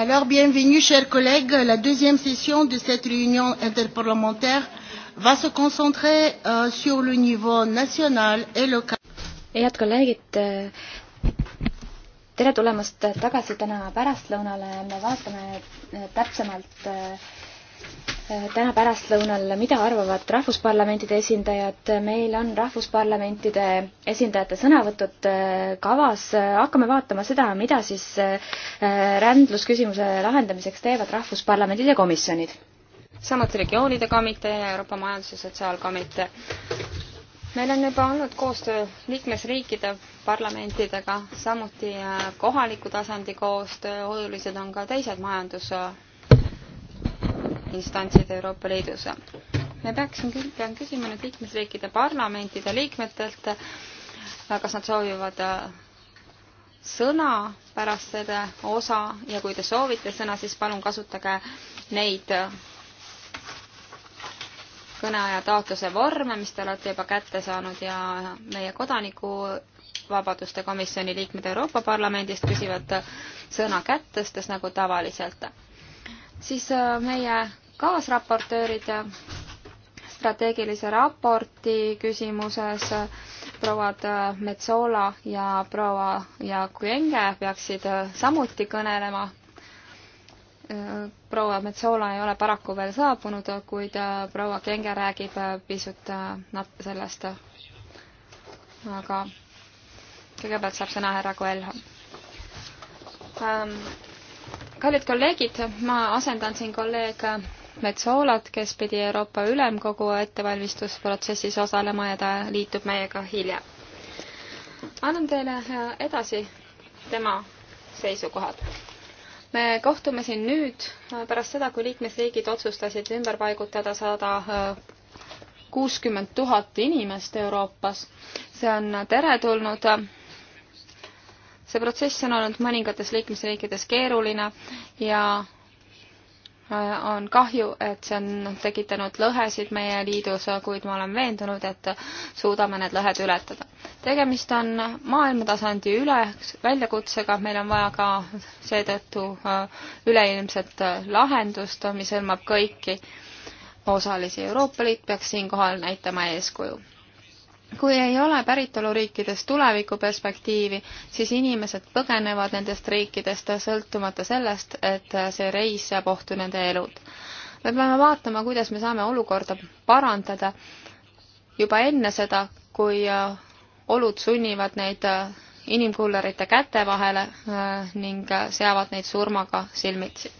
Alors, bienvenue, chers collègues. La deuxième session de cette réunion interparlementaire va se concentrer euh, sur le niveau national et local. head kolleegid, tere tulemast tagasi täna pärastlõunale, me vaatame äh, täpsemalt äh, Äh, täna pärastlõunal, mida arvavad rahvusparlamentide esindajad, meil on rahvusparlamentide esindajate sõnavõtud äh, kavas, hakkame vaatama seda, mida siis äh, rändlusküsimuse lahendamiseks teevad rahvusparlamendid ja komisjonid. samuti regioonide komitee ja Euroopa Majandus- ja Sotsiaalkomitee. meil on juba olnud koostöö liikmesriikide parlamentidega, samuti kohaliku tasandi koostöö, olulised on ka teised majandus- instantsid Euroopa Liidus. me peaksime küll, pean küsima nüüd liikmesriikide parlamentide liikmetelt, äh, kas nad soovivad äh, sõna pärast selle osa ja kui te soovite sõna, siis palun kasutage neid äh, kõneaja taotluse vorme, mis te olete juba kätte saanud ja meie kodanikuvabaduste komisjoni liikmed Euroopa Parlamendist küsivad sõna kätt tõstes nagu tavaliselt. siis meie kaasraportöörid strateegilise raporti küsimuses prouad Metsola ja proua ja Kuenge peaksid samuti kõnelema. proua Metsola ei ole paraku veel saabunud, kuid proua Kuenge räägib pisut nat-, sellest. aga kõigepealt saab sõna härra Coelho. Ehm, kallid kolleegid, ma asendan siin kolleeg Metsolat, kes pidi Euroopa Ülemkogu ettevalmistusprotsessis osalema ja ta liitub meiega hiljem. annan teile äh, edasi tema seisukohad. me kohtume siin nüüd äh, pärast seda, kui liikmesriigid otsustasid ümber paigutada sada äh, kuuskümmend tuhat inimest Euroopas. see on teretulnud see protsess on olnud mõningates liikmesriikides keeruline ja on kahju, et see on tekitanud lõhesid meie liidus, kuid ma olen veendunud, et suudame need lõhed ületada. tegemist on maailmatasandi üle väljakutsega, meil on vaja ka seetõttu äh, üleilmset lahendust, mis hõlmab kõiki osalisi. Euroopa Liit peaks siinkohal näitama eeskuju kui ei ole päritoluriikides tulevikuperspektiivi, siis inimesed põgenevad nendest riikidest sõltumata sellest, et see reis seab ohtu nende elud. me peame vaatama, kuidas me saame olukorda parandada juba enne seda, kui äh, olud sunnivad neid äh, inimkullerite käte vahele äh, ning seavad neid surmaga silmitsi.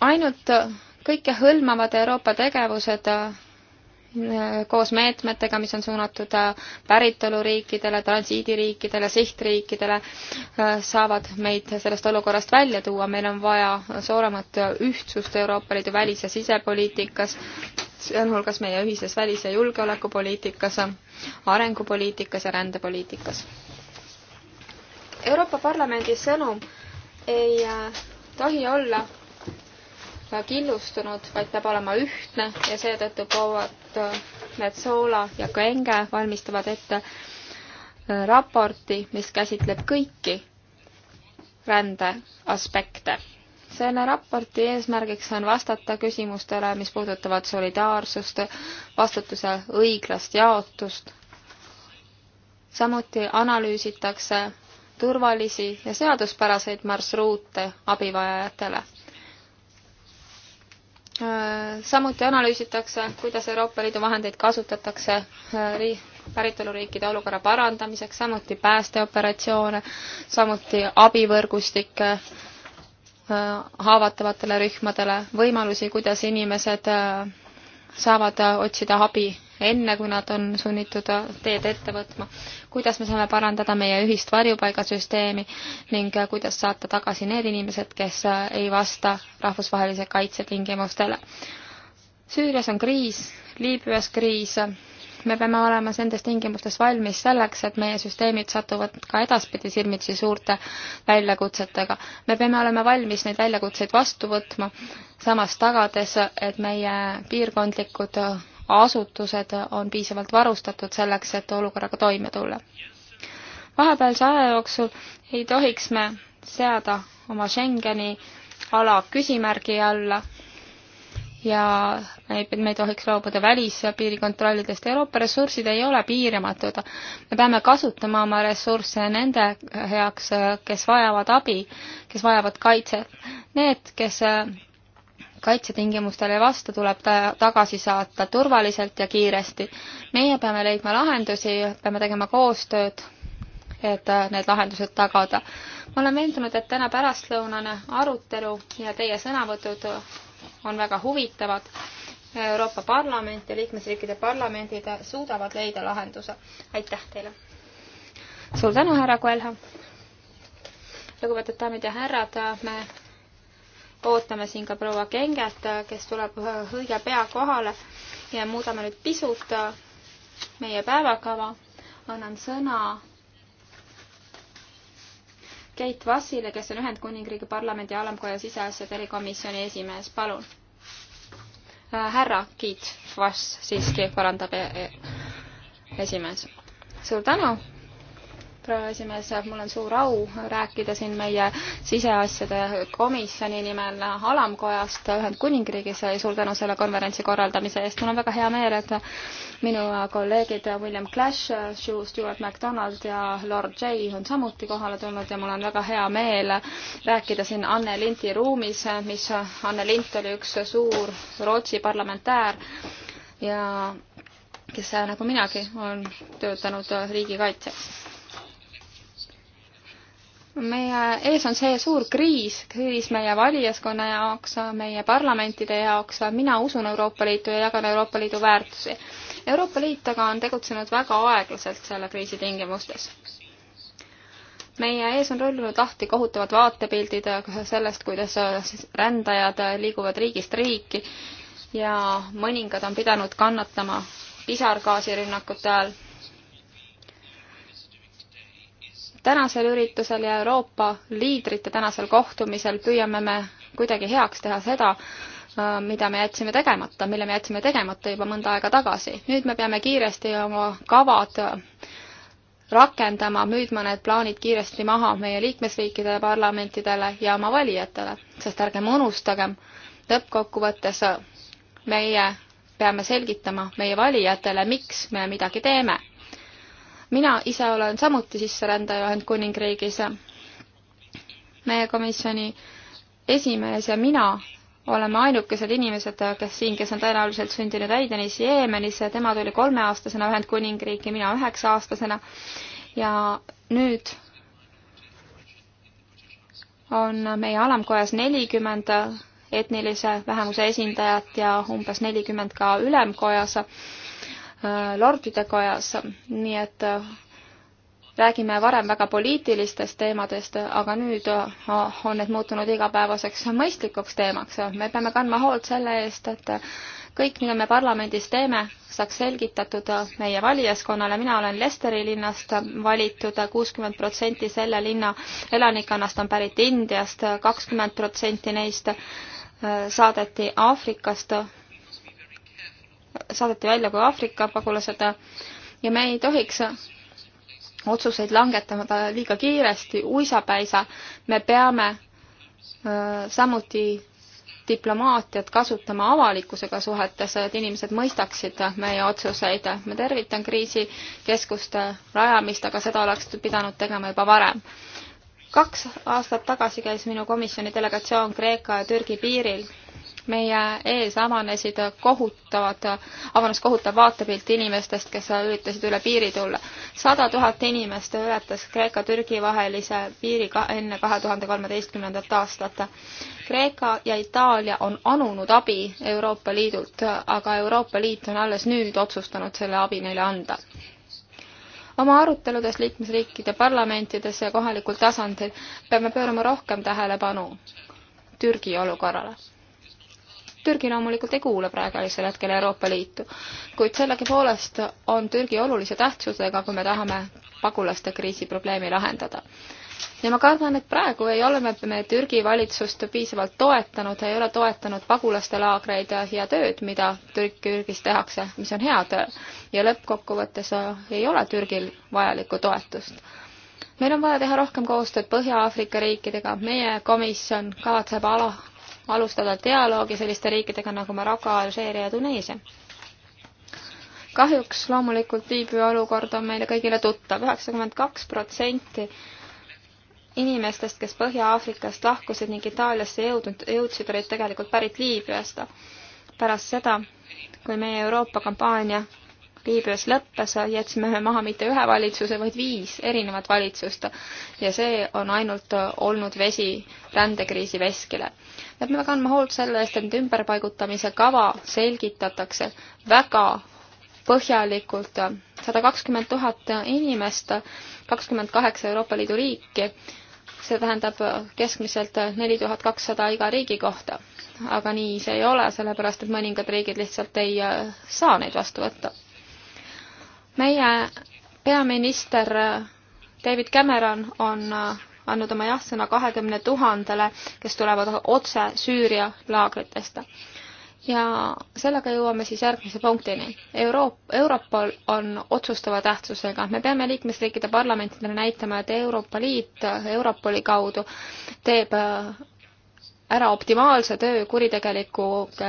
ainult kõikehõlmavad Euroopa tegevused koos meetmetega, mis on suunatud äh, päritoluriikidele, transiidiriikidele, sihtriikidele, äh, saavad meid sellest olukorrast välja tuua. meil on vaja suuremat ühtsust Euroopa Liidu välis- ja sisepoliitikas, sealhulgas meie ühises välis- ja julgeolekupoliitikas, arengupoliitikas ja rändepoliitikas. Euroopa Parlamendi sõnum ei äh, tohi olla killustunud, vaid peab olema ühtne ja seetõttu prouad äh, Metsola ja Köenge valmistavad ette äh, raporti, mis käsitleb kõiki rände aspekte. selle raporti eesmärgiks on vastata küsimustele, mis puudutavad solidaarsust, vastutuse õiglast jaotust. samuti analüüsitakse turvalisi ja seaduspäraseid marsruute abivajajatele Äh, samuti analüüsitakse, kuidas Euroopa Liidu vahendeid kasutatakse äh, päritoluriikide olukorra parandamiseks, samuti päästeoperatsioone, samuti abivõrgustikke äh, haavatavatele rühmadele, võimalusi, kuidas inimesed saavad otsida abi enne kui nad on sunnitud teed ette võtma. kuidas me saame parandada meie ühist varjupaigasüsteemi ning kuidas saata tagasi need inimesed, kes ei vasta rahvusvahelise kaitse tingimustele. Süürias on kriis, Liibüas kriis, me peame olema nendes tingimustes valmis selleks, et meie süsteemid satuvad ka edaspidi silmitsi suurte väljakutsetega. me peame olema valmis neid väljakutseid vastu võtma, samas tagades, et meie piirkondlikud asutused on piisavalt varustatud selleks, et olukorraga toime tulla. vahepealse aja jooksul ei tohiks me seada oma Schengeni ala küsimärgi alla ja me ei, me ei tohiks loobuda välispiirikontrollidest. Euroopa ressursid ei ole piiramatud. me peame kasutama oma ressursse nende heaks, kes vajavad abi, kes vajavad kaitset. Need, kes kaitsetingimustele vastu tuleb ta tagasi saata turvaliselt ja kiiresti. meie peame leidma lahendusi, peame tegema koostööd, et äh, need lahendused tagada. ma olen veendunud, et täna pärastlõunane arutelu ja teie sõnavõtud on väga huvitavad. Euroopa Parlament ja liikmesriikide parlamendid suudavad leida lahenduse. aitäh teile! suur tänu, härra Koelha! lugupeetud daamid ja härrad, me ootame siin ka proua Kenget, kes tuleb õige pea kohale ja muudame nüüd pisut meie päevakava. annan sõna Keit Vassile, kes on Ühendkuningriigi parlamendi alamkoja siseasjade erikomisjoni esimees, palun. härra Keit Vass siiski parandab e-, e-, esimees. suur tänu proua esimees, mul on suur au rääkida siin meie siseasjade komisjoni nimel alamkojast Ühendkuningriigis ja suur tänu selle konverentsi korraldamise eest. mul on väga hea meel, et minu kolleegid William Clash, Stuart MacDonald ja Lord J on samuti kohale tulnud ja mul on väga hea meel rääkida siin Anne Linti ruumis, mis Anne Lint oli üks suur Rootsi parlamentäär ja kes nagu minagi on töötanud riigikaitseks meie ees on see suur kriis, kriis meie valijaskonna jaoks, meie parlamentide jaoks, mina usun Euroopa Liitu ja jagan Euroopa Liidu väärtusi. Euroopa Liit aga on tegutsenud väga aeglaselt selle kriisi tingimustes meie ees on rullunud lahti kohutavad vaatepildid sellest, kuidas rändajad liiguvad riigist riiki ja mõningad on pidanud kannatama pisargaasirünnakute all tänasel üritusel ja Euroopa liidrite tänasel kohtumisel püüame me kuidagi heaks teha seda, äh, mida me jätsime tegemata, mille me jätsime tegemata juba mõnda aega tagasi. nüüd me peame kiiresti oma kavad äh, rakendama, müüdma need plaanid kiiresti maha meie liikmesriikide parlamentidele ja oma valijatele, sest ärgem unustagem, lõppkokkuvõttes äh, meie peame selgitama meie valijatele, miks me midagi teeme mina ise olen samuti sisserändaja Ühendkuningriigis. meie komisjoni esimees ja mina oleme ainukesed inimesed, kes siin, kes on tõenäoliselt sündinud Aidenis, Jeemenis, tema tuli kolmeaastasena Ühendkuningriiki, mina üheksa-aastasena ja nüüd on meie alamkojas nelikümmend etnilise vähemuse esindajat ja umbes nelikümmend ka ülemkojas Äh, lordide kojas, nii et äh, räägime varem väga poliitilistest teemadest, aga nüüd äh, on need muutunud igapäevaseks mõistlikuks teemaks. me peame kandma hoolt selle eest, et kõik, mida me parlamendis teeme, saaks selgitatud meie valijaskonnale. mina olen Lesteri linnast valitud, kuuskümmend protsenti selle linna elanikkonnast on pärit Indiast, kakskümmend protsenti neist saadeti Aafrikast saadeti välja kui Aafrika pagulased ja me ei tohiks otsuseid langetada liiga kiiresti, uisapäisa. me peame samuti diplomaatiat kasutama avalikkusega suhetes, et inimesed mõistaksid meie otsuseid. ma tervitan kriisikeskuste rajamist, aga seda oleks pidanud tegema juba varem. kaks aastat tagasi käis minu komisjoni delegatsioon Kreeka ja Türgi piiril meie ees avanesid kohutavad, avanes kohutav vaatepilt inimestest, kes üritasid üle piiri tulla. sada tuhat inimest ületas Kreeka-Türgi vahelise piiri ka enne kahe tuhande kolmeteistkümnendat aastat. Kreeka ja Itaalia on anunud abi Euroopa Liidult, aga Euroopa Liit on alles nüüd otsustanud selle abi neile anda oma aruteludes liikmesriikide parlamentides ja kohalikul tasandil peame pöörama rohkem tähelepanu Türgi olukorrale Türgi loomulikult ei kuule praegusel hetkel Euroopa Liitu, kuid sellegipoolest on Türgi olulise tähtsusega, kui me tahame pagulaste kriisi probleemi lahendada. ja ma kardan, et praegu ei ole me, me Türgi valitsust piisavalt toetanud, ei ole toetanud pagulaste laagreid ja, ja tööd, mida Türk, Türgis tehakse, mis on hea töö. ja lõppkokkuvõttes ei ole Türgil vajalikku toetust meil on vaja teha rohkem koostööd Põhja-Aafrika riikidega, meie komisjon kavatseb ala, alustada dialoogi selliste riikidega nagu Maroko, Alžeeria ja Tuneesia. kahjuks loomulikult Liibüa olukord on meile kõigile tuttav, üheksakümmend kaks protsenti inimestest, kes Põhja-Aafrikast lahkusid ning Itaaliasse jõudnud, jõudsid, olid tegelikult pärit Liibüast. pärast seda, kui meie Euroopa kampaania Liibüas lõppes, jätsime me maha mitte ühe valitsuse, vaid viis erinevat valitsust ja see on ainult olnud vesi rändekriisi veskile et me kandme hoolt selle eest, et ümberpaigutamise kava selgitatakse väga põhjalikult sada kakskümmend tuhat inimest, kakskümmend kaheksa Euroopa Liidu riiki, see tähendab keskmiselt neli tuhat kakssada iga riigi kohta. aga nii see ei ole, sellepärast et mõningad riigid lihtsalt ei äh, saa neid vastu võtta. meie peaminister David Cameron on äh, andnud oma jah-sõna kahekümne tuhandele, kes tulevad otse Süüria laagritest. ja sellega jõuame siis järgmise punktini. Euroop-, Europol on otsustava tähtsusega, me peame liikmesriikide parlamentidele näitama, et Euroopa Liit Europoli kaudu teeb äh, ära optimaalse töö kuritegelike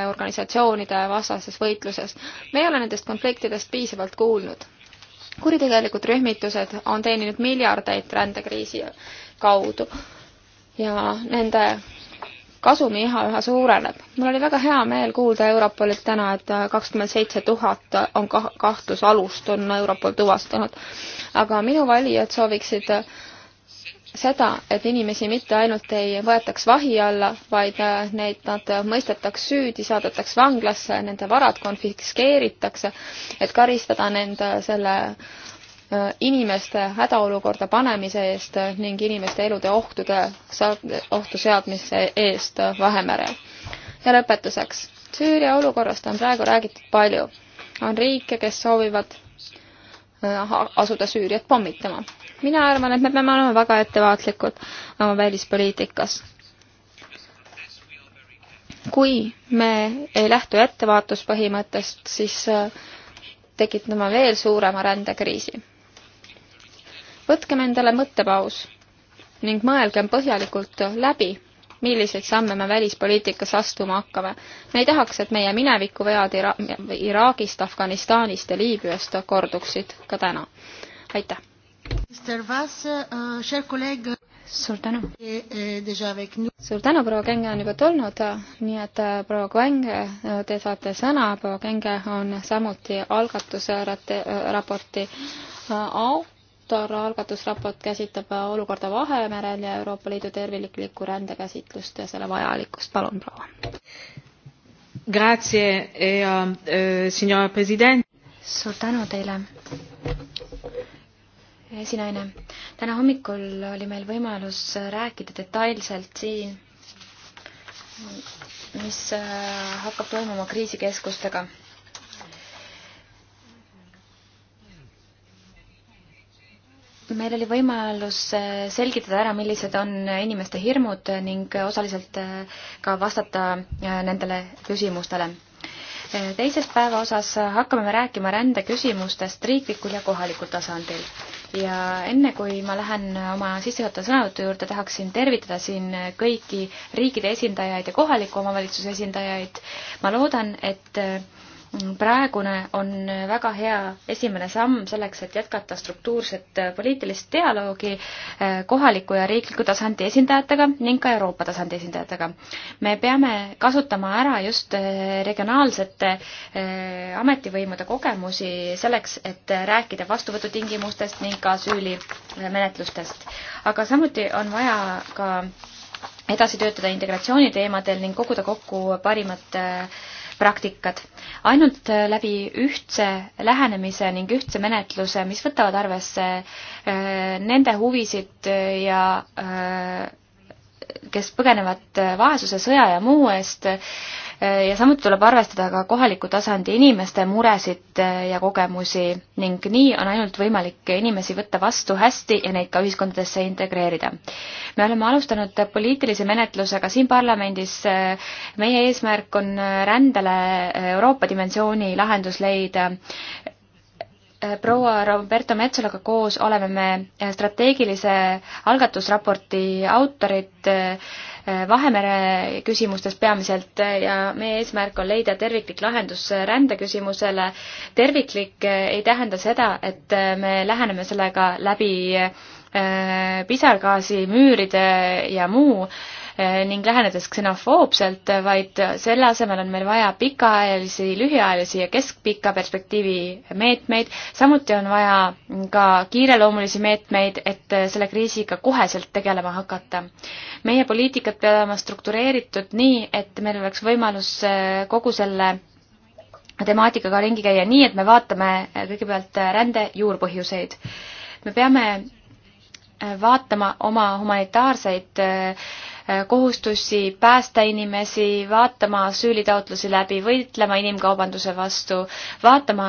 organisatsioonide vastases võitluses. me ei ole nendest konfliktidest piisavalt kuulnud kuritegelikud rühmitused on teeninud miljardeid rändekriisi kaudu ja nende kasumi iha üha suureneb. mul oli väga hea meel kuulda Europolilt täna, et kakskümmend seitse tuhat on kah-, kahtlusalust, on Europol tuvastanud. aga minu valijad sooviksid seda, et inimesi mitte ainult ei võetaks vahi alla, vaid äh, neid, nad mõistetaks süüdi, saadetaks vanglasse, nende varad konfiskeeritakse, et karistada nende selle inimeste hädaolukorda panemise eest ning inimeste elude ohtude, ohtu seadmise eest Vahemerel. ja lõpetuseks. Süüria olukorrast on praegu räägitud palju. on riike, kes soovivad äh, asuda Süüriat pommitama. mina arvan, et me peame olema väga ettevaatlikud oma välispoliitikas. kui me ei lähtu ettevaatuspõhimõttest, siis äh, tekitame veel suurema rändekriisi võtkem endale mõttepaus ning mõelgem põhjalikult läbi, milliseid samme me välispoliitikas astuma hakkame. me ei tahaks, et meie minevikuvead Ira Iraagist, Afganistanist ja Liibüast korduksid ka täna. aitäh! Äh, suur tänu! E, e, suur tänu, proua Kenge on juba tulnud, nii et äh, proua Kenge, äh, te saate sõna, proua Kenge on samuti algatuse raporti au-, Kotor algatusraport käsitleb olukorda Vahemerel ja Euroopa Liidu terviklikku rändekäsitlust ja selle vajalikkust. palun, proua. Grazie ja e, äh, e, signora president. suur tänu teile. esinaine, täna hommikul oli meil võimalus rääkida detailselt siin, mis äh, hakkab toimuma kriisikeskustega meil oli võimalus äh, selgitada ära, millised on inimeste hirmud ning osaliselt äh, ka vastata äh, nendele küsimustele. teises päeva osas hakkame me rääkima rändeküsimustest riiklikul ja kohalikul tasandil. ja enne, kui ma lähen oma sissejuhatava sõnavõtu juurde, tahaksin tervitada siin kõiki riikide esindajaid ja kohaliku omavalitsuse esindajaid. ma loodan, et praegune on väga hea esimene samm selleks, et jätkata struktuurset poliitilist dialoogi eh, kohaliku ja riikliku tasandi esindajatega ning ka Euroopa tasandi esindajatega. me peame kasutama ära just eh, regionaalsete eh, ametivõimude kogemusi selleks, et rääkida vastuvõtutingimustest ning ka süülimenetlustest. aga samuti on vaja ka edasi töötada integratsiooni teemadel ning koguda kokku parimat äh, praktikad. ainult äh, läbi ühtse lähenemise ning ühtse menetluse, mis võtavad arvesse äh, nende huvisid ja äh, kes põgenevad äh, vaesuse, sõja ja muu eest äh, ja samuti tuleb arvestada ka kohaliku tasandi inimeste muresid äh, ja kogemusi ning nii on ainult võimalik inimesi võtta vastu hästi ja neid ka ühiskondadesse integreerida. me oleme alustanud poliitilise menetlusega siin parlamendis, meie eesmärk on rändele Euroopa dimensiooni lahendus leida Äh, proua Roberto Metsolaga koos oleme me äh, strateegilise algatusraporti autorid äh, Vahemere küsimustes peamiselt ja meie eesmärk on leida terviklik lahendus rändeküsimusele. terviklik ei tähenda seda, et me läheneme sellega läbi pisargaasi, müüride ja muu äh, Eh, ning lähenedes ksenofoobselt, eh, vaid selle asemel on meil vaja pikaajalisi, lühiajalisi ja keskpika perspektiivi meetmeid, samuti on vaja ka kiireloomulisi meetmeid, et eh, selle kriisiga koheselt tegelema hakata. meie poliitikad peavad olema struktureeritud nii, et meil oleks võimalus kogu selle temaatikaga ringi käia nii, et me vaatame kõigepealt rände juurpõhjuseid. me peame vaatama oma humanitaarseid Eh, kohustusi päästa inimesi, vaatama asüülitaotlusi läbi, võitlema inimkaubanduse vastu, vaatama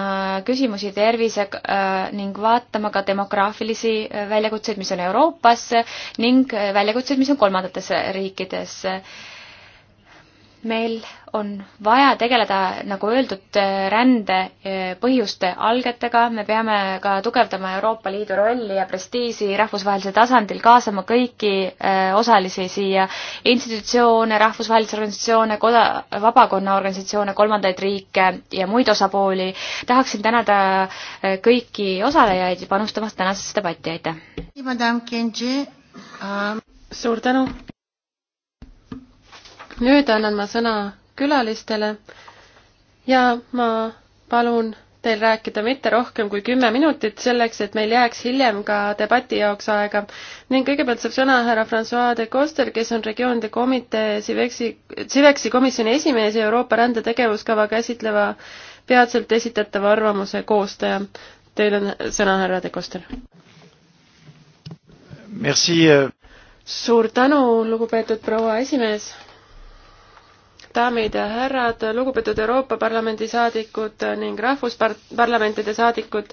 küsimusi tervise eh, ning vaatama ka demograafilisi eh, väljakutseid, mis on Euroopas ning väljakutseid, mis on kolmandates riikides meil on vaja tegeleda, nagu öeldud, rände eh, põhjuste algetega, me peame ka tugevdama Euroopa Liidu rolli ja prestiiži rahvusvahelisel tasandil, kaasama kõiki eh, osalisi siia, institutsioone, rahvusvahelisi organisatsioone, koda, vabakonna organisatsioone, kolmandaid riike ja muid osapooli. tahaksin tänada eh, kõiki osalejaid panustamast tänasesse debatti, aitäh! Ähm. suur tänu! nüüd annan ma sõna külalistele ja ma palun teil rääkida mitte rohkem kui kümme minutit, selleks et meil jääks hiljem ka debati jaoks aega. ning kõigepealt saab sõna härra Francois de Coster, kes on regioonide komitee Civeksi, Civeksi komisjoni esimees ja Euroopa rändetegevuskava käsitleva peatselt esitatava arvamuse koostaja. Teil on sõna, härra de Coster. Euh. suur tänu, lugupeetud proua esimees daamid ja härrad, lugupeetud Euroopa Parlamendi saadikud ning rahvusparlamentide saadikud,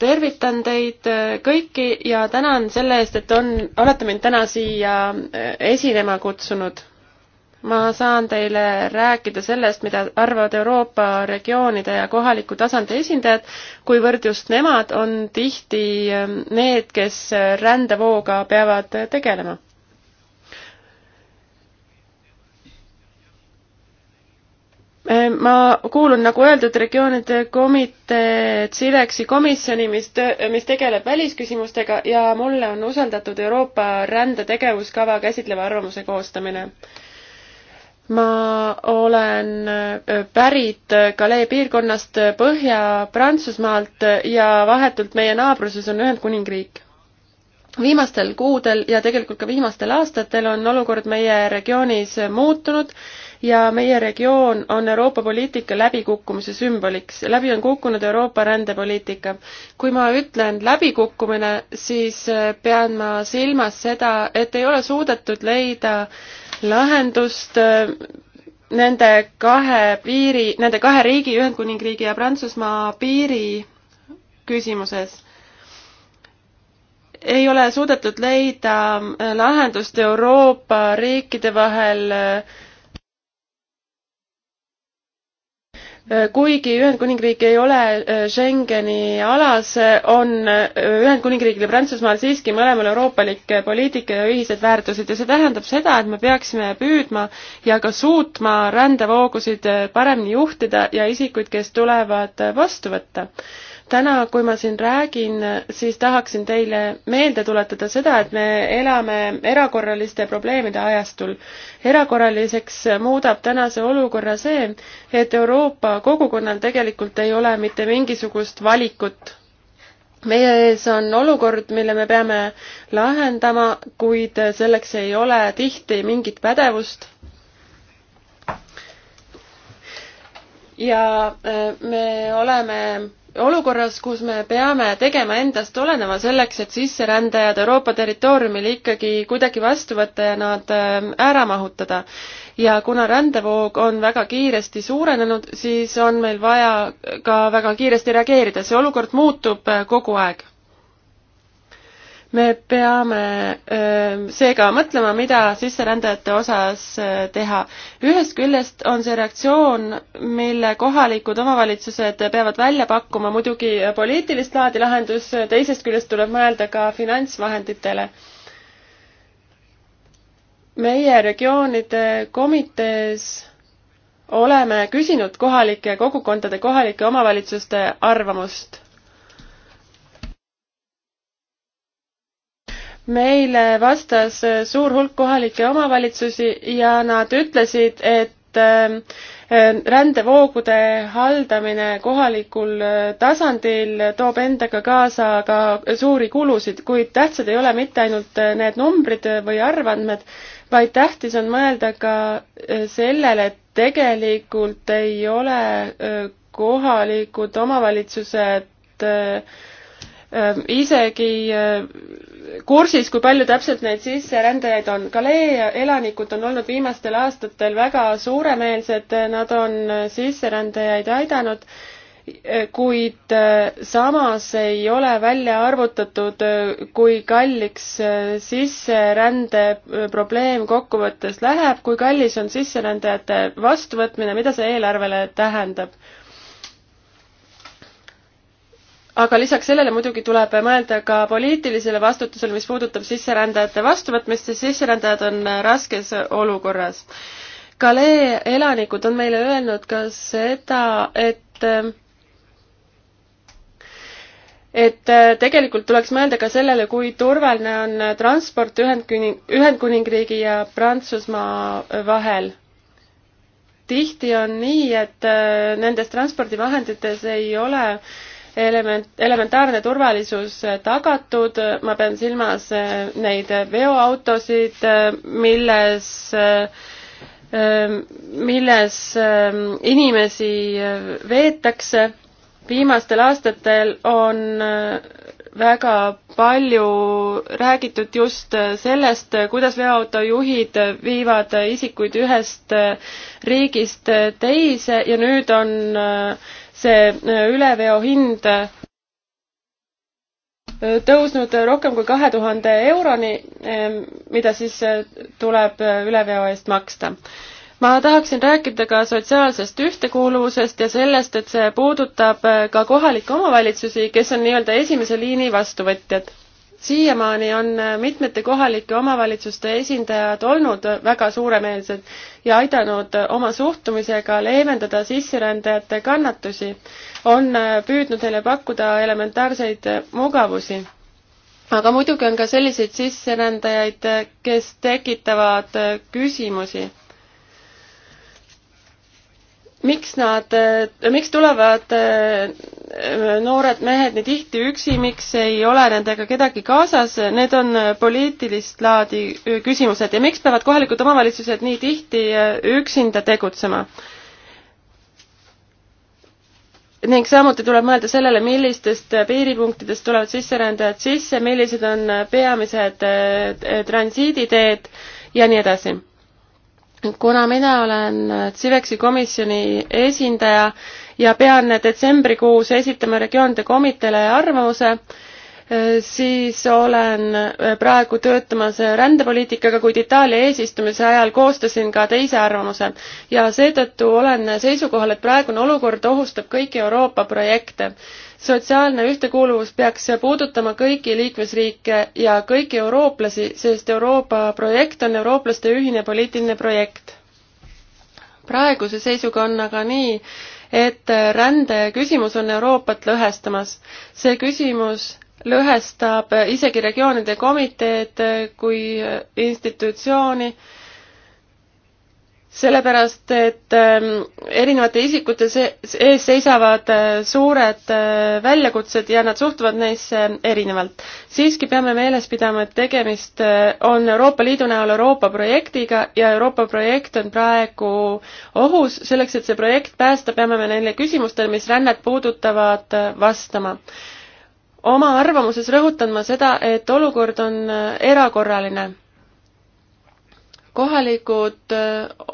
tervitan teid kõiki ja tänan selle eest, et on, olete mind täna siia esinema kutsunud ma saan teile rääkida sellest, mida arvavad Euroopa regioonide ja kohaliku tasandi esindajad, kuivõrd just nemad on tihti need, kes rändevooga peavad tegelema. Äh, ma kuulun, nagu öeldud, regioonide komitee Cileksi komisjoni, mis töö, mis tegeleb välisküsimustega ja mulle on usaldatud Euroopa rändetegevuskava käsitleva arvamuse koostamine. ma olen äh, pärit Calais piirkonnast Põhja-Prantsusmaalt ja vahetult meie naabruses on Ühendkuningriik viimastel kuudel ja tegelikult ka viimastel aastatel on olukord meie regioonis muutunud ja meie regioon on Euroopa poliitika läbikukkumise sümboliks. läbi on kukkunud Euroopa rändepoliitika. kui ma ütlen läbikukkumine, siis äh, pean ma silmas seda, et ei ole suudetud leida lahendust äh, nende kahe piiri, nende kahe riigi, Ühendkuningriigi ja Prantsusmaa piiri küsimuses ei ole suudetud leida äh, lahendust Euroopa riikide vahel äh, kuigi Ühendkuningriik ei ole äh, Schengeni alas, on äh, Ühendkuningriigil ja Prantsusmaal siiski mõlemal euroopalik äh, poliitika ja ühised väärtused ja see tähendab seda, et me peaksime püüdma ja ka suutma rändevoogusid paremini juhtida ja isikuid, kes tulevad vastu võtta täna, kui ma siin räägin, siis tahaksin teile meelde tuletada seda, et me elame erakorraliste probleemide ajastul. erakorraliseks muudab tänase olukorra see, et Euroopa kogukonnal tegelikult ei ole mitte mingisugust valikut meie ees on olukord, mille me peame lahendama, kuid selleks ei ole tihti mingit pädevust. ja äh, me oleme olukorras, kus me peame tegema endast oleneva selleks, et sisserändajad Euroopa territooriumil ikkagi kuidagi vastu võtta ja nad ähm, ära mahutada. ja kuna rändevoog on väga kiiresti suurenenud, siis on meil vaja ka väga kiiresti reageerida, see olukord muutub äh, kogu aeg me peame seega mõtlema, mida sisserändajate osas teha. ühest küljest on see reaktsioon, mille kohalikud omavalitsused peavad välja pakkuma, muidugi poliitilist laadi lahendus, teisest küljest tuleb mõelda ka finantsvahenditele. meie regioonide komitees oleme küsinud kohalike kogukondade, kohalike omavalitsuste arvamust meile vastas suur hulk kohalikke omavalitsusi ja nad ütlesid, et ähm, rändevoogude haldamine kohalikul äh, tasandil toob endaga kaasa ka suuri kulusid, kuid tähtsad ei ole mitte ainult äh, need numbrid või arvandmed, vaid tähtis on mõelda ka äh, sellele, et tegelikult ei ole kohalikud omavalitsused isegi kursis, kui palju täpselt neid sisserändajaid on. Kalee elanikud on olnud viimastel aastatel väga suuremeelsed, nad on sisserändajaid aidanud, kuid äh, samas ei ole välja arvutatud, äh, kui kalliks äh, sisserände probleem kokkuvõttes läheb, kui kallis on sisserändajate vastuvõtmine, mida see eelarvele tähendab aga lisaks sellele muidugi tuleb mõelda ka poliitilisele vastutusele, mis puudutab sisserändajate vastuvõtmist, sest sisserändajad on raskes olukorras. Kalee elanikud on meile öelnud ka seda, et et tegelikult tuleks mõelda ka sellele, kui turvaline on transport Ühendkuning, Ühendkuningriigi ja Prantsusmaa vahel. tihti on nii, et nendes transpordivahendites ei ole äh, element, elementaarne turvalisus tagatud, ma pean silmas äh, neid veoautosid, äh, milles äh, milles inimesi veetakse. viimastel aastatel on väga palju räägitud just sellest, kuidas veoautojuhid viivad isikuid ühest riigist teise ja nüüd on see äh, üleveo hind äh, tõusnud rohkem kui kahe tuhande euroni, ähm, mida siis äh, tuleb üleveo eest maksta. ma tahaksin rääkida ka sotsiaalsest ühtekuuluvusest ja sellest, et see puudutab ka kohalikke omavalitsusi, kes on nii-öelda esimese liini vastuvõtjad siiamaani on äh, mitmete kohalike omavalitsuste esindajad olnud äh, väga suuremeelsed ja aidanud äh, oma suhtumisega leevendada sisserändajate kannatusi, on püüdnud neile pakkuda elementaarseid mugavusi. aga muidugi on ka selliseid sisserändajaid, kes tekitavad küsimusi miks nad, äh, miks tulevad äh, noored mehed nii tihti üksi, miks ei ole nendega kedagi kaasas, need on poliitilist laadi äh, küsimused ja miks peavad kohalikud omavalitsused nii tihti üksinda tegutsema? ning samuti tuleb mõelda sellele, millistest piiripunktidest tulevad sisserändajad sisse, millised on peamised transiiditeed ja nii edasi kuna mina olen CIVEX-i komisjoni esindaja ja pean detsembrikuus esitama regioonide komiteele arvamuse, siis olen praegu töötamas rändepoliitikaga, kuid Itaalia eesistumise ajal koostasin ka teise arvamuse ja seetõttu olen seisukohal, et praegune olukord ohustab kõiki Euroopa projekte sotsiaalne ühtekuuluvus peaks puudutama kõiki liikmesriike ja kõiki eurooplasi, sest Euroopa projekt on eurooplaste ühine poliitiline projekt. praeguse seisuga on aga nii, et rände küsimus on Euroopat lõhestamas. see küsimus lõhestab isegi regioonide komiteed kui institutsiooni sellepärast, et ähm, erinevate isikute ees seisavad äh, suured äh, väljakutsed ja nad suhtuvad neisse erinevalt. siiski peame meeles pidama, et tegemist äh, on Euroopa Liidu näol Euroopa projektiga ja Euroopa projekt on praegu ohus. selleks, et see projekt päästa, peame me neile küsimustele, mis rännet puudutavad, vastama oma arvamuses rõhutan ma seda, et olukord on erakorraline kohalikud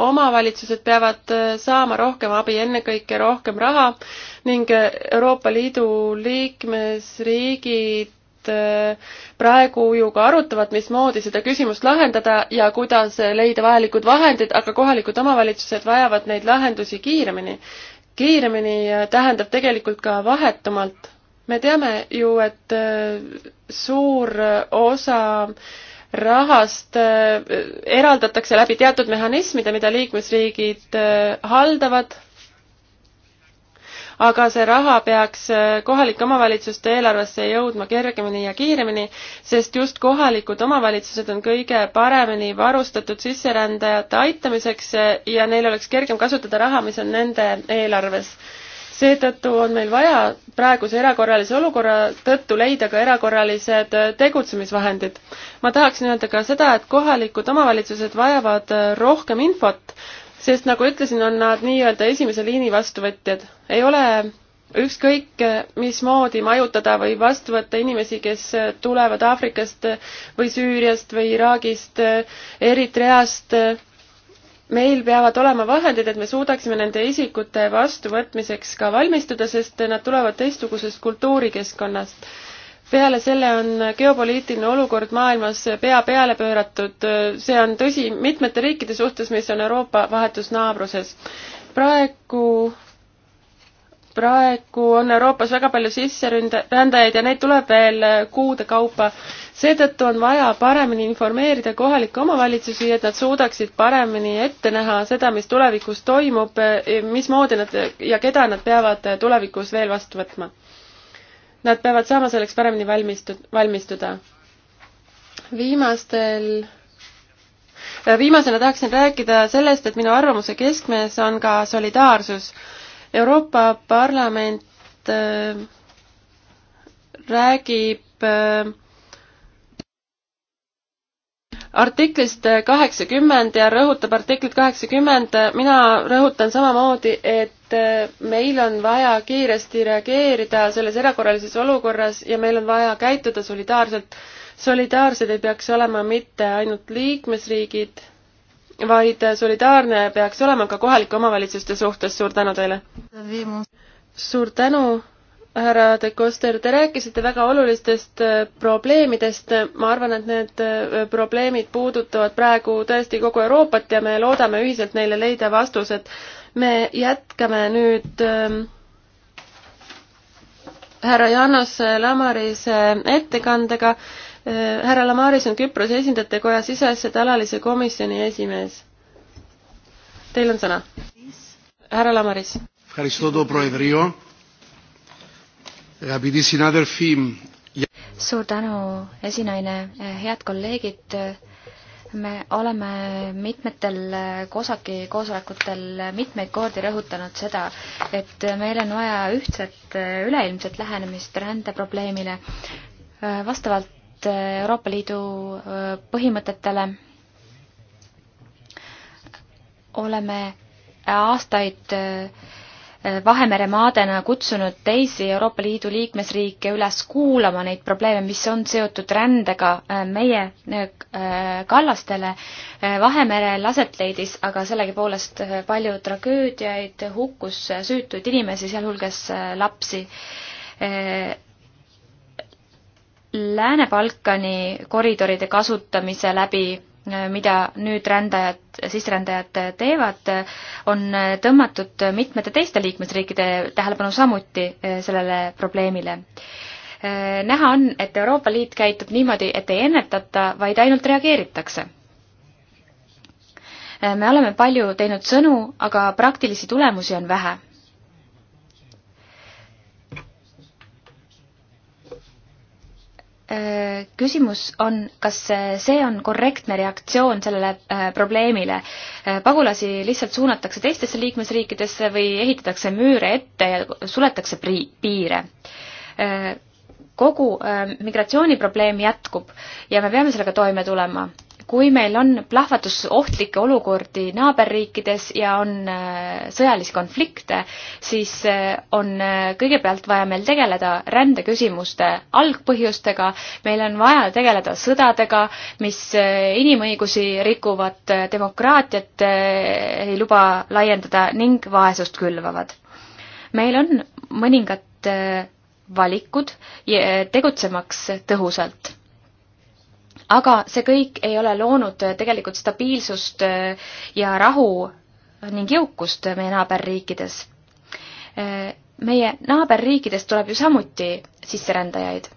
omavalitsused peavad saama rohkem abi, ennekõike rohkem raha ning Euroopa Liidu liikmesriigid praegu ju ka arutavad, mismoodi seda küsimust lahendada ja kuidas leida vajalikud vahendid, aga kohalikud omavalitsused vajavad neid lahendusi kiiremini. kiiremini tähendab tegelikult ka vahetumalt. me teame ju, et suur osa äh, rahast äh, eraldatakse läbi teatud mehhanismide, mida liikmesriigid äh, haldavad, aga see raha peaks äh, kohalike omavalitsuste eelarvesse jõudma kergemini ja kiiremini, sest just kohalikud omavalitsused on kõige paremini varustatud sisserändajate aitamiseks ja neil oleks kergem kasutada raha, mis on nende eelarves seetõttu on meil vaja praeguse erakorralise olukorra tõttu leida ka erakorralised äh, tegutsemisvahendid. ma tahaksin öelda ka seda, et kohalikud omavalitsused vajavad äh, rohkem infot, sest nagu ütlesin, on nad nii-öelda esimese liini vastuvõtjad. ei ole ükskõik äh, mismoodi majutada või vastu võtta inimesi, kes tulevad Aafrikast või Süüriast või Iraagist, Eritreast meil peavad olema vahendid, et me suudaksime nende isikute vastuvõtmiseks ka valmistuda, sest nad tulevad teistsugusest kultuurikeskkonnast. peale selle on geopoliitiline olukord maailmas pea peale pööratud, see on tõsi mitmete riikide suhtes, mis on Euroopa vahetus naabruses. praegu praegu on Euroopas väga palju sisserändajaid ja neid tuleb veel kuude kaupa. seetõttu on vaja paremini informeerida kohalikke omavalitsusi, et nad suudaksid paremini ette näha seda, mis tulevikus toimub, mismoodi nad ja keda nad peavad tulevikus veel vastu võtma. Nad peavad saama selleks paremini valmistu-, valmistuda. viimastel viimasena tahaksin rääkida sellest, et minu arvamuse keskmes on ka solidaarsus Euroopa Parlament äh, räägib äh, artiklist kaheksakümmend ja rõhutab artiklit kaheksakümmend, mina rõhutan samamoodi, et äh, meil on vaja kiiresti reageerida selles erakorralises olukorras ja meil on vaja käituda solidaarselt. solidaarsed ei peaks olema mitte ainult liikmesriigid, vaid solidaarne peaks olema ka kohalike omavalitsuste suhtes, suur tänu teile! suur tänu, härra de Koster, te rääkisite väga olulistest äh, probleemidest, ma arvan, et need äh, probleemid puudutavad praegu tõesti kogu Euroopat ja me loodame ühiselt neile leida vastused. me jätkame nüüd ähm, härra Janos Lamarise ettekandega Äh, härra Lamaris on Küprose esindajate koja siseasjade alalise komisjoni esimees. Teil on sõna. härra Lamaris. suur tänu, esinaine, äh, head kolleegid me oleme mitmetel COSAC-i äh, koosolekutel mitmeid kordi rõhutanud seda, et meil on vaja ühtset üleilmset lähenemist rändeprobleemile. vastavalt Äh, Euroopa Liidu äh, põhimõtetele. oleme aastaid äh, Vahemere maadena kutsunud teisi Euroopa Liidu liikmesriike üles kuulama neid probleeme, mis on seotud rändega meie kallastele. Vahemerel aset leidis aga sellegipoolest palju tragöödiaid, hukkus süütuid inimesi, sealhulgas lapsi Lääne-Balkani koridoride kasutamise läbi, mida nüüd rändajad, sisserändajad teevad, on tõmmatud mitmete teiste liikmesriikide tähelepanu samuti eh, sellele probleemile. Eh, näha on, et Euroopa Liit käitub niimoodi, et ei ennetata, vaid ainult reageeritakse. Eh, me oleme palju teinud sõnu, aga praktilisi tulemusi on vähe Äh, küsimus on, kas see on korrektne reaktsioon sellele äh, probleemile? Äh, pagulasi lihtsalt suunatakse teistesse liikmesriikidesse või ehitatakse müüre ette ja suletakse piire? kogu migratsiooniprobleem jätkub ja me peame sellega toime tulema kui meil on plahvatusohtlikke olukordi naaberriikides ja on äh, sõjalisi konflikte, siis äh, on äh, kõigepealt vaja meil tegeleda rändeküsimuste algpõhjustega, meil on vaja tegeleda sõdadega, mis inimõigusi rikuvad, demokraatiat ei luba laiendada ning vaesust külvavad. meil on mõningad valikud tegutsemaks tõhusalt aga see kõik ei ole loonud tegelikult stabiilsust äh, ja rahu ning jõukust meie naaberriikides. Äh, meie naaberriikidest tuleb ju samuti sisserändajaid.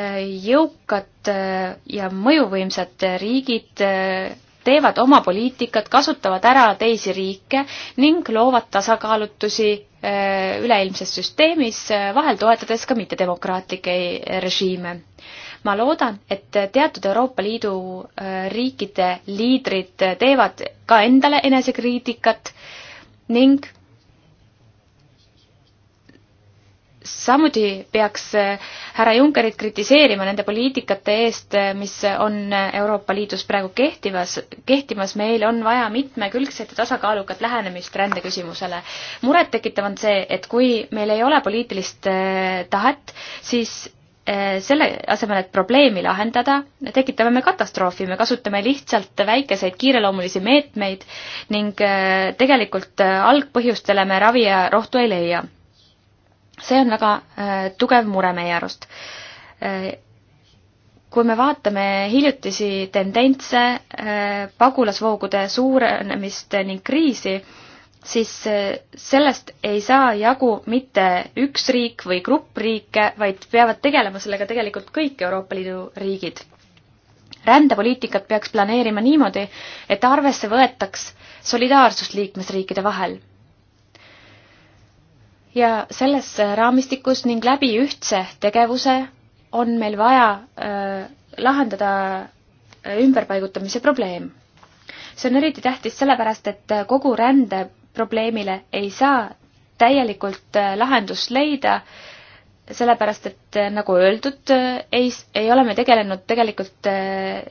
Äh, jõukad ja mõjuvõimsad riigid teevad oma poliitikat, kasutavad ära teisi riike ning loovad tasakaalutusi üleilmses süsteemis, vahel toetades ka mittedemokraatlikke režiime ma loodan, et teatud Euroopa Liidu äh, riikide liidrid teevad ka endale enesekriitikat ning samuti peaks äh, härra Junckerit kritiseerima nende poliitikate eest, äh, mis on Euroopa Liidus praegu kehtivas, kehtimas, meil on vaja mitmekülgset ja tasakaalukat lähenemist rändeküsimusele. murettekitav on see, et kui meil ei ole poliitilist tahet, siis Eh, selle asemel, et probleemi lahendada, tekitame me katastroofi, me kasutame lihtsalt väikeseid kiireloomulisi meetmeid ning eh, tegelikult eh, algpõhjustele me ravi ja rohtu ei leia. see on väga tugev mure meie arust. kui me vaatame hiljutisi tendentse, pagulasvoogude suurenemist ning kriisi, siis eh, sellest ei saa jagu mitte üks riik või grupp riike, vaid peavad tegelema sellega tegelikult kõik Euroopa Liidu riigid. rändepoliitikat peaks planeerima niimoodi, et arvesse võetaks solidaarsust liikmesriikide vahel. ja selles raamistikus ning läbi ühtse tegevuse on meil vaja äh, lahendada eh, ümberpaigutamise probleem see on eriti tähtis sellepärast, et kogu rände probleemile ei saa täielikult äh, lahendust leida, sellepärast et äh, nagu öeldud, äh, ei, ei ole me tegelenud tegelikult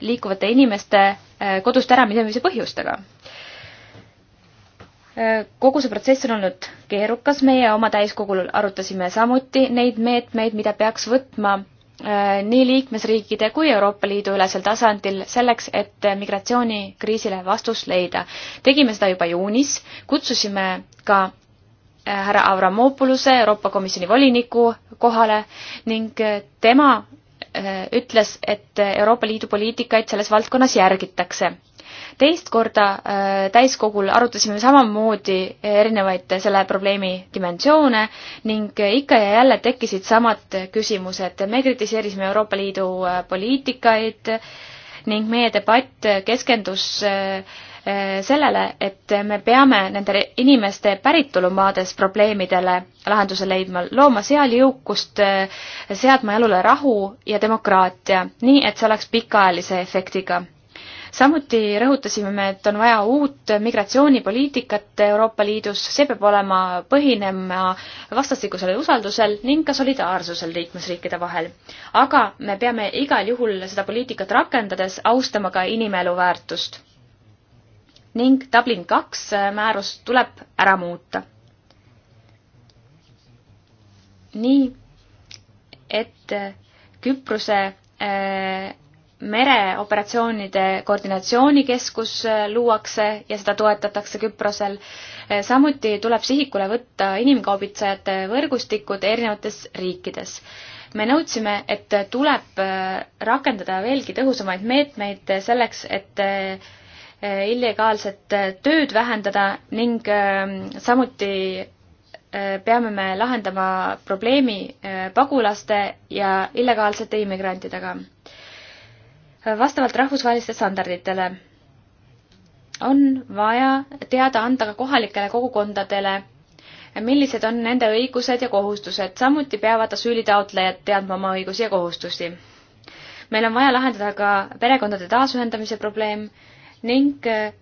liikuvate inimeste kodust äraminemise põhjustega. kogu see protsess on olnud keerukas, meie oma täiskogul arutasime samuti neid meetmeid, mida peaks võtma Äh, nii liikmesriikide kui Euroopa Liidu ülesel tasandil selleks, et äh, migratsioonikriisile vastus leida. tegime seda juba juunis, kutsusime ka äh, härra Avramopoluse, Euroopa Komisjoni voliniku kohale ning tema ütles, et Euroopa Liidu poliitikaid selles valdkonnas järgitakse teist korda äh, täiskogul arutasime samamoodi erinevaid selle probleemi dimensioone ning ikka ja jälle tekkisid samad küsimused. me kritiseerisime Euroopa Liidu äh, poliitikaid ning meie debatt keskendus äh, sellele, et me peame nende inimeste päritolumaades probleemidele lahenduse leidma, looma seal jõukust, seadma elule rahu ja demokraatia, nii et see oleks pikaajalise efektiga samuti rõhutasime me, et on vaja uut migratsioonipoliitikat Euroopa Liidus, see peab olema põhinema vastastikusel usaldusel ning ka solidaarsusel liikmesriikide vahel. aga me peame igal juhul seda poliitikat rakendades austama ka inimelu väärtust. ning Dublin kaks määrus tuleb ära muuta. nii, et Küprose äh, mereoperatsioonide koordinatsioonikeskus äh, luuakse ja seda toetatakse Küprosel. Äh, samuti tuleb sihikule võtta inimkaubitsejate võrgustikud erinevates riikides. me nõudsime, et tuleb äh, rakendada veelgi tõhusamaid meetmeid selleks, et illegaalset tööd vähendada ning ähm, samuti peame me lahendama probleemi pagulaste ja illegaalsete immigrantidega vastavalt rahvusvahelistele standarditele. on vaja teada anda ka kohalikele kogukondadele, millised on nende õigused ja kohustused, samuti peavad asüülitaotlejad teadma oma õigusi ja kohustusi. meil on vaja lahendada ka perekondade taasühendamise probleem ning äh,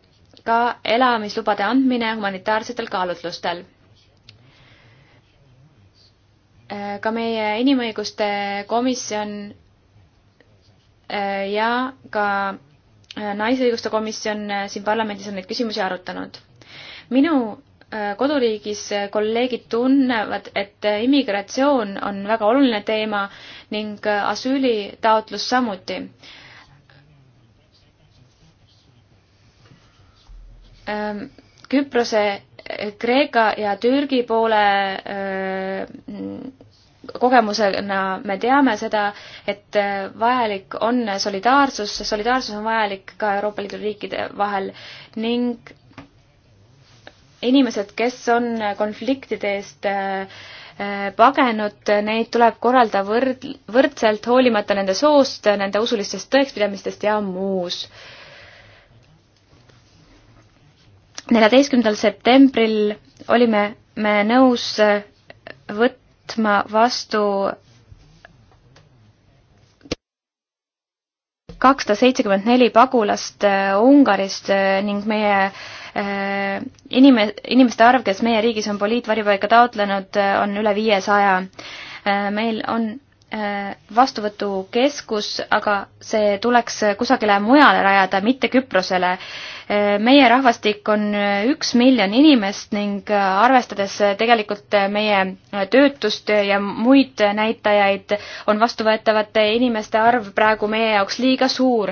ka elamislubade andmine humanitaarsetel kaalutlustel. Äh, ka meie inimõiguste komisjon Äh, ja ka äh, Naisõiguste Komisjon äh, siin parlamendis on neid küsimusi arutanud. minu koduriigis kolleegid tunnevad, et immigratsioon on väga oluline teema ning asüülitaotlus samuti. Ähm, Küprose, Kreeka ja Türgi poole kogemusena me teame seda, et äh, vajalik on solidaarsus, solidaarsus on vajalik ka Euroopa Liidu riikide vahel ning inimesed, kes on konfliktide eest äh, äh, pagenud, neid tuleb korralda võrd-, võrdselt, hoolimata nende soost, nende usulistest tõekspidamistest ja muus. neljateistkümnendal septembril olime me nõus võt-, võtma vastu kakssada seitsekümmend neli pagulast äh, Ungarist äh, ning meie äh, inime-, inimeste arv, kes meie riigis on poliitvarjupaika taotlenud, on üle viiesaja. meil on Äh, vastuvõtukeskus, aga see tuleks kusagile mujale rajada, mitte Küprosele. Äh, meie rahvastik on äh, üks miljon inimest ning arvestades tegelikult meie töötust ja muid näitajaid, on vastuvõetavate inimeste arv praegu meie jaoks liiga suur.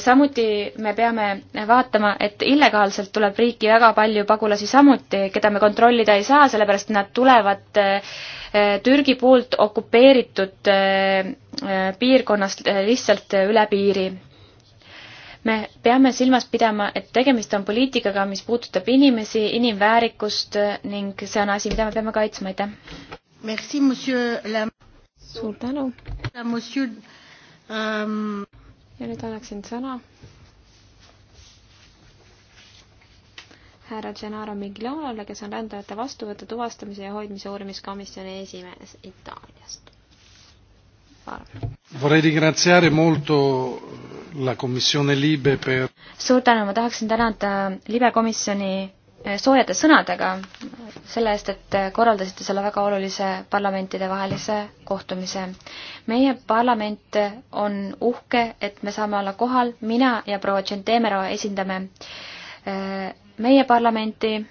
samuti me peame vaatama, et illegaalselt tuleb riiki väga palju pagulasi samuti, keda me kontrollida ei saa, sellepärast nad tulevad Türgi poolt okupeeritud antud äh, äh, piirkonnast äh, lihtsalt üle piiri. me peame silmas pidama, et tegemist on poliitikaga, mis puudutab inimesi, inimväärikust ning see on asi, mida me peame kaitsma, aitäh. suur tänu. Ähm, ja nüüd annaksin sõna härra Gennaro Miglionale, kes on rändajate vastuvõtu tuvastamise ja hoidmise uurimiskomisjoni esimees Itaaliast hvala. suur tänu, ma tahaksin tänada libe komisjoni eh, soojade sõnadega selle eest, et eh, korraldasite selle väga olulise parlamentidevahelise kohtumise. meie parlament on uhke, et me saame olla kohal, mina ja proua Gentemero esindame eh, meie parlamenti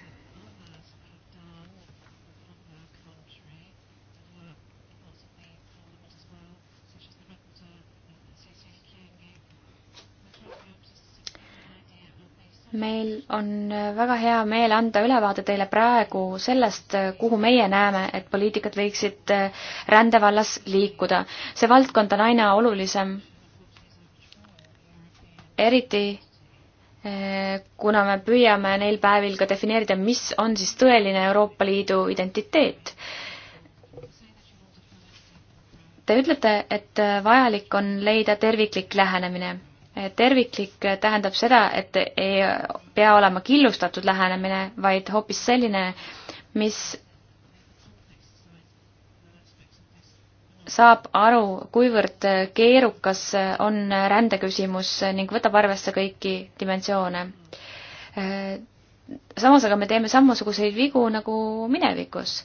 meil on äh, väga hea meel anda ülevaade teile praegu sellest, äh, kuhu meie näeme, et poliitikad võiksid äh, rände vallas liikuda. see valdkond on aina olulisem, eriti kuna me püüame neil päevil ka defineerida, mis on siis tõeline Euroopa Liidu identiteet. Te ütlete, et vajalik on leida terviklik lähenemine terviklik tähendab seda, et ei pea olema killustatud lähenemine, vaid hoopis selline, mis saab aru, kuivõrd keerukas on rändeküsimus ning võtab arvesse kõiki dimensioone. samas aga me teeme samasuguseid vigu nagu minevikus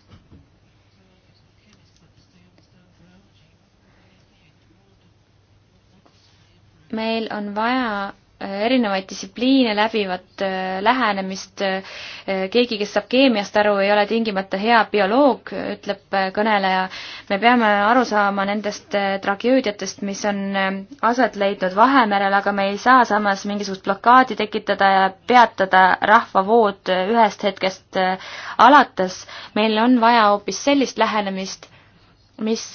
meil on vaja äh, erinevaid distsipliine läbivat äh, lähenemist. Äh, keegi, kes saab keemiast aru, ei ole tingimata hea bioloog, ütleb kõneleja. me peame aru saama nendest tragöödiatest, mis on aset leidnud Vahemerel, aga me ei saa samas mingisugust blokaadi tekitada ja peatada rahvavood ühest hetkest alates. meil on vaja hoopis sellist lähenemist, mis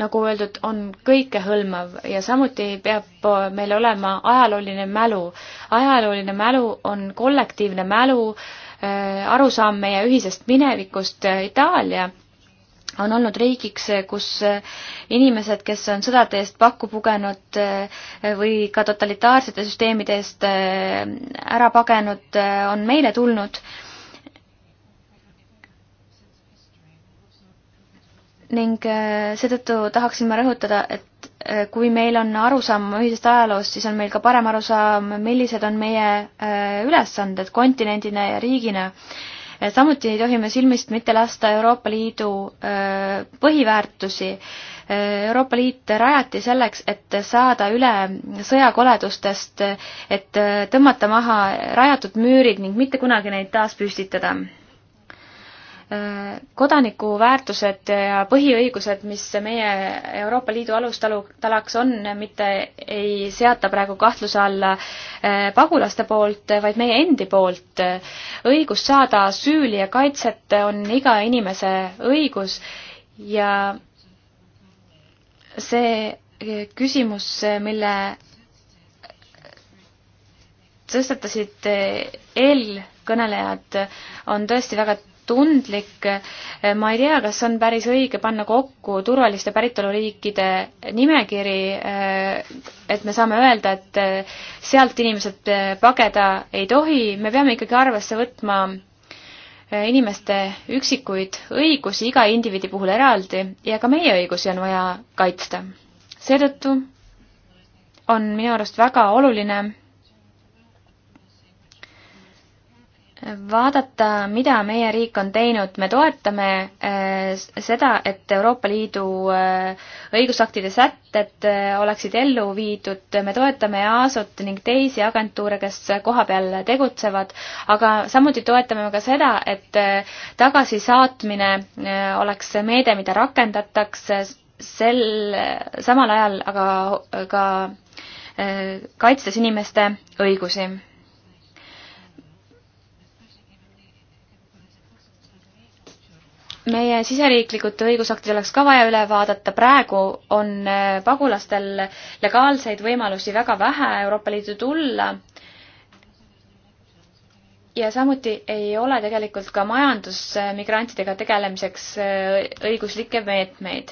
nagu öeldud, on kõikehõlmav ja samuti peab meil olema ajalooline mälu. ajalooline mälu on kollektiivne mälu, äh, arusaam meie ühisest minevikust. Itaalia on olnud riigiks, kus äh, inimesed, kes on sõdade eest pakku pugenud äh, või ka totalitaarsete süsteemide eest ära pagenud, on meile tulnud ning äh, seetõttu tahaksin ma rõhutada, et äh, kui meil on arusaam ühisest ajaloost, siis on meil ka parem arusaam, millised on meie äh, ülesanded kontinendina ja riigina. samuti ei tohi me silmist mitte lasta Euroopa Liidu põhiväärtusi. Euroopa Liit rajati selleks, et saada üle sõjakoledustest, et tõmmata maha rajatud müürid ning mitte kunagi neid taas püstitada kodanikuväärtused ja põhiõigused, mis meie Euroopa Liidu alustalaks on, mitte ei seata praegu kahtluse alla äh, pagulaste poolt, vaid meie endi poolt. õigus saada süüli ja kaitset on iga inimese õigus ja see äh, küsimus, mille tõstatasid äh, eelkõnelejad, on tõesti väga tundlik. ma ei tea, kas on päris õige panna kokku turvaliste päritoluriikide nimekiri, et me saame öelda, et sealt inimesed pageda ei tohi, me peame ikkagi arvesse võtma inimeste üksikuid õigusi iga indiviidi puhul eraldi ja ka meie õigusi on vaja kaitsta. seetõttu on minu arust väga oluline vaadata, mida meie riik on teinud, me toetame eh, seda, et Euroopa Liidu eh, õigusaktide sätted eh, oleksid ellu viidud, me toetame EASO-t ning teisi agentuure, kes kohapeal tegutsevad, aga samuti toetame ka seda, et tagasisaatmine oleks meede, mida rakendatakse sel, samal ajal aga ka kaitstes inimeste õigusi meie siseriiklikud õigusaktid oleks ka vaja üle vaadata, praegu on äh, pagulastel legaalseid võimalusi väga vähe Euroopa Liidu tulla. ja samuti ei ole tegelikult ka majandusmigrantidega tegelemiseks äh, õiguslikke meetmeid.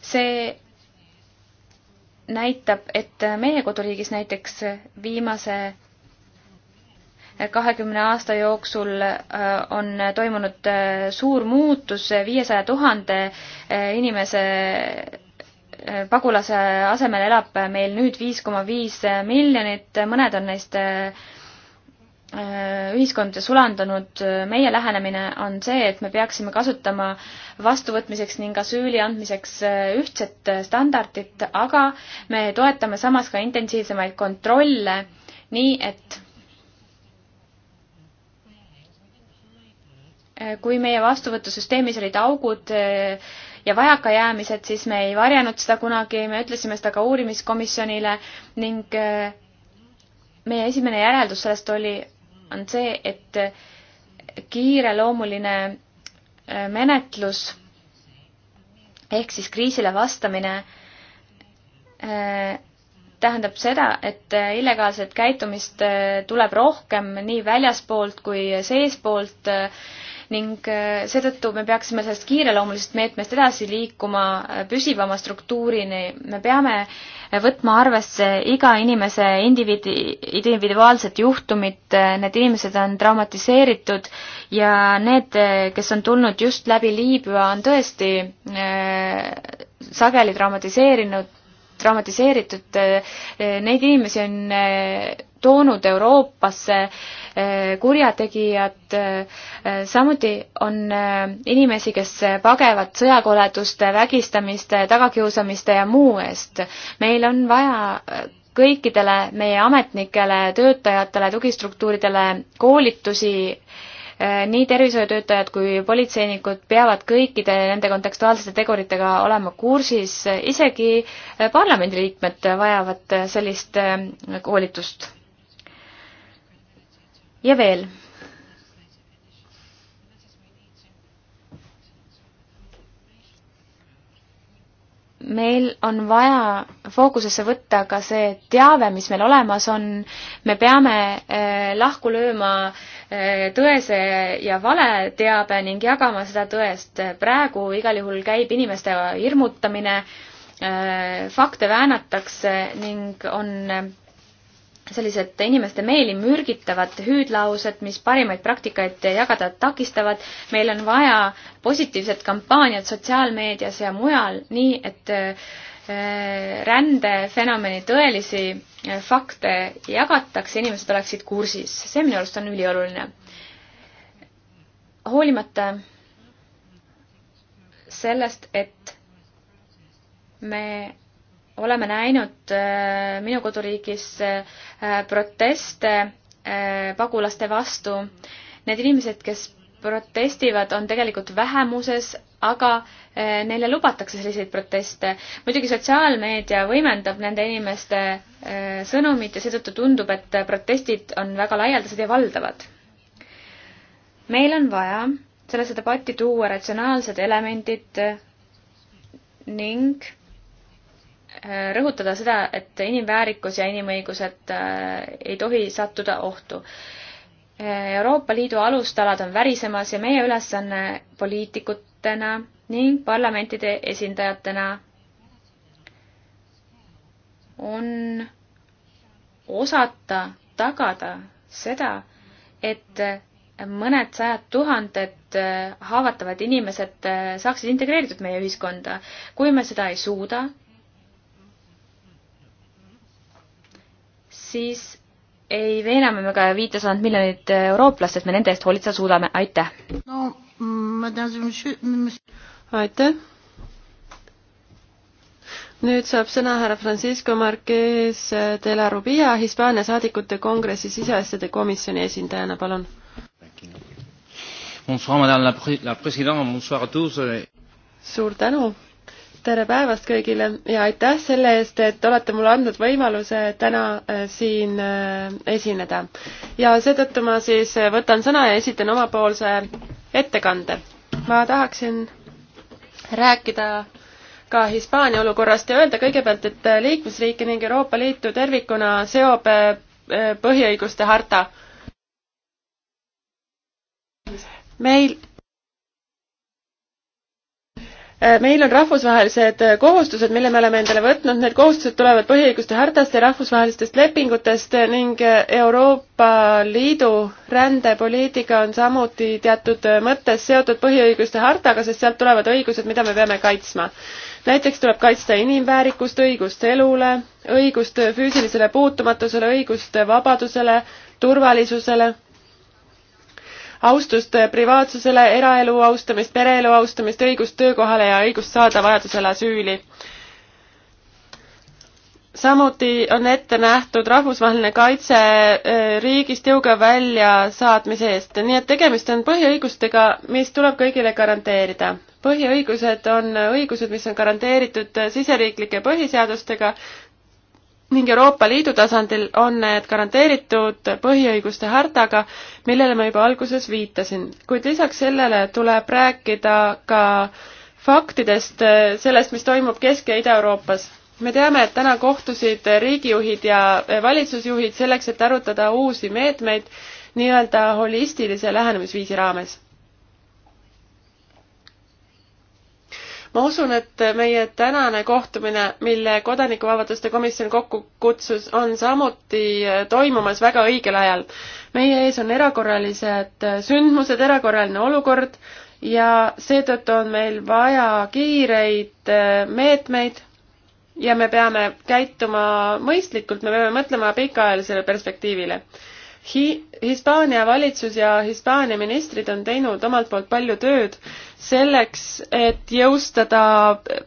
see näitab, et meie koduriigis näiteks viimase kahekümne aasta jooksul äh, on toimunud äh, suur muutus, viiesaja tuhande äh, inimese pagulase asemel elab meil nüüd viis koma viis miljonit, mõned on neist ühiskonda sulandunud, meie lähenemine on see, et me peaksime kasutama vastuvõtmiseks ning asüüli andmiseks ühtset standardit, aga me toetame samas ka intensiivsemaid kontrolle, nii et Äh, kui meie vastuvõtusüsteemis olid augud äh, ja vajakajäämised, siis me ei varjanud seda kunagi, me ütlesime seda ka uurimiskomisjonile ning äh, meie esimene järeldus sellest oli, on see, et kiireloomuline menetlus ehk siis kriisile vastamine tähendab seda, et illegaalset käitumist tuleb rohkem nii väljaspoolt kui seespoolt ning äh, seetõttu me peaksime sellest kiireloomulisest meetmest edasi liikuma äh, püsivama struktuurini. me peame äh, võtma arvesse iga inimese indiviidi, individuaalset juhtumit, need inimesed on traumatiseeritud ja need, kes on tulnud just läbi Liibüa, on tõesti sageli traumatiseerinud traumatiseeritud, neid inimesi on toonud Euroopasse eh, kurjategijad, eh, samuti on eh, inimesi, kes pagevad sõjakoleduste, vägistamiste, tagakiusamiste ja muu eest. meil on vaja kõikidele meie ametnikele, töötajatele, tugistruktuuridele koolitusi nii tervishoiutöötajad kui politseinikud peavad kõikide nende kontekstuaalsete teguritega olema kursis, isegi parlamendiliikmed vajavad sellist koolitust ja veel. meil on vaja fookusesse võtta ka see teave, mis meil olemas on. me peame eh, lahku lööma eh, tõese ja vale teabe ning jagama seda tõest. praegu igal juhul käib inimeste hirmutamine eh, fakte väänatakse ning on sellised inimeste meeli mürgitavad hüüdlaused, mis parimaid praktikaid jagada takistavad. meil on vaja positiivset kampaaniat sotsiaalmeedias ja mujal, nii et äh, rändefenomeni tõelisi äh, fakte jagatakse, inimesed oleksid kursis. see minu arust on ülioluline. hoolimata sellest, et me oleme näinud äh, minu koduriigis äh, proteste äh, pagulaste vastu. Need inimesed, kes protestivad, on tegelikult vähemuses, aga neile lubatakse selliseid proteste. muidugi sotsiaalmeedia võimendab nende inimeste sõnumit ja seetõttu tundub, et protestid on väga laialdased ja valdavad. meil on vaja sellesse debatti tuua ratsionaalsed elemendid ning rõhutada seda, et inimväärikus ja inimõigused äh, ei tohi sattuda ohtu. Äh, Euroopa Liidu alustalad on värisemas ja meie ülesanne poliitikutena ning parlamentide esindajatena on osata tagada seda, et mõned sajad tuhanded äh, haavatavad inimesed saaksid integreeritud meie ühiskonda. kui me seda ei suuda, siis ei veena me ka viitesadat miljonit eurooplast, et me nende eest hoolitseda suudame, aitäh no,! aitäh! nüüd saab sõna härra Francisco Marquez de la Rubia Hispaania saadikute kongressi siseasjade komisjoni esindajana, palun. suur tänu, tere päevast kõigile ja aitäh selle eest, et olete mulle andnud võimaluse täna äh, siin äh, esineda. ja seetõttu ma siis äh, võtan sõna ja esitan omapoolse ettekande. ma tahaksin rääkida ka Hispaania olukorrast ja öelda kõigepealt, et liikmesriike ning Euroopa Liitu tervikuna seob põhiõiguste harta. meil Äh, meil on rahvusvahelised äh, kohustused, mille me oleme endale võtnud, need kohustused tulevad põhiõiguste hartast ja rahvusvahelistest lepingutest ning äh, Euroopa Liidu rändepoliitika on samuti teatud mõttes seotud põhiõiguste hartaga, sest sealt tulevad õigused, mida me peame kaitsma. näiteks tuleb kaitsta inimväärikust, õigust elule, õigust füüsilisele puutumatusele, õigust vabadusele, turvalisusele austust privaatsusele, eraelu austamist, pereelu austamist, õigust töökohale ja õigust saada vajadusel asüüli. samuti on ette nähtud rahvusvaheline kaitse äh, riigist jõuga väljasaatmise eest, nii et tegemist on põhiõigustega, mis tuleb kõigile garanteerida. põhiõigused on õigused, mis on garanteeritud äh, siseriiklike põhiseadustega ning Euroopa Liidu tasandil on need garanteeritud põhiõiguste hartaga, millele ma juba alguses viitasin, kuid lisaks sellele tuleb rääkida ka faktidest, äh, sellest, mis toimub Kesk- ja Ida-Euroopas. me teame, et täna kohtusid riigijuhid ja äh, valitsusjuhid selleks, et arutada uusi meetmeid nii-öelda holistilise lähenemisviisi raames ma usun, et meie tänane kohtumine, mille Kodanikuvabaduste Komisjon kokku kutsus, on samuti toimumas väga õigel ajal. meie ees on erakorralised sündmused, erakorraline olukord ja seetõttu on meil vaja kiireid meetmeid ja me peame käituma mõistlikult, me peame mõtlema pikaajalisele perspektiivile Hi-, Hispaania valitsus ja Hispaania ministrid on teinud omalt poolt palju tööd selleks, et jõustada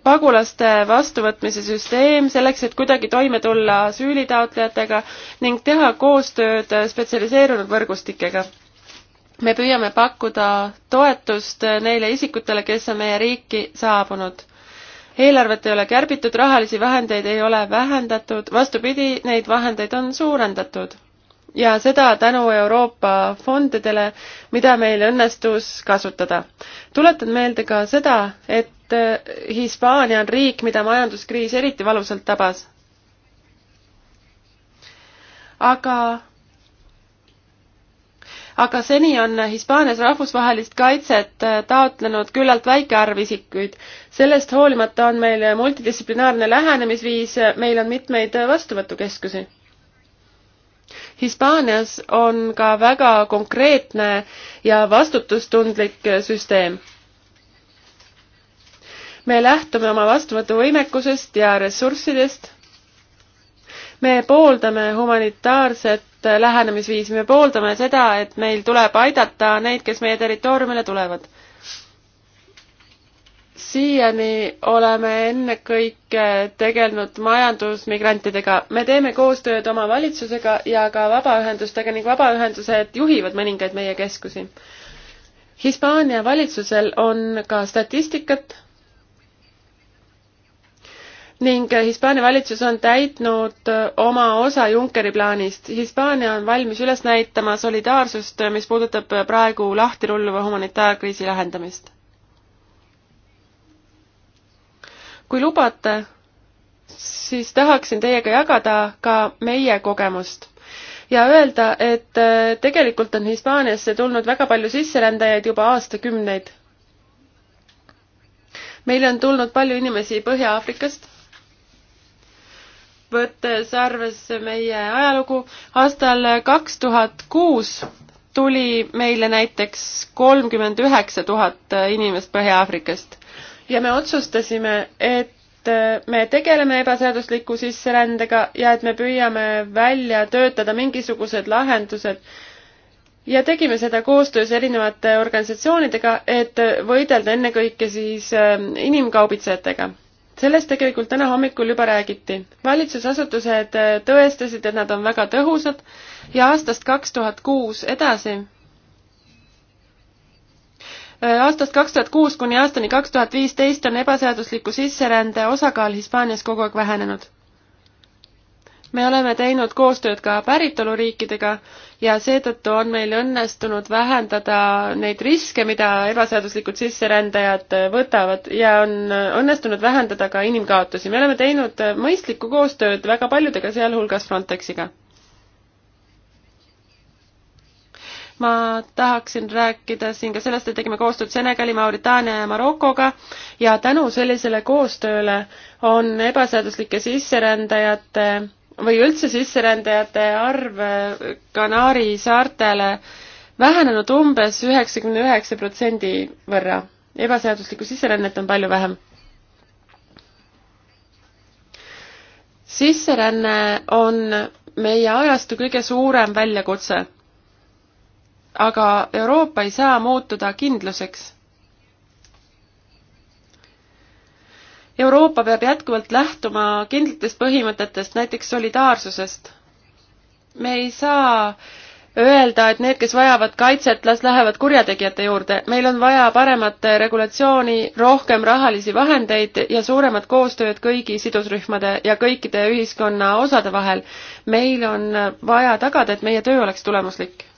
pagulaste vastuvõtmise süsteem, selleks, et kuidagi toime tulla asüülitaotlejatega ning teha koostööd spetsialiseerunud võrgustikega. me püüame pakkuda toetust neile isikutele, kes on meie riiki saabunud eelarvet ei ole kärbitud, rahalisi vahendeid ei ole vähendatud, vastupidi, neid vahendeid on suurendatud ja seda tänu Euroopa fondidele, mida meil õnnestus kasutada. tuletan meelde ka seda, et eh, Hispaania on riik, mida majanduskriis eriti valusalt tabas. aga aga seni on Hispaanias rahvusvahelist kaitset eh, taotlenud küllalt väike arv isikuid. sellest hoolimata on meil multidistsiplinaarne lähenemisviis, eh, meil on mitmeid vastuvõtukeskusi Hispaanias on ka väga konkreetne ja vastutustundlik süsteem. me lähtume oma vastuvõtuvõimekusest ja ressurssidest. me pooldame humanitaarset lähenemisviisi, me pooldame seda, et meil tuleb aidata neid, kes meie territooriumile tulevad siiani oleme ennekõike tegelenud majandusmigrantidega. me teeme koostööd oma valitsusega ja ka vabaühendustega ning vabaühendused juhivad mõningaid meie keskusi. Hispaania valitsusel on ka statistikat ning Hispaania valitsus on täitnud oma osa Junckeri plaanist. Hispaania on valmis üles näitama solidaarsust, mis puudutab praegu lahtirulluva humanitaarkriisi lahendamist kui lubate, siis tahaksin teiega jagada ka meie kogemust ja öelda, et äh, tegelikult on Hispaaniasse tulnud väga palju sisserändajaid juba aastakümneid. meile on tulnud palju inimesi Põhja-Aafrikast, võttes arvesse meie ajalugu, aastal kaks tuhat kuus tuli meile näiteks kolmkümmend üheksa tuhat inimest Põhja-Aafrikast ja me otsustasime, et äh, me tegeleme ebaseadusliku sisserändega ja et me püüame välja töötada mingisugused lahendused ja tegime seda koostöös erinevate organisatsioonidega, et võidelda ennekõike siis ähm, inimkaubitsejatega. sellest tegelikult täna hommikul juba räägiti. valitsusasutused äh, tõestasid, et nad on väga tõhusad ja aastast kaks tuhat kuus edasi Äh, aastast kaks tuhat kuus kuni aastani kaks tuhat viisteist on ebaseadusliku sisserände osakaal Hispaanias kogu aeg vähenenud. me oleme teinud koostööd ka päritoluriikidega ja seetõttu on meil õnnestunud vähendada neid riske, mida ebaseaduslikud sisserändajad võtavad ja on õnnestunud vähendada ka inimkaotusi. me oleme teinud mõistlikku koostööd väga paljudega, sealhulgas Frontexiga ma tahaksin rääkida siin ka sellest, et tegime koostööd Senegali, Mauritaania ja Marokoga ja tänu sellisele koostööle on ebaseaduslike sisserändajate või üldse sisserändajate arv Kanaari saartele vähenenud umbes üheksakümne üheksa protsendi võrra. ebaseaduslikku sisserännet on palju vähem sisseränne on meie ajastu kõige suurem väljakutse aga Euroopa ei saa muutuda kindluseks. Euroopa peab jätkuvalt lähtuma kindlatest põhimõtetest, näiteks solidaarsusest. me ei saa öelda, et need, kes vajavad kaitset, las lähevad kurjategijate juurde. meil on vaja paremat regulatsiooni, rohkem rahalisi vahendeid ja suuremat koostööd kõigi sidusrühmade ja kõikide ühiskonna osade vahel. meil on vaja tagada, et meie töö oleks tulemuslik.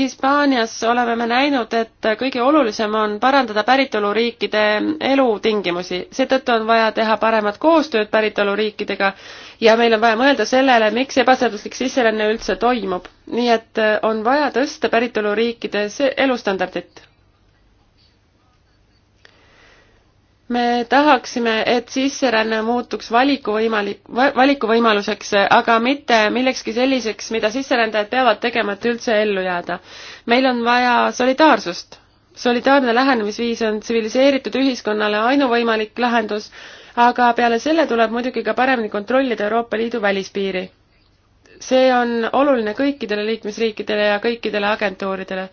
Hispaanias oleme me näinud, et kõige olulisem on parandada päritoluriikide elutingimusi, seetõttu on vaja teha paremat koostööd päritoluriikidega ja meil on vaja mõelda sellele, miks ebaseaduslik sisseränne üldse toimub. nii et on vaja tõsta päritoluriikide elustandardit. me tahaksime, et sisseränne muutuks valikuvõimalik, valikuvõimaluseks, aga mitte millekski selliseks, mida sisserändajad peavad tegema, et üldse ellu jääda. meil on vaja solidaarsust. solidaarne lähenemisviis on tsiviliseeritud ühiskonnale ainuvõimalik lahendus, aga peale selle tuleb muidugi ka paremini kontrollida Euroopa Liidu välispiiri. see on oluline kõikidele liikmesriikidele ja kõikidele agentuuridele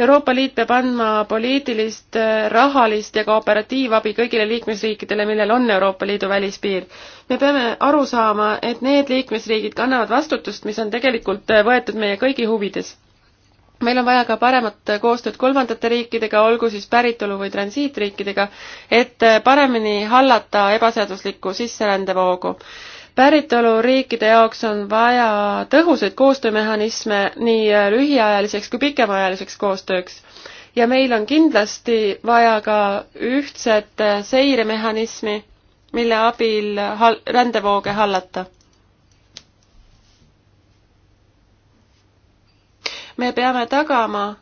Euroopa Liit peab andma poliitilist, äh, rahalist ja ka operatiivabi kõigile liikmesriikidele, millel on Euroopa Liidu välispiir. me peame aru saama, et need liikmesriigid kannavad vastutust, mis on tegelikult äh, võetud meie kõigi huvides. meil on vaja ka paremat äh, koostööd kolmandate riikidega, olgu siis päritolu- või transiitriikidega, et paremini hallata ebaseaduslikku sisserändevoogu päritoluriikide jaoks on vaja tõhusaid koostöömehhanisme nii lühiajaliseks kui pikemaajaliseks koostööks. ja meil on kindlasti vaja ka ühtset seiremehhanismi, mille abil hal-, rändevooge hallata me peame tagama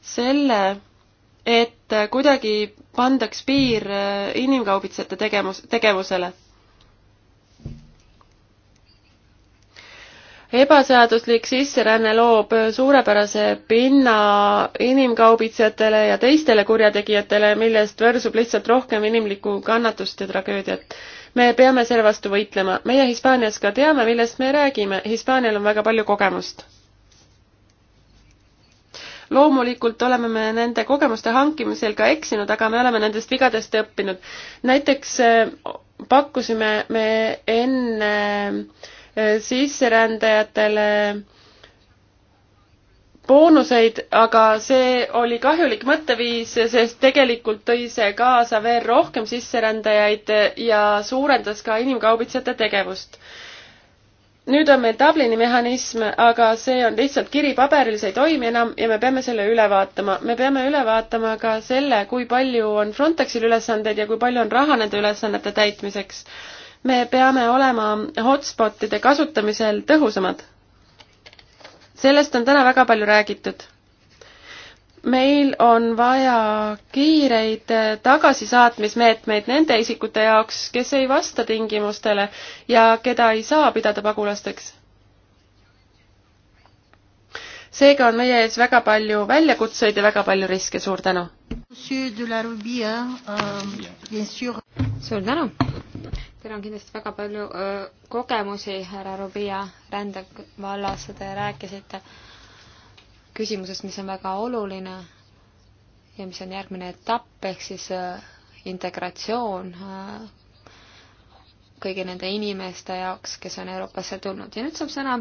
selle, et kuidagi pandaks piir inimkaubitsejate tegevus, tegevusele. ebaseaduslik sisseränne loob suurepärase pinna inimkaubitsejatele ja teistele kurjategijatele, millest võrsub lihtsalt rohkem inimlikku kannatust ja tragöödiat. me peame selle vastu võitlema. meie Hispaanias ka teame, millest me räägime. Hispaanial on väga palju kogemust. loomulikult oleme me nende kogemuste hankimisel ka eksinud, aga me oleme nendest vigadest õppinud. näiteks eh, pakkusime me enne äh, Eh, sisserändajatele boonuseid, aga see oli kahjulik mõtteviis, sest tegelikult tõi see kaasa veel rohkem sisserändajaid ja suurendas ka inimkaubitsejate tegevust. nüüd on meil Dublini mehhanism, aga see on lihtsalt kiri paberil, see ei toimi enam ja me peame selle üle vaatama. me peame üle vaatama ka selle, kui palju on Frontexil ülesandeid ja kui palju on raha nende ülesannete täitmiseks me peame olema hotspotide kasutamisel tõhusamad. sellest on täna väga palju räägitud. meil on vaja kiireid tagasisaatmismeetmeid nende isikute jaoks, kes ei vasta tingimustele ja keda ei saa pidada pagulasteks. seega on meie ees väga palju väljakutseid ja väga palju riske, suur tänu! Euh, suur tänu! Teil on kindlasti väga palju öö, kogemusi, härra Rubia, rände vallas, te rääkisite küsimusest, mis on väga oluline ja mis on järgmine etapp, ehk siis öö, integratsioon öö, kõigi nende inimeste jaoks, kes on Euroopasse tulnud. ja nüüd saab sõna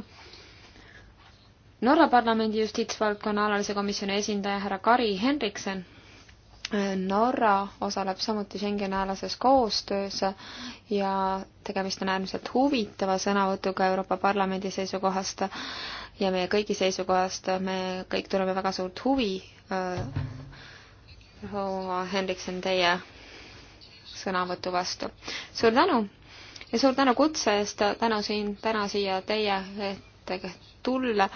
Norra parlamendi justiitsvaldkonna alalise komisjoni esindaja härra Kari Henriksen Norra osaleb samuti Schengeni-alases koostöös ja tegemist on äärmiselt huvitava sõnavõtuga Euroopa Parlamendi seisukohast ja meie kõigi seisukohast. me kõik tunneme väga suurt huvi. proua äh, Hendrikson, teie sõnavõtu vastu. suur tänu ja suur tänu kutse eest täna siin, täna siia teie ette tulla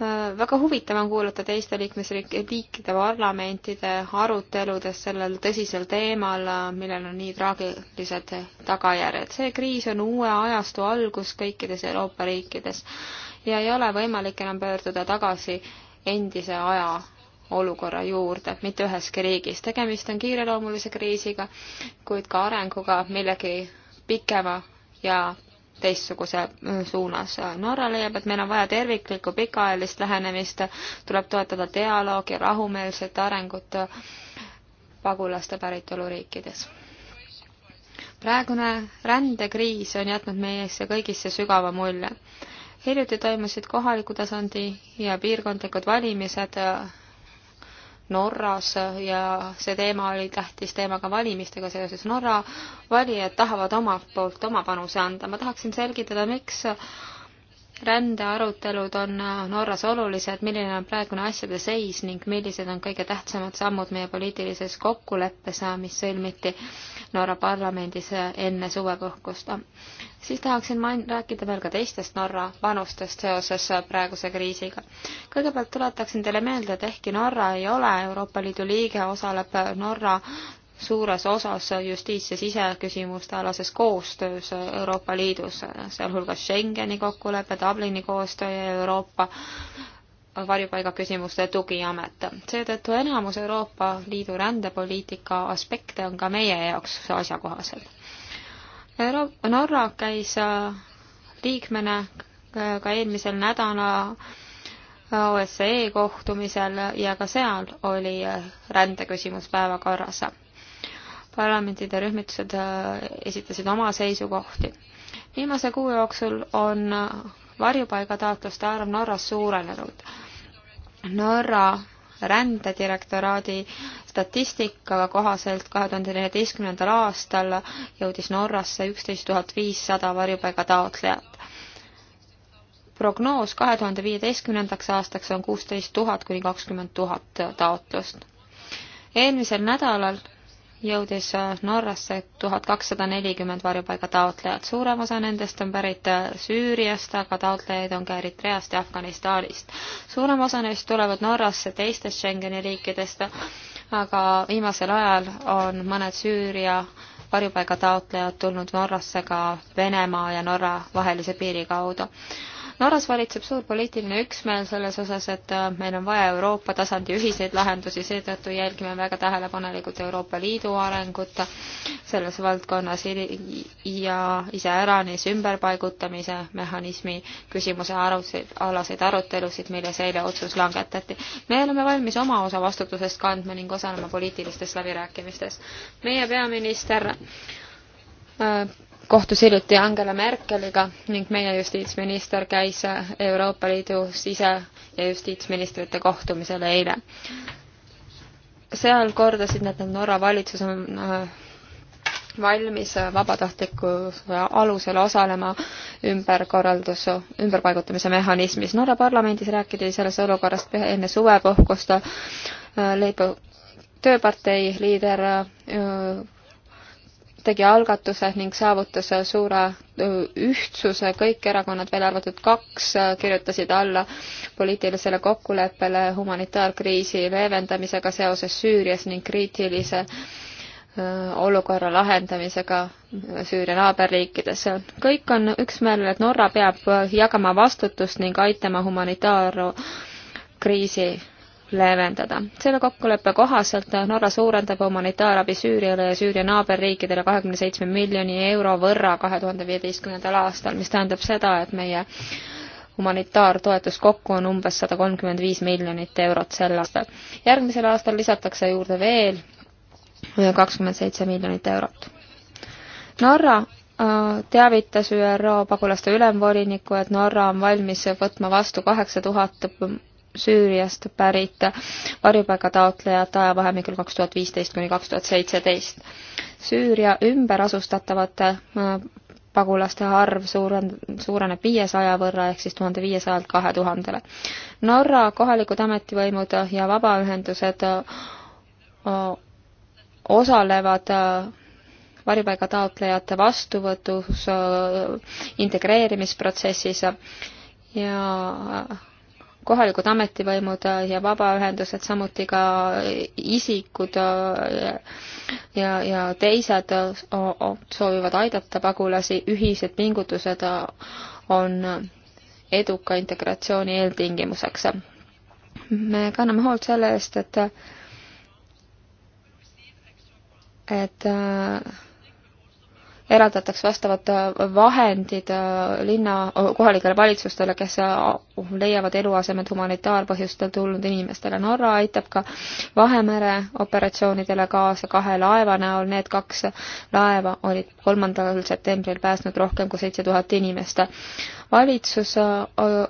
väga huvitav on kuulata teiste liikmesriikide parlamentide aruteludes sellel tõsisel teemal, millel on nii traagilised tagajärjed. see kriis on uue ajastu algus kõikides Euroopa riikides ja ei ole võimalik enam pöörduda tagasi endise aja olukorra juurde mitte üheski riigis. tegemist on kiireloomulise kriisiga, kuid ka arenguga millegi pikema ja teistsuguse mm, suunas. Norra leiab, et meil on vaja terviklikku pikaajalist lähenemist, tuleb toetada dialoogi, rahumeelset arengut pagulaste päritoluriikides. praegune rändekriis on jätnud meisse kõigisse sügava mulje. hiljuti toimusid kohaliku tasandi ja piirkondlikud valimised Norras ja see teema oli tähtis teema ka valimistega seoses. Norra valijad tahavad omalt poolt oma panuse anda. ma tahaksin selgitada, miks rändearutelud on Norras olulised, milline on praegune asjade seis ning millised on kõige tähtsamad sammud meie poliitilises kokkuleppes, mis sõlmiti Norra parlamendis enne suvepuhkust siis tahaksin main-, rääkida veel ka teistest Norra panustest seoses äh, praeguse kriisiga. kõigepealt tuletaksin teile meelde, et ehkki Norra ei ole Euroopa Liidu liige, osaleb äh, Norra suures osas äh, justiits- ja siseküsimuste alases koostöös Euroopa Liidus, sealhulgas Schengeni kokkulepe, Dublini koostöö ja Euroopa varjupaigaküsimuste tugiamet. seetõttu enamus Euroopa Liidu rändepoliitika aspekte on ka meie jaoks asjakohased Euro-, Norra käis äh, liikmena äh, ka eelmisel nädala äh, OSCE kohtumisel ja ka seal oli rändeküsimus päevakorras. parlamentide rühmitused esitasid oma seisukohti. viimase kuu jooksul on varjupaigataotluste arv Norras suurenenud. Norra rändedirektoraadi statistika kohaselt kahe tuhande neljateistkümnendal aastal jõudis Norrasse üksteist tuhat viissada varjupaigataotlejat. prognoos kahe tuhande viieteistkümnendaks aastaks on kuusteist tuhat kuni kakskümmend tuhat taotlust. eelmisel nädalal jõudis äh, Norrasse tuhat kakssada nelikümmend varjupaiga taotlejat. suurem osa nendest on pärit äh, Süüriast, aga taotlejaid on ka Eritreast ja Afganistanist. suurem osa neist tulevad Norrasse teistest Schengeni riikidest, aga viimasel ajal on mõned Süüria varjupaiga taotlejad tulnud Norrasse ka Venemaa ja Norra vahelise piiri kaudu Norras valitseb suur poliitiline üksmeel selles osas, et äh, meil on vaja Euroopa tasandi ühiseid lahendusi, seetõttu jälgime väga tähelepanelikult Euroopa Liidu arengut selles valdkonnas ja iseäranis ümberpaigutamise mehhanismi küsimuse arusid, alaseid arutelusid, milles eile otsus langetati. me oleme valmis oma osa vastutusest kandma ning osalema poliitilistes läbirääkimistes. meie peaminister äh, kohtus hiljuti Angela Merkeliga ning meie justiitsminister käis Euroopa Liidu sise- ja justiitsministrite kohtumisel eile. seal kordasid nad, et Norra valitsus on äh, valmis vabatahtliku alusel osalema ümberkorraldus, ümberpaigutamise mehhanismis. Norra parlamendis rääkida sellest olukorrast enne suvepuhkust äh, Leibu tööpartei liider äh, tegi algatuse ning saavutas suure ühtsuse, kõik erakonnad, välja arvatud kaks, kirjutasid alla poliitilisele kokkuleppele humanitaarkriisi leevendamisega seoses Süürias ning kriitilise olukorra lahendamisega Süüria naaberriikides. kõik on üksmeelel, et Norra peab jagama vastutust ning aitama humanitaarkriisi leevendada. selle kokkuleppe kohaselt Norra suurendab humanitaarabi Süüriale ja Süüria naaberriikidele kahekümne seitsme miljoni euro võrra kahe tuhande viieteistkümnendal aastal, mis tähendab seda, et meie humanitaartoetus kokku on umbes sada kolmkümmend viis miljonit eurot sel aastal. järgmisel aastal lisatakse juurde veel kakskümmend seitse miljonit eurot. Norra äh, teavitas ÜRO pagulaste ülemvoliniku, et Norra on valmis võtma vastu kaheksa tuhat Süüriast pärit varjupaigataotlejad ajavahemikul kaks tuhat viisteist kuni kaks tuhat seitseteist. Süüria ümberasustatavate äh, pagulaste arv suuren-, suureneb viiesaja võrra ehk siis tuhande viiesajalt kahe tuhandele. Norra kohalikud ametivõimud ja vabaühendused äh, äh, osalevad varjupaigataotlejate vastuvõtus, integreerimisprotsessis ja kohalikud ametivõimud ja vabaühendused, samuti ka isikud äh, ja, ja teised äh, soovivad aidata pagulasi, ühised pingutused äh, on eduka integratsiooni eeltingimuseks. me kanname hoolt selle eest, et et eraldatakse vastavad äh, vahendid äh, linna, äh, kohalikele valitsustele, kes leiavad eluasemed humanitaarpõhjustel tulnud inimestele. Norra aitab ka Vahemere operatsioonidele kaasa kahe laeva näol, need kaks laeva olid kolmandal septembril päästnud rohkem kui seitse tuhat inimest. valitsus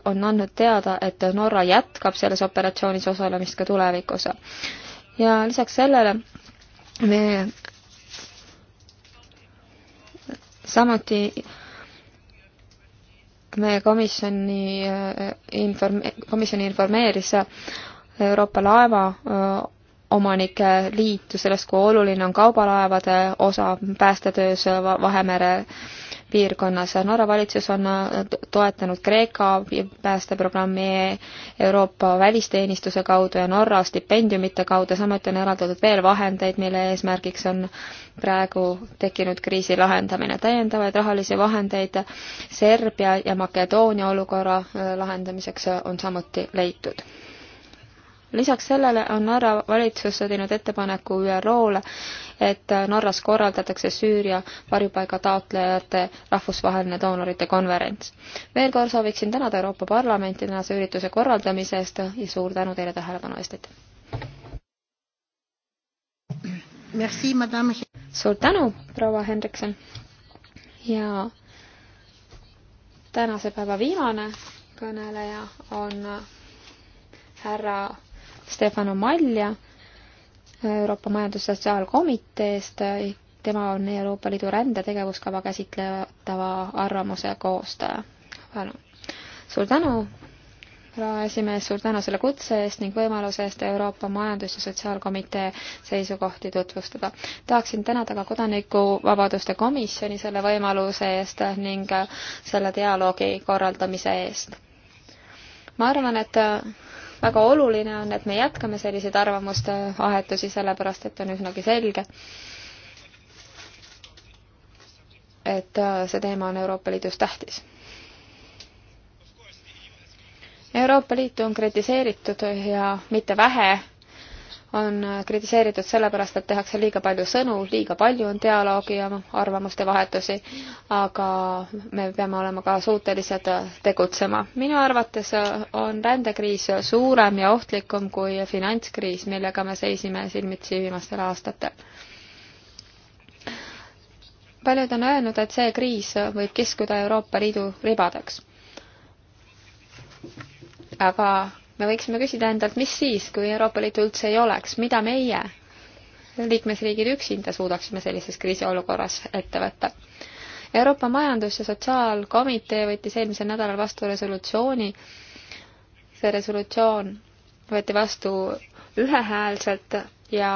on andnud teada, et Norra jätkab selles operatsioonis osalemist ka tulevikus. ja lisaks sellele me samuti meie komisjoni äh, inform-, komisjoni informeeris Euroopa Laevaomanike äh, Liitu sellest, kui oluline on kaubalaevade osa päästetöös Vahemere piirkonnas. Norra valitsus on äh, toetanud Kreeka päästeprogrammi Euroopa välisteenistuse kaudu ja Norra stipendiumite kaudu, samuti on eraldatud veel vahendeid, mille eesmärgiks on praegu tekkinud kriisi lahendamine. täiendavaid rahalisi vahendeid Serbia ja Makedoonia olukorra äh, lahendamiseks äh, on samuti leitud lisaks sellele on Norra valitsus teinud ettepaneku ÜRO-le, et Norras korraldatakse Süüria varjupaiga taotlejate rahvusvaheline doonorite konverents. veel kord sooviksin tänada Euroopa Parlamenti tänase ürituse korraldamise eest ja suur tänu teile tähelepanu eest, aitäh! suur tänu, proua Henrikson! ja tänase päeva viimane kõneleja on härra Stefano Malja Euroopa Majandus- ja Sotsiaalkomiteest, tema on Euroopa Liidu rändetegevuskava käsitletava arvamuse koostaja. palun. suur tänu, härra esimees, suur tänu selle kutse eest ning võimaluse eest Euroopa Majandus- ja Sotsiaalkomitee seisukohti tutvustada. tahaksin tänada ka Kodanikuvabaduste Komisjoni selle võimaluse eest ning selle dialoogi korraldamise eest. ma arvan, et väga oluline on, et me jätkame selliseid arvamuste vahetusi, sellepärast et on üsnagi selge, et äh, see teema on Euroopa Liidus tähtis. Euroopa Liitu on kritiseeritud ja mitte vähe on äh, kritiseeritud sellepärast, et tehakse liiga palju sõnu, liiga palju on dialoogi ja arvamuste vahetusi, aga me peame olema ka suutelised äh, tegutsema. minu arvates äh, on rändekriis suurem ja ohtlikum kui finantskriis, millega me seisime silmitsi viimastel aastatel paljud on öelnud, et see kriis võib kiskuda Euroopa Liidu ribadeks. aga me võiksime küsida endalt, mis siis, kui Euroopa Liitu üldse ei oleks, mida meie, liikmesriigid üksinda suudaksime sellises kriisiolukorras ette võtta. Euroopa Majandus- ja Sotsiaalkomitee võttis eelmisel nädalal vastu resolutsiooni, see resolutsioon võeti vastu ühehäälselt ja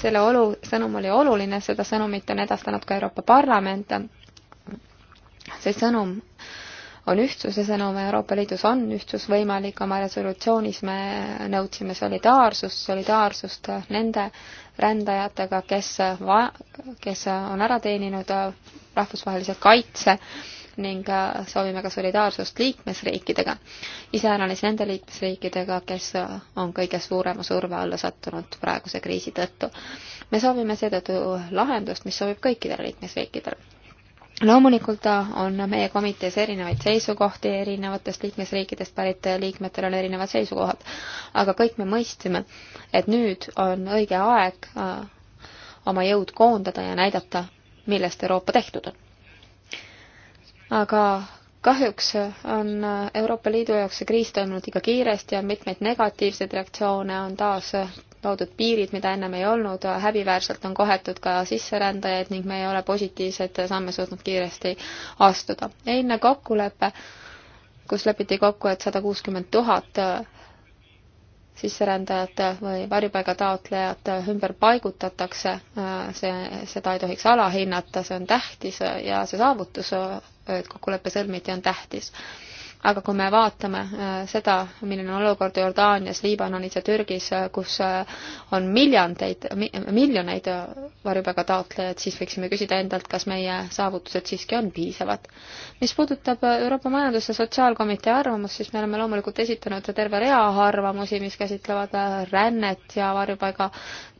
selle olu, sõnum oli oluline, seda sõnumit on edastanud ka Euroopa Parlament. see sõnum on ühtsuse sõnum, Euroopa Liidus on ühtsus võimalik, oma resolutsioonis me nõudsime solidaarsust, solidaarsust nende rändajatega, kes va-, kes on ära teeninud rahvusvahelise kaitse ning soovime ka solidaarsust liikmesriikidega, iseäranis nende liikmesriikidega, kes on kõige suurema surve alla sattunud praeguse kriisi tõttu. me soovime seetõttu lahendust, mis sobib kõikidele liikmesriikidele loomulikult on meie komitees erinevaid seisukohti, erinevatest liikmesriikidest pärit liikmetel on erinevad seisukohad, aga kõik me mõistsime, et nüüd on õige aeg äh, oma jõud koondada ja näidata, millest Euroopa tehtud on. aga kahjuks on Euroopa Liidu jaoks see kriis toimunud liiga kiiresti, on mitmeid negatiivseid reaktsioone, on taas loodud piirid, mida ennem ei olnud, häbiväärselt on kohetud ka sisserändajaid ning me ei ole positiivseid samme suutnud kiiresti astuda. eilne kokkulepe, kus lepiti kokku, et sada kuuskümmend tuhat sisserändajat või varjupaigataotlejat ümber paigutatakse, see, seda ei tohiks alahinnata, see on tähtis ja see saavutus, et kokkulepe sõlmiti, on tähtis aga kui me vaatame äh, seda, milline on olukord Jordaanias, Liibanonis ja Türgis, äh, kus äh, on miljandeid, miljoneid varjupaiga taotlejaid, siis võiksime küsida endalt, kas meie saavutused siiski on piisavad. mis puudutab Euroopa Majandus- ja Sotsiaalkomitee arvamust, siis me oleme loomulikult esitanud terve rea arvamusi, mis käsitlevad rännet ja varjupaiga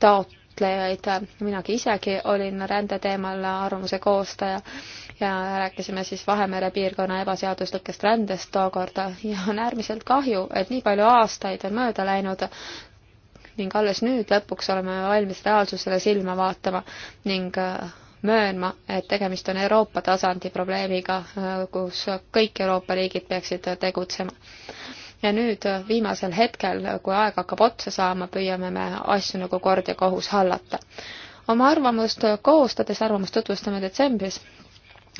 taot-, mõtlejaid, minagi isegi olin rände teemal arvamuse koostaja ja rääkisime siis Vahemere piirkonna ebaseaduslikest rändest tookord ja on äärmiselt kahju, et nii palju aastaid on mööda läinud ning alles nüüd lõpuks oleme valmis reaalsusele silma vaatama ning äh, möönma, et tegemist on Euroopa tasandi probleemiga, äh, kus kõik Euroopa riigid peaksid tegutsema ja nüüd äh, viimasel hetkel, äh, kui aeg hakkab otsa saama, püüame me asju nagu kord ja kohus hallata. oma arvamust äh, koostades, arvamust tutvustame detsembris,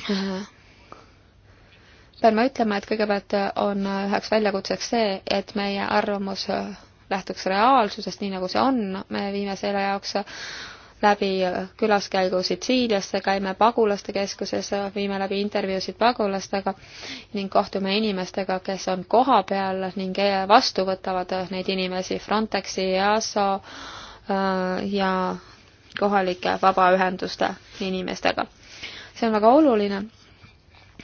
pean ma ütlema, et kõigepealt on üheks väljakutseks see, et meie arvamus lähtuks reaalsusest, nii nagu see on, me viime selle jaoks läbi külaskäigu Sitsiiliasse, käime pagulaste keskuses, viime läbi intervjuusid pagulastega ning kohtume inimestega, kes on kohapeal ning vastu võtavad neid inimesi Frontexi, EASO äh, ja kohalike vabaühenduste inimestega. see on väga oluline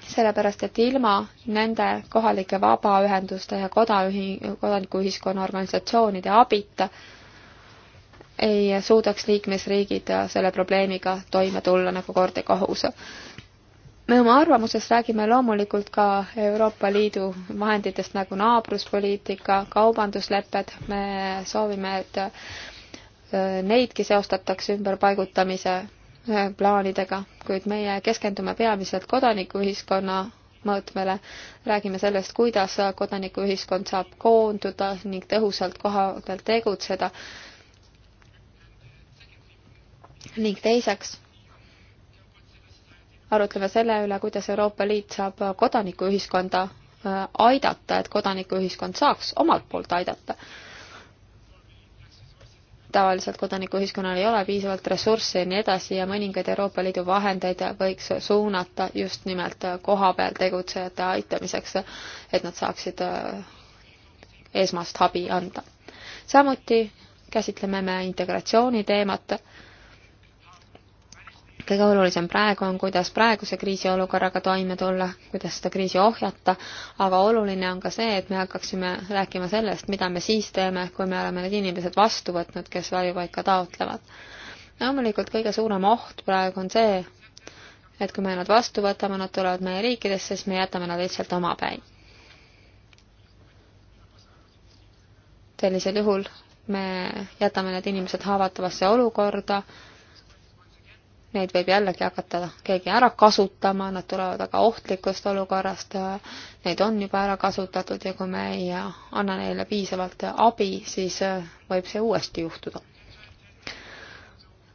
sellepärast, et ilma nende kohalike vabaühenduste ja kodaühi-, kodanikuühiskonna organisatsioonide abita ei suudaks liikmesriigid selle probleemiga toime tulla nagu kord ja kohus. me oma arvamuses räägime loomulikult ka Euroopa Liidu vahenditest nagu naabruspoliitika, kaubanduslepped, me soovime, et äh, neidki seostataks ümberpaigutamise äh, plaanidega, kuid meie keskendume peamiselt kodanikuühiskonna mõõtmele. räägime sellest, kuidas kodanikuühiskond saab koonduda ning tõhusalt kohapeal tegutseda ning teiseks arutleme selle üle, kuidas Euroopa Liit saab kodanikuühiskonda äh, aidata, et kodanikuühiskond saaks omalt poolt aidata. tavaliselt kodanikuühiskonnal ei ole piisavalt ressursse ja nii edasi ja mõningaid Euroopa Liidu vahendeid võiks suunata just nimelt koha peal tegutsejate aitamiseks, et nad saaksid äh, esmast abi anda. samuti käsitleme me integratsiooni teemat kõige olulisem praegu on, kuidas praeguse kriisiolukorraga toime tulla, kuidas seda kriisi ohjata, aga oluline on ka see, et me hakkaksime rääkima sellest, mida me siis teeme, kui me oleme need inimesed vastu võtnud, kes varjupaika taotlevad. loomulikult kõige suurem oht praegu on see, et kui me nad vastu võtame, nad tulevad meie riikidesse, siis me jätame nad lihtsalt omapäi. sellisel juhul me jätame need inimesed haavatavasse olukorda neid võib jällegi hakata keegi ära kasutama, nad tulevad väga ohtlikust olukorrast, neid on juba ära kasutatud ja kui me ei anna neile piisavalt abi, siis võib see uuesti juhtuda.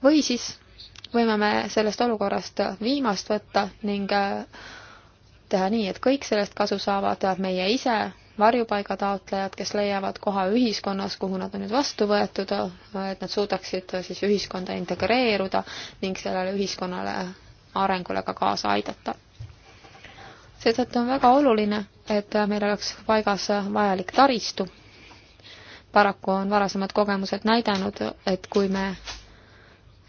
või siis võime me sellest olukorrast viimast võtta ning teha nii, et kõik sellest kasu saavad, meie ise varjupaigataotlejad, kes leiavad koha ühiskonnas, kuhu nad on nüüd vastu võetud, et nad suudaksid siis ühiskonda integreeruda ning sellele ühiskonnale arengule ka kaasa aidata. seetõttu on väga oluline, et meil oleks paigas vajalik taristu. paraku on varasemad kogemused näidanud, et kui me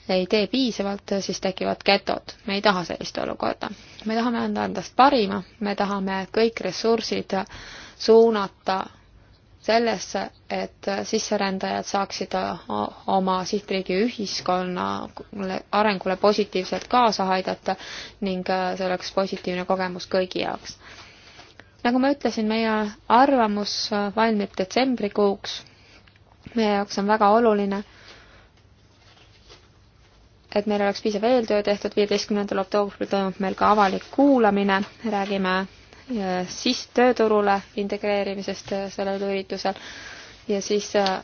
ei tee piisavalt, siis tekivad getod. me ei taha sellist olukorda. me tahame anda endast parima, me tahame kõik ressursid suunata sellesse, et sisserändajad saaksid oma sihtriigi ühiskonna arengule positiivselt kaasa aidata ning äh, see oleks positiivne kogemus kõigi jaoks. nagu ma ütlesin, meie arvamus äh, valmib detsembrikuuks. meie jaoks on väga oluline, et meil oleks piisav eeltöö tehtud, viieteistkümnendal oktoobril toimub meil ka avalik kuulamine, räägime siis tööturule integreerimisest äh, sellel üritusel ja siis äh,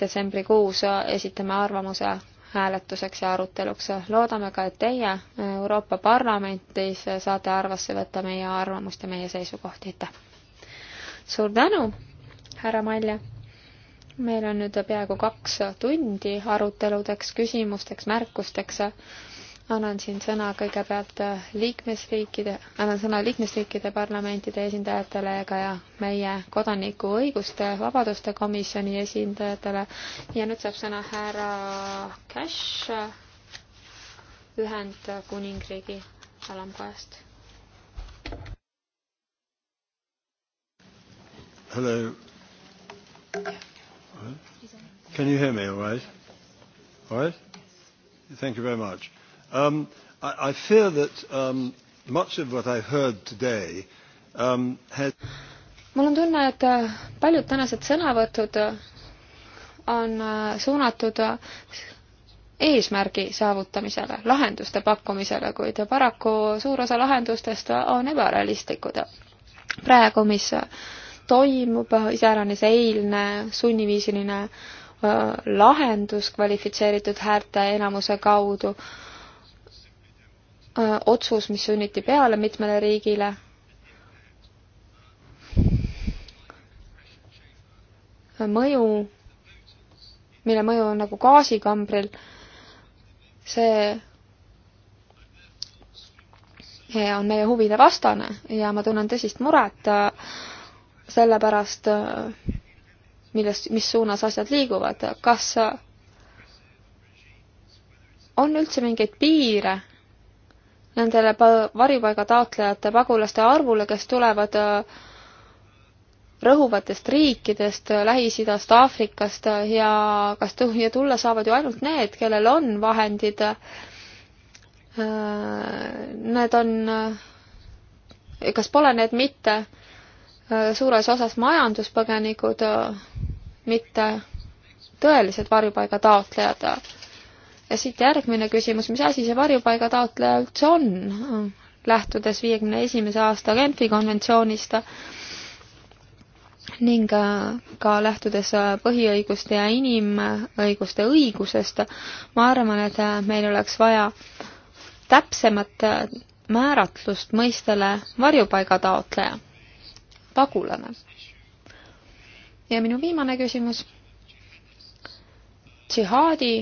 detsembrikuus äh, esitame arvamuse hääletuseks ja aruteluks. loodame ka, et teie Euroopa Parlamentis saate arvesse võtta meie arvamust ja meie seisukohti. aitäh! suur tänu, härra Malja! meil on nüüd peaaegu kaks tundi aruteludeks, küsimusteks, märkusteks annan siin sõna kõigepealt äh, liikmesriikide, annan sõna liikmesriikide parlamentide esindajatele ega ja meie kodanikuõiguste vabaduste komisjoni esindajatele ja nüüd saab sõna härra Cash äh, Ühendkuningriigi alamkojast. Hello. Can you hear me all right? All right? Thank you very much. Um, I, I fear that um, much of what I heard today um, has mul on tunne, et äh, paljud tänased sõnavõtud äh, on äh, suunatud eesmärgi saavutamisele, lahenduste pakkumisele, kuid paraku suur osa lahendustest on ebarealistlikud. praegu, mis toimub, iseäranis eilne sunniviisiline lahendus kvalifitseeritud häälteenamuse kaudu äh, Äh, otsus, mis sunniti peale mitmele riigile. mõju, mille mõju on nagu gaasikambril, see on meie huvide vastane ja ma tunnen tõsist muret äh, selle pärast, äh, milles, mis suunas asjad liiguvad, kas on üldse mingeid piire nendele varjupaiga taotlejate pagulaste arvule, kes tulevad äh, rõhuvatest riikidest, äh, Lähis-Idast, Aafrikast äh, ja kas ja tulla saavad ju ainult need, kellel on vahendid. Need on, kas pole need mitte suures osas majanduspõgenikud, mitte tõelised varjupaiga taotlejad? ja siit järgmine küsimus, mis asi see varjupaiga taotleja üldse on, lähtudes viiekümne esimese aasta Genfi konventsioonist ning äh, ka lähtudes äh, põhiõiguste ja inimõiguste õigusest, ma arvan, et äh, meil oleks vaja täpsemat määratlust mõistele varjupaiga taotleja, pagulane. ja minu viimane küsimus. džihaadi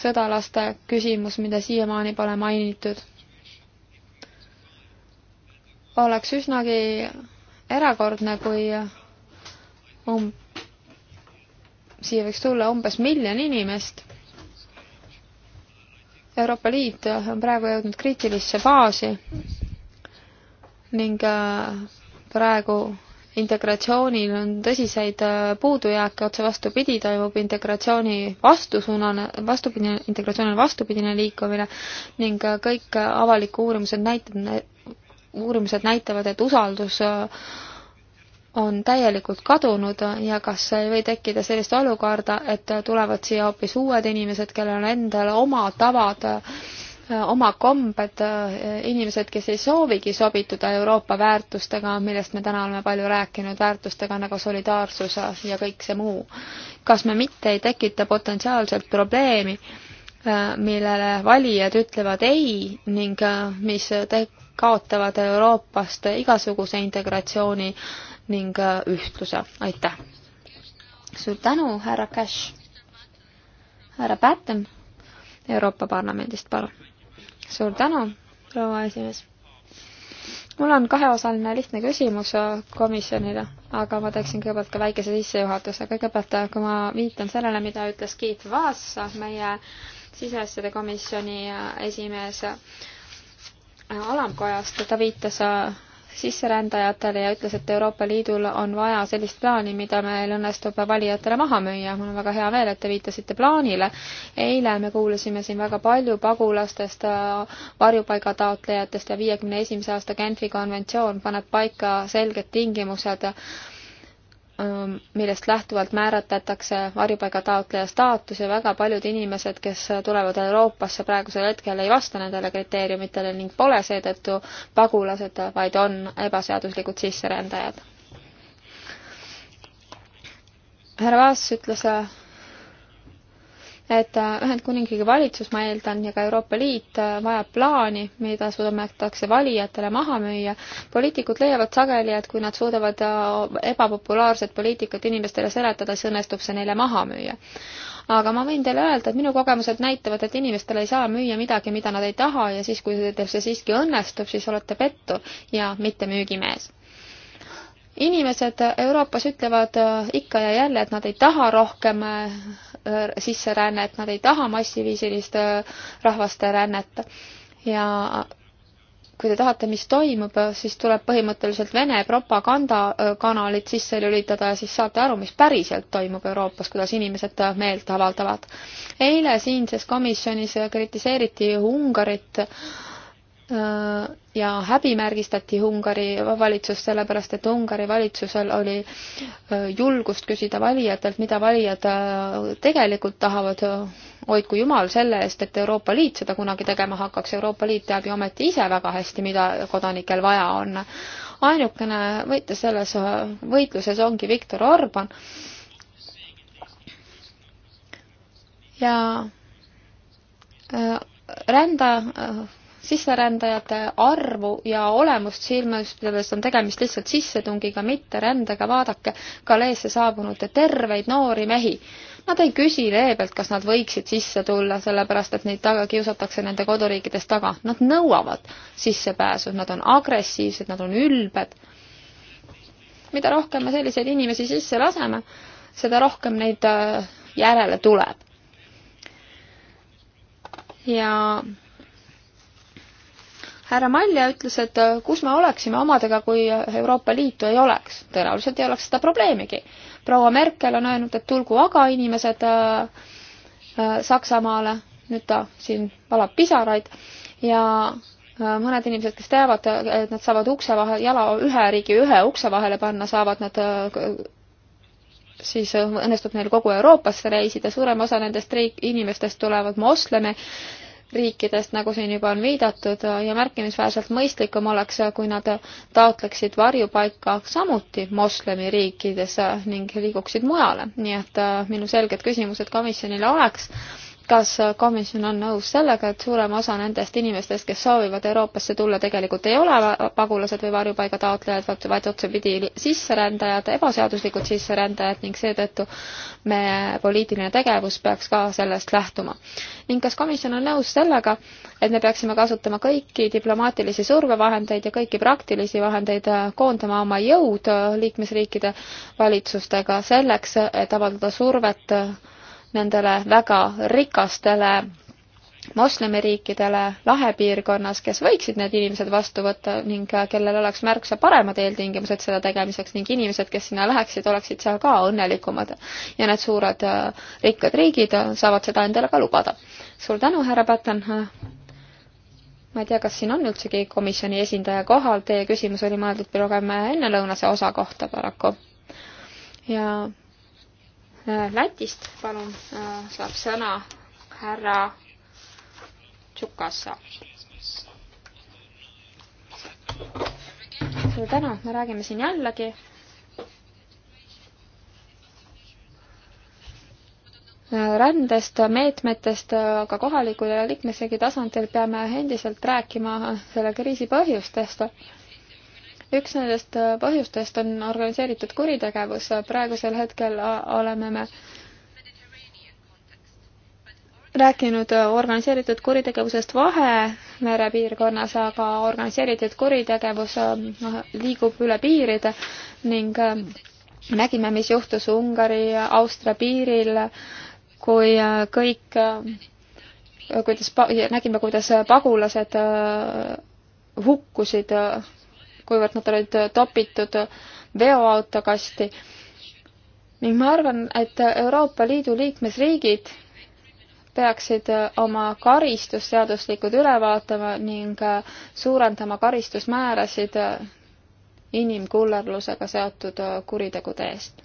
sõdalaste küsimus, mida siiamaani pole mainitud. oleks üsnagi erakordne, kui um-, siia võiks tulla umbes miljon inimest. Euroopa Liit on praegu jõudnud kriitilisse faasi ning äh, praegu integratsioonil on tõsiseid äh, puudujääke, otse vastupidi, toimub integratsiooni vastusuunane, vastupidine, integratsioonil vastupidine liikumine ning äh, kõik äh, avaliku uurimused näitab, uurimused näitavad, et usaldus on täielikult kadunud ja kas ei või tekkida sellist olukorda, et tulevad siia hoopis uued inimesed, kellel on endal oma tavad oma kombed, inimesed, kes ei soovigi sobituda Euroopa väärtustega, millest me täna oleme palju rääkinud, väärtustega nagu solidaarsus ja kõik see muu. kas me mitte ei tekita potentsiaalselt probleemi, millele valijad ütlevad ei ning mis te-, kaotavad Euroopast igasuguse integratsiooni ning ühtluse, aitäh! suur tänu, härra Cash! härra Patten Euroopa Parlamendist, palun! suur tänu, proua esimees. mul on kaheosaline lihtne küsimus äh, komisjonile, aga ma teeksin kõigepealt ka väikese sissejuhatuse. kõigepealt, äh, kui ma viitan sellele, mida ütles Keit Vaas, meie siseasjade komisjoni äh, esimees alamkojast, ta viitas sisserändajatele ja ütles, et Euroopa Liidul on vaja sellist plaani, mida meil õnnestub valijatele maha müüa. mul on väga hea meel, et te viitasite plaanile. eile me kuulasime siin väga palju pagulastest, varjupaigataotlejatest ja viiekümne esimese aasta Genfi konventsioon paneb paika selged tingimused Ähm, millest lähtuvalt määratletakse varjupaiga taotleja staatus ja väga paljud inimesed, kes tulevad Euroopasse praegusel hetkel, ei vasta nendele kriteeriumitele ning pole seetõttu pagulased, vaid on ebaseaduslikud sisserändajad. härra Vaas ütles äh, et äh, Ühendkuningriigi valitsus, ma eeldan, ja ka Euroopa Liit äh, vajab plaani, mida suudetakse valijatele maha müüa. poliitikud leiavad sageli, et kui nad suudavad äh, ebapopulaarset poliitikat inimestele seletada, siis õnnestub see neile maha müüa aga ma võin teile öelda, et minu kogemused näitavad, et inimestele ei saa müüa midagi, mida nad ei taha ja siis, kui teil see siiski õnnestub, siis olete pettur ja mitte müügimees. inimesed Euroopas ütlevad ikka ja jälle, et nad ei taha rohkem Äh, sisserännet, nad ei taha massiviisilist äh, rahvaste rännet ja kui te tahate, mis toimub, siis tuleb põhimõtteliselt Vene propagandakanalid sisse lülitada ja siis saate aru, mis päriselt toimub Euroopas, kuidas inimesed äh, meelt avaldavad. eile siinses komisjonis kritiseeriti Ungarit äh, Äh, ja häbimärgistati Ungari valitsust sellepärast, et Ungari valitsusel oli äh, julgust küsida valijatelt, mida valijad äh, tegelikult tahavad. hoidku jumal selle eest, et Euroopa Liit seda kunagi tegema hakkaks, Euroopa Liit teab ju ometi ise väga hästi, mida kodanikel vaja on. ainukene võitja selles võitluses ongi Viktor Orban. ja rända sisserändajate arvu ja olemust silmas pidades on tegemist lihtsalt sissetungiga, mitte rändega, vaadake Galeesse saabunute terveid noori mehi. Nad ei küsi leebelt, kas nad võiksid sisse tulla, sellepärast et neid taga kiusatakse nende koduriikides taga. Nad nõuavad sissepääsu, nad on agressiivsed, nad on ülbed. mida rohkem me selliseid inimesi sisse laseme, seda rohkem neid äh, järele tuleb. ja härra Malja ütles, et äh, kus me oleksime omadega, kui Euroopa Liitu ei oleks. tõenäoliselt ei oleks seda probleemigi. proua Merkel on öelnud, et tulgu aga inimesed äh, äh, Saksamaale, nüüd ta siin valab pisaraid ja mõned inimesed, kes teavad, et nad saavad ukse vahel, jala ühe riigi ühe ukse vahele panna, saavad nad siis õnnestub neil kogu Euroopasse reisida, suurem osa nendest riik-, inimestest tulevad moslemi riikidest, nagu siin juba on viidatud, ja märkimisväärselt mõistlikum oleks, kui nad taotleksid varjupaika samuti moslemi riikides ning liiguksid mujale. nii et äh, minu selged küsimused komisjonile oleks kas komisjon on nõus sellega, et suurem osa nendest inimestest, kes soovivad Euroopasse tulla, tegelikult ei ole pagulased või varjupaiga taotlejad, vaid, vaid otsapidi sisserändajad, ebaseaduslikud sisserändajad ning seetõttu meie poliitiline tegevus peaks ka sellest lähtuma. ning kas komisjon on nõus sellega, et me peaksime kasutama kõiki diplomaatilisi survevahendeid ja kõiki praktilisi vahendeid, äh, koondama oma jõud äh, liikmesriikide valitsustega selleks, et avaldada survet äh, nendele väga rikastele moslemiriikidele lahepiirkonnas, kes võiksid need inimesed vastu võtta ning äh, kellel oleks märksa paremad eeltingimused selle tegemiseks ning inimesed, kes sinna läheksid, oleksid seal ka õnnelikumad. ja need suured äh, rikkad riigid äh, saavad seda endale ka lubada. suur tänu, härra Patten. ma ei tea, kas siin on üldsegi komisjoni esindaja kohal, teie küsimus oli mõeldud pigem ennelõunase osa kohta paraku. ja Äh, Lätist palun äh, saab sõna härra Tšukassa. suur tänu, me räägime siin jällegi äh, rändest, meetmetest, aga kohalikul ja liikmesriigi tasandil peame endiselt rääkima selle kriisi põhjustest üks nendest äh, põhjustest on organiseeritud kuritegevus, praegusel hetkel äh, oleme me rääkinud äh, organiseeritud kuritegevusest Vahemere piirkonnas, aga organiseeritud kuritegevus liigub üle piiride ning nägime, mis juhtus Ungari-Austria piiril, kui kõik, kuidas, nägime, kuidas pagulased hukkusid kuivõrd nad olid äh, topitud äh, veoautokasti. ning ma arvan, et Euroopa Liidu liikmesriigid peaksid äh, oma karistusseaduslikud üle vaatama ning suurendama karistusmäärasid inimkullerlusega seotud kuritegude eest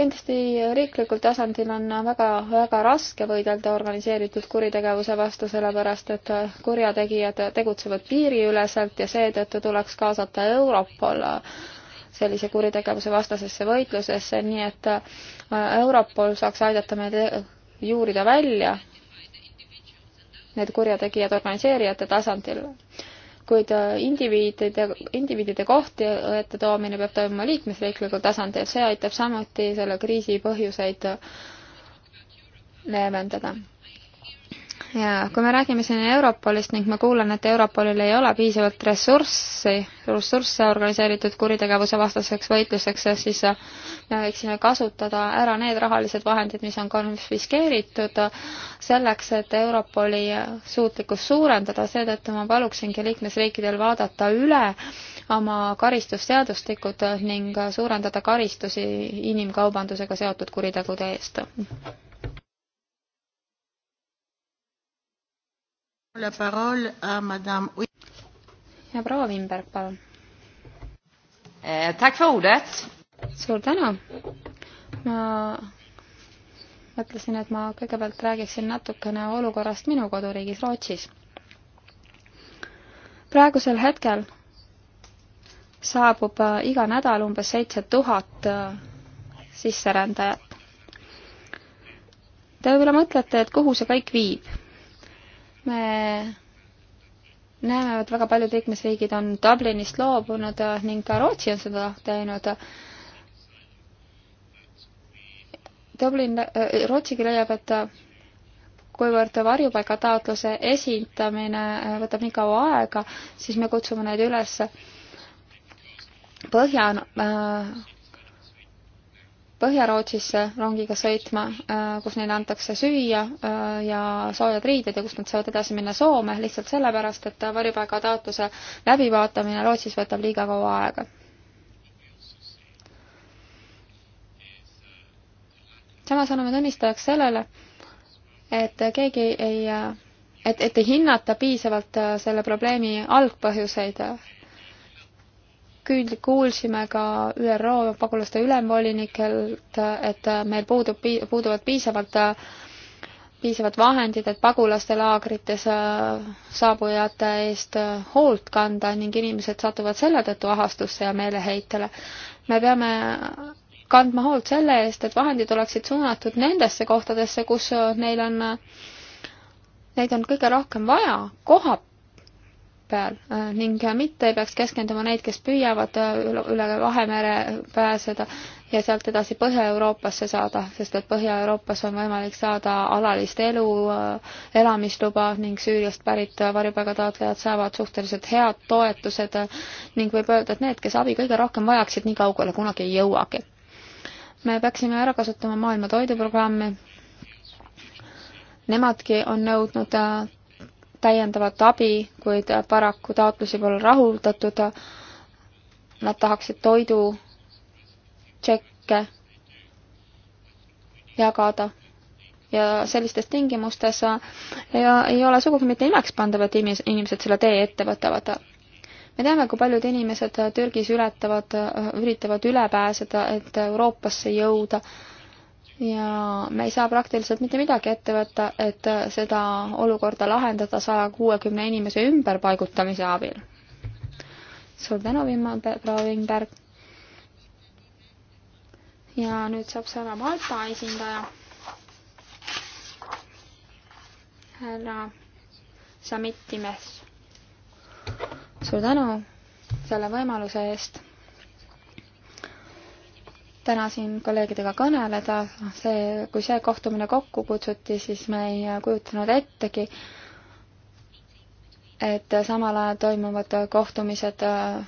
kindlasti riiklikul tasandil on väga, väga raske võidelda organiseeritud kuritegevuse vastu, sellepärast et kurjategijad tegutsevad piiriüleselt ja seetõttu tuleks kaasata Europol sellise kuritegevuse vastasesse võitlusesse, nii et äh, Europol saaks aidata meil äh, juurida välja need kurjategijad organiseerijate tasandil kuid äh, indiviidide, indiviidide kohti ette toomine peab toimuma liikmesriiklikul tasandil, see aitab samuti selle kriisi põhjuseid leevendada ja kui me räägime siin Europolist ning ma kuulen, et Europolil ei ole piisavalt ressurssi, ressursse organiseeritud kuritegevuse vastaseks võitluseks, siis äh, me võiksime kasutada ära need rahalised vahendid, mis on konfiskeeritud, äh, selleks, et Europoli äh, suutlikkust suurendada, seetõttu ma paluksingi liikmesriikidel vaadata üle oma karistusseadustikud ning suurendada karistusi inimkaubandusega seotud kuritegude eest ja proua Vimberg, palun eh,. Tack för ordet. suur tänu. ma mõtlesin, et ma kõigepealt räägiksin natukene olukorrast minu koduriigis Rootsis. praegusel hetkel saabub äh, iga nädal umbes seitse tuhat äh, sisserändajat. Te võib-olla mõtlete, et kuhu see kõik viib me näeme, et väga paljud liikmesriigid on Dublinist loobunud eh, ning ka Rootsi on seda teinud. Dublin, eh, Rootsigi leiab, et kuivõrd varjupaigataotluse esitamine eh, võtab nii kaua aega, siis me kutsume neid üles Põhja Põhja-Rootsisse rongiga sõitma, äh, kus neile antakse süüa äh, ja soojad riided ja kust nad saavad edasi minna Soome, lihtsalt sellepärast, et äh, varjupaigataotluse läbivaatamine Rootsis võtab liiga kaua aega. samas oleme tunnistajaks sellele, et keegi ei, et, et ei hinnata piisavalt selle probleemi algpõhjuseid küll kuulsime ka ÜRO pagulaste ülemvolinikelt, et meil puudub, puuduvad piisavalt, piisavad vahendid, et pagulastelaagrites äh, saabujate eest äh, hoolt kanda ning inimesed satuvad selle tõttu ahastusse ja meeleheitele. me peame kandma hoolt selle eest, et vahendid oleksid suunatud nendesse kohtadesse, kus äh, neil on, neid on kõige rohkem vaja, koha peal ning mitte ei peaks keskenduma neid, kes püüavad üle Vahemere pääseda ja sealt edasi Põhja-Euroopasse saada, sest et Põhja-Euroopas on võimalik saada alalist elu, elamisluba ning Süüriast pärit varjupaigataotlejad saavad suhteliselt head toetused ning võib öelda, et need, kes abi kõige rohkem vajaksid, nii kaugele kunagi ei jõuagi. me peaksime ära kasutama Maailma Toiduprogrammi, nemadki on nõudnud täiendavat abi, kuid paraku taotlusi pole rahuldatud. Nad tahaksid toidu tšekke jagada ja sellistes tingimustes äh, ja ei ole sugugi mitte imekspandav, et inimesed selle tee ette võtavad. me teame, kui paljud inimesed Türgis ületavad, äh, üritavad üle pääseda, et Euroopasse jõuda ja me ei saa praktiliselt mitte midagi ette võtta, et seda olukorda lahendada saja kuuekümne inimese ümberpaigutamise abil. suur tänu, proua Vingberg. ja nüüd saab sõna Malta esindaja. härra Samit Times. suur tänu selle võimaluse eest täna siin kolleegidega kõneleda, see, kui see kohtumine kokku kutsuti, siis me ei kujutanud ettegi, et samal ajal toimuvad kohtumised äh,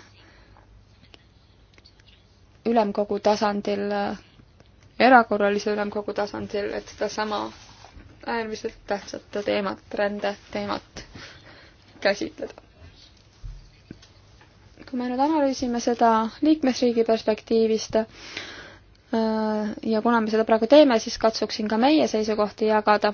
ülemkogu tasandil, äh, erakorralise ülemkogu tasandil, et sedasama äärmiselt tähtsat teemat, rändeteemat käsitleda. kui me nüüd analüüsime seda liikmesriigi perspektiivist, Äh, ja kuna me seda praegu teeme, siis katsuksin ka meie seisukohti jagada.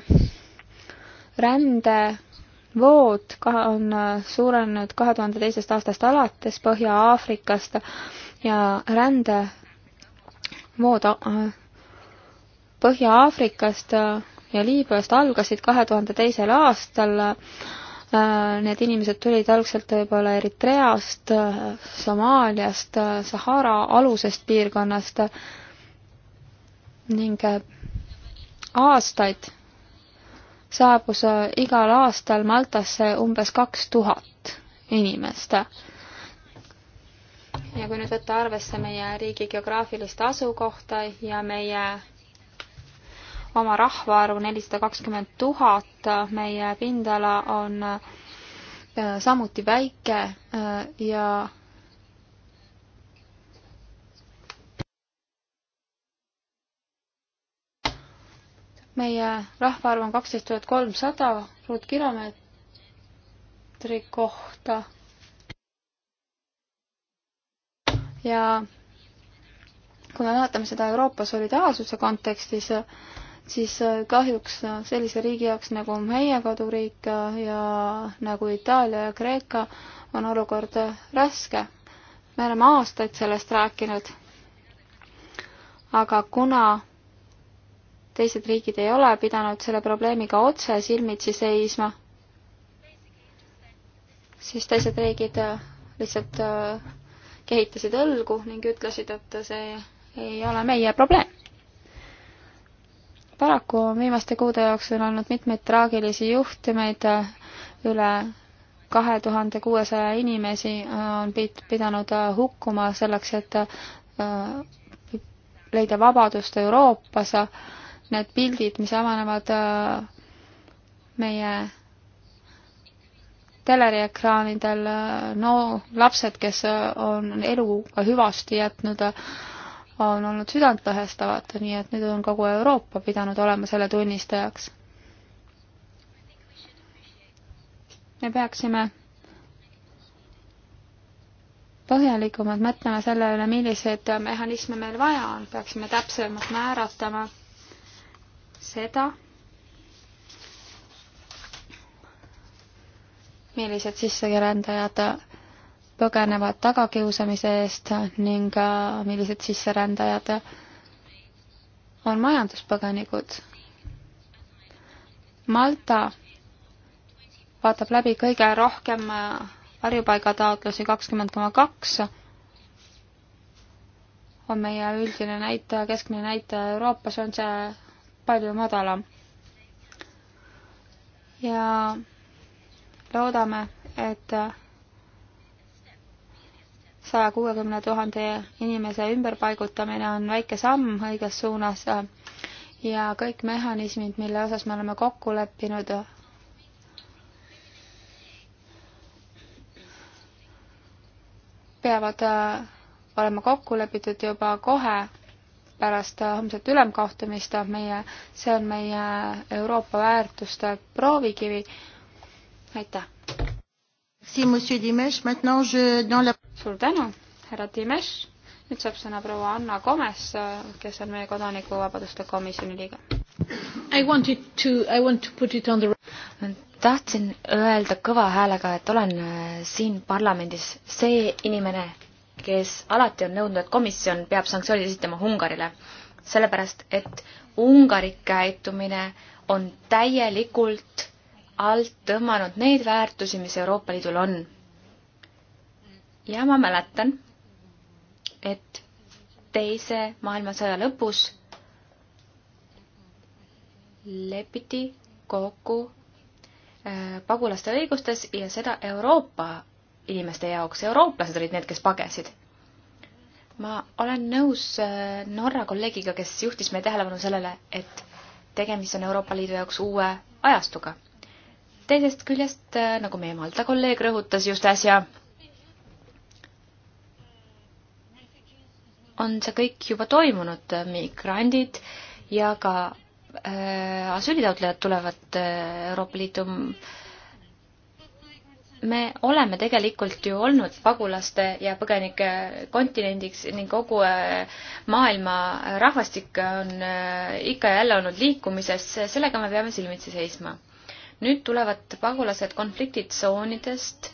rändevood on äh, suurenenud kahe tuhande teisest aastast alates Põhja-Aafrikast ja rändevood äh, Põhja-Aafrikast ja Liibüast algasid kahe tuhande teisel aastal Need inimesed tulid algselt võib-olla Eritreast, Somaaliast, Sahara alusest piirkonnast ning äh, aastaid saabus äh, igal aastal Maltasse umbes kaks tuhat inimest. ja kui nüüd võtta arvesse meie riigi geograafilist asukohta ja meie oma rahvaarvu nelisada kakskümmend tuhat, meie pindala on äh, samuti väike ja meie rahvaarv on kaksteist tuhat kolmsada ruutkilomeetri kohta. ja kui me vaatame seda Euroopa solidaarsuse kontekstis, siis äh, kahjuks äh, sellise riigi jaoks nagu meie koduriik äh, ja nagu Itaalia ja Kreeka on olukord raske. me oleme aastaid sellest rääkinud. aga kuna teised riigid ei ole pidanud selle probleemiga otse silmitsi seisma, siis teised riigid äh, lihtsalt äh, kehitasid õlgu ning ütlesid, et see ei ole meie probleem. paraku on viimaste kuude jooksul olnud mitmeid traagilisi juhtumeid, äh, üle kahe tuhande kuuesaja inimesi on pidanud hukkuma selleks, et leida vabadust Euroopas need pildid, mis avanevad äh, meie teleriekraanidel, äh, no lapsed, kes äh, on eluga hüvasti jätnud, on olnud südantlõhestavad, nii et nüüd on kogu Euroopa pidanud olema selle tunnistajaks. me peaksime põhjalikumalt mõtlema selle üle, milliseid mehhanisme meil vaja on, peaksime täpsemalt määratlema seda, millised sisserändajad põgenevad tagakiusamise eest ning äh, millised sisserändajad on majanduspõgenikud. Malta vaatab läbi kõige rohkem äh, varjupaigataotlusi kakskümmend koma kaks, on meie üldine näitaja, keskmine näitaja Euroopas on see palju madalam. ja loodame, et saja kuuekümne tuhande inimese ümberpaigutamine on väike samm õiges suunas ja kõik mehhanismid, mille osas me oleme kokku leppinud, peavad olema kokku lepitud juba kohe pärast homset ülemkohtumist meie, see on meie Euroopa väärtuste proovikivi. aitäh! suur tänu, härra Dimesh! nüüd saab sõna proua Anna Komes, kes on meie kodanikuvabaduste komisjoni liige. I wanted to, I want to put it on the tahtsin öelda kõva häälega, et olen äh, siin parlamendis see inimene, kes alati on nõudnud, et komisjon peab sanktsioonid esitama Ungarile, sellepärast et Ungari käitumine on täielikult alt tõmmanud neid väärtusi, mis Euroopa Liidul on. ja ma mäletan, et teise maailmasõja lõpus lepiti kokku äh, pagulaste õigustes ja seda Euroopa inimeste jaoks, eurooplased olid need, kes pagesid. ma olen nõus äh, Norra kolleegiga, kes juhtis meie tähelepanu sellele, et tegemist on Euroopa Liidu jaoks uue ajastuga. teisest küljest, äh, nagu meie Malta kolleeg rõhutas just äsja, on see kõik juba toimunud, migrandid ja ka äh, asüülitaotlejad tulevad äh, Euroopa Liidu äh, me oleme tegelikult ju olnud pagulaste ja põgenike kontinendiks ning kogu äh, maailma rahvastik on äh, ikka ja jälle olnud liikumises, sellega me peame silmitsi seisma. nüüd tulevad pagulased konfliktitsoonidest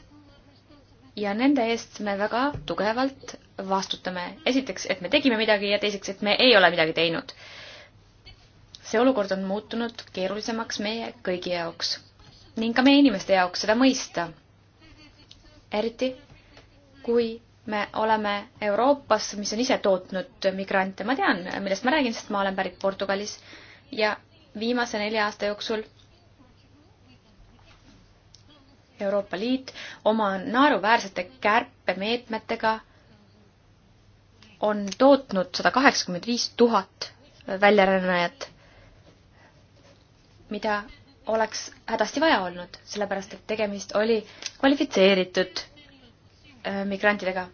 ja nende eest me väga tugevalt vastutame. esiteks, et me tegime midagi ja teiseks, et me ei ole midagi teinud. see olukord on muutunud keerulisemaks meie kõigi jaoks ning ka meie inimeste jaoks seda mõista eriti kui me oleme Euroopas, mis on ise tootnud migrante, ma tean, millest ma räägin, sest ma olen pärit Portugalis ja viimase nelja aasta jooksul Euroopa Liit oma naeruväärsete kärpemeetmetega on tootnud sada kaheksakümmend viis tuhat väljarännajat, mida oleks hädasti vaja olnud, sellepärast et tegemist oli kvalifitseeritud äh, migrantidega.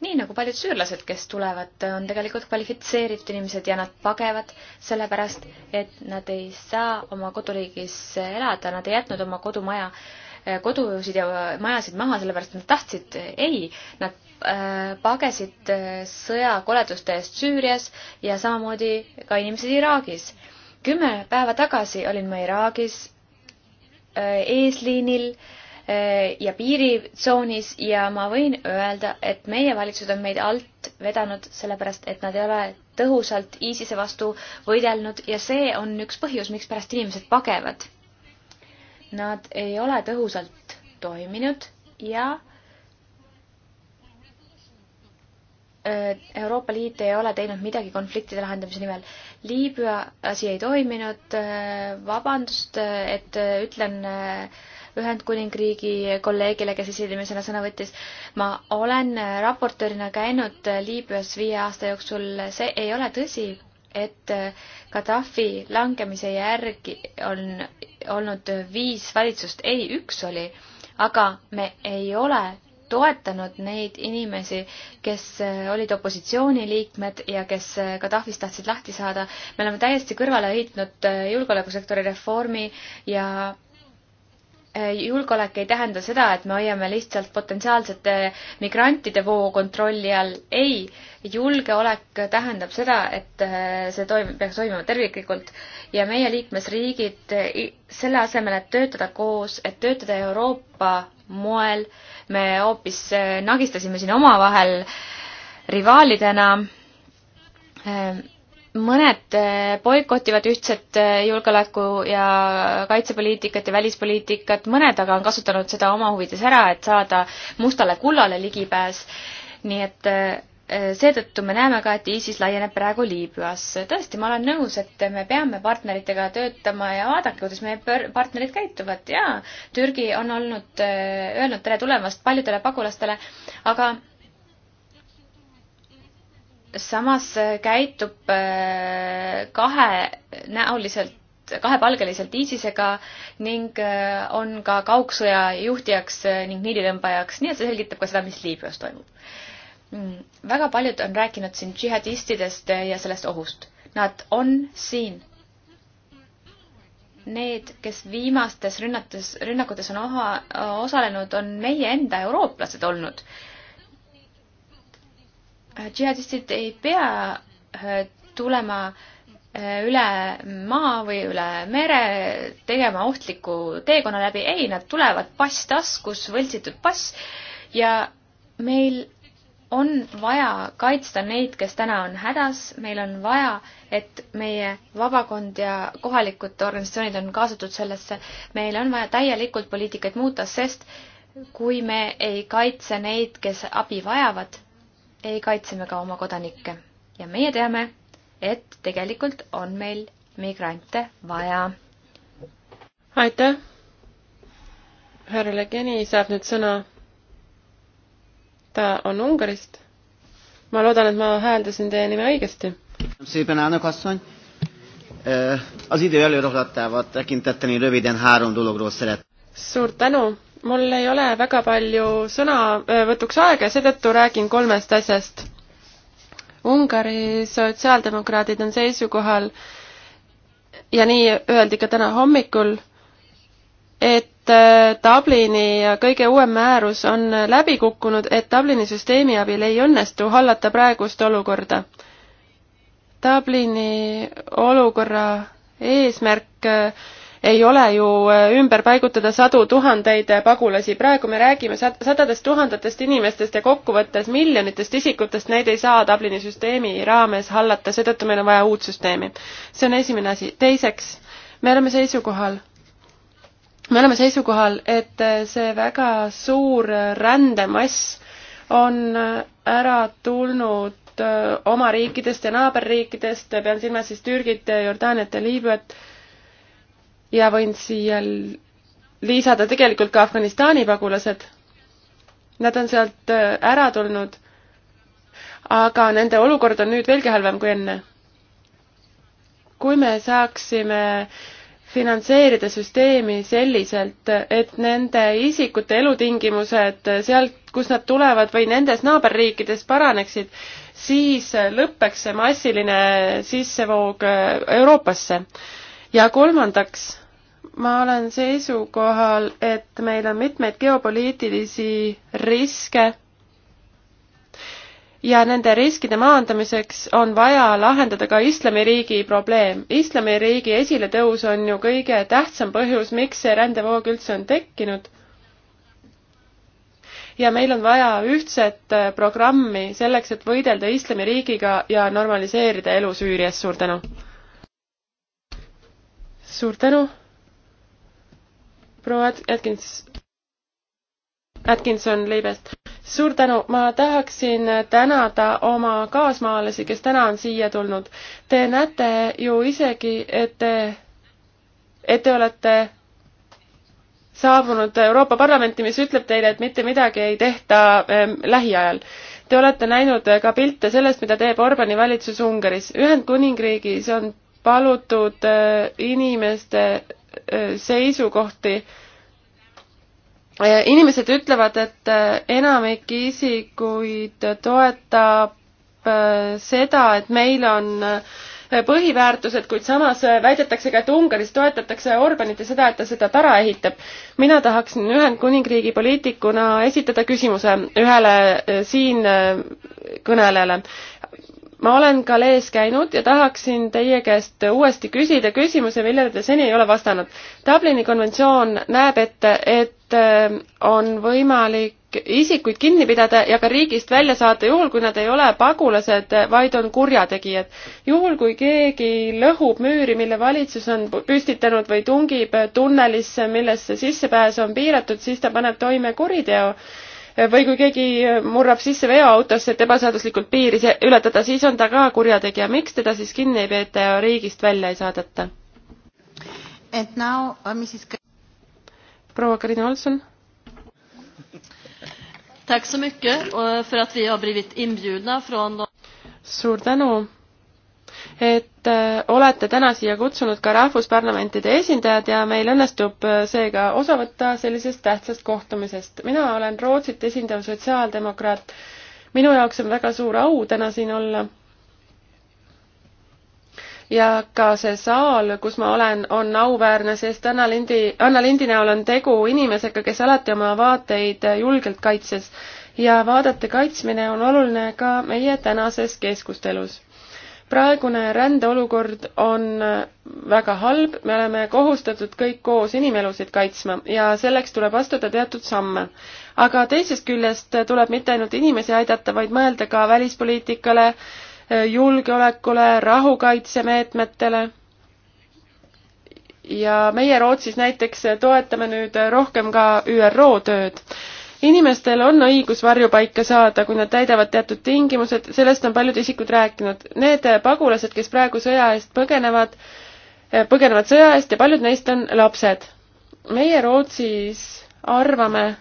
nii nagu paljud süürlased, kes tulevad, on tegelikult kvalifitseeritud inimesed ja nad pagevad sellepärast, et nad ei saa oma koduriigis elada, nad ei jätnud oma kodumaja, äh, kodusid ja majasid maha, sellepärast et nad tahtsid, ei, nad äh, pagesid sõjakoleduste eest Süürias ja samamoodi ka inimesed Iraagis kümme päeva tagasi olin ma Iraagis äh, eesliinil äh, ja piiritsoonis ja ma võin öelda, et meie valitsused on meid alt vedanud, sellepärast et nad ei ole tõhusalt ISISe vastu võidelnud ja see on üks põhjus, mikspärast inimesed pagevad. Nad ei ole tõhusalt toiminud ja Äh, Euroopa Liit ei ole teinud midagi konfliktide lahendamise nimel. Liibüa asi ei toiminud, äh, vabandust, äh, et ütlen Ühendkuningriigi kolleegile, kes esimesena sõna võttis, ma olen raportöörina käinud Liibüas viie aasta jooksul, see ei ole tõsi, et Gaddafi langemise järgi on olnud viis valitsust, ei, üks oli, aga me ei ole toetanud neid inimesi, kes äh, olid opositsiooniliikmed ja kes Gaddafist äh, tahtsid lahti saada. me oleme täiesti kõrvale heitnud äh, julgeolekusektori reformi ja julgeolek ei tähenda seda, et me hoiame lihtsalt potentsiaalsete migrantide voo kontrolli all. ei, julgeolek tähendab seda, et see toim-, peaks toimima terviklikult ja meie liikmesriigid selle asemel, et töötada koos, et töötada Euroopa moel, me hoopis äh, nagistasime siin omavahel rivaalidena. Äh, mõned äh, boikotivad ühtset julgeoleku- ja kaitsepoliitikat ja välispoliitikat, mõned aga on kasutanud seda oma huvides ära, et saada mustale kullale ligipääs. nii et Äh, seetõttu me näeme ka, et ISIS laieneb praegu Liibüasse. tõesti, ma olen nõus, et me peame partneritega töötama ja vaadake, kuidas meie partnerid käituvad ja Türgi on olnud, äh, öelnud tere tulemast paljudele pagulastele, aga samas äh, käitub kahenäoliselt kahepalgeliselt ISISega ning on ka kaugsõja juhtijaks ning niiditõmbajaks, nii et see selgitab ka seda, mis Liibüas toimub Mm, väga paljud on rääkinud siin džihadistidest ja sellest ohust. Nad on siin. Need, kes viimastes rünnates, rünnakutes on oha, osalenud, on meie enda eurooplased olnud. džihadistid ei pea äh, tulema äh, üle maa või üle mere tegema ohtliku teekonna läbi, ei, nad tulevad pass taskus, võltsitud pass ja meil on vaja kaitsta neid, kes täna on hädas, meil on vaja, et meie vabakond ja kohalikud organisatsioonid on kaasatud sellesse, meil on vaja täielikult poliitikaid muuta, sest kui me ei kaitse neid, kes abi vajavad, ei kaitse me ka oma kodanikke. ja meie teame, et tegelikult on meil migrante vaja. aitäh! härra Legeni saab nüüd sõna ta on Ungarist. ma loodan, et ma hääldasin teie nime õigesti. szépen elnök asszony! Az idő előrohlatával tekintetteni röviden három dologról szeret. Suur tänu! Mul ei ole väga palju sõnavõtuks aega ja seetõttu räägin kolmest asjast. Ungari sotsiaaldemokraadid on seisukohal ja nii öeldi ka täna hommikul, et et äh, Dublini kõige uuem määrus on läbi kukkunud, et Dublini süsteemi abil ei õnnestu hallata praegust olukorda. Dublini olukorra eesmärk äh, ei ole ju äh, ümber paigutada sadu tuhandeid pagulasi, praegu me räägime sadadest tuhandetest inimestest ja kokkuvõttes miljonitest isikutest, neid ei saa Dublini süsteemi raames hallata, seetõttu meil on vaja uut süsteemi. see on esimene asi. teiseks, me oleme seisukohal, me oleme seisukohal, et see väga suur rändemass on ära tulnud oma riikidest ja naaberriikidest, pean silmas siis Türgit, Jordaaniat ja Liibüat ja võin siia lisada tegelikult ka Afganistani pagulased. Nad on sealt ära tulnud, aga nende olukord on nüüd veelgi halvem kui enne. kui me saaksime äh, finantseerida süsteemi selliselt, et nende isikute elutingimused sealt, kust nad tulevad või nendes naaberriikides paraneksid, siis lõpeks see massiline sissevoog äh, Euroopasse. ja kolmandaks, ma olen seisukohal, et meil on mitmeid geopoliitilisi riske ja nende riskide maandamiseks on vaja lahendada ka islamiriigi probleem. islamiriigi esiletõus on ju kõige tähtsam põhjus, miks see rändevoog üldse on tekkinud. ja meil on vaja ühtset äh, programmi selleks, et võidelda islamiriigiga ja normaliseerida elu Süürias. suur tänu! suur tänu, proua Atkins, Atkinson Leibest suur tänu, ma tahaksin tänada oma kaasmaalasi, kes täna on siia tulnud. Te näete ju isegi, et te, et te olete saabunud Euroopa Parlamenti, mis ütleb teile, et mitte midagi ei tehta ähm, lähiajal. Te olete näinud ka pilte sellest, mida teeb Orbani valitsus Ungaris. Ühendkuningriigis on palutud äh, inimeste äh, seisukohti äh, Äh, inimesed ütlevad, et äh, enamik isikuid toetab äh, seda, et meil on põhiväärtused, kuid samas väidetakse ka, et Ungaris toetatakse Orbanit ja seda, et ta seda tara ehitab. mina tahaksin Ühendkuningriigi poliitikuna esitada küsimuse ühele siin kõnelejale ma olen Galees käinud ja tahaksin teie käest uuesti küsida küsimuse, millele te seni ei ole vastanud. Dublini konventsioon näeb ette, et äh, on võimalik isikuid kinni pidada ja ka riigist välja saata, juhul kui nad ei ole pagulased, vaid on kurjategijad. juhul, kui keegi lõhub müüri, mille valitsus on püstitanud või tungib tunnelisse, millesse sissepääs on piiratud, siis ta paneb toime kuriteo või kui keegi murrab sisse veoautosse, et ebaseaduslikult piiri ületada, siis on ta ka kurjategija. miks teda siis kinni ei peeta ja riigist välja ei saadeta? Uh, Is... proua Karina Olson. Uh, suur tänu et äh, olete täna siia kutsunud ka rahvusparlamentide esindajad ja meil õnnestub äh, seega osa võtta sellisest tähtsast kohtumisest. mina olen Rootsit esindav sotsiaaldemokraat. minu jaoks on väga suur au täna siin olla. ja ka see saal, kus ma olen, on auväärne, sest Anna Lindi, Anna Lindi näol on tegu inimesega, kes alati oma vaateid äh, julgelt kaitses ja vaadete kaitsmine on oluline ka meie tänases keskustelus praegune rändeolukord on väga halb, me oleme kohustatud kõik koos inimelusid kaitsma ja selleks tuleb astuda teatud samme. aga teisest küljest tuleb mitte ainult inimesi aidata, vaid mõelda ka välispoliitikale, julgeolekule, rahukaitsemeetmetele. ja meie Rootsis näiteks toetame nüüd rohkem ka ÜRO tööd inimestel on õigus varjupaika saada, kui nad täidavad teatud tingimused, sellest on paljud isikud rääkinud. Need pagulased, kes praegu sõja eest põgenevad, eh, põgenevad sõja eest ja paljud neist on lapsed. meie Rootsis arvame,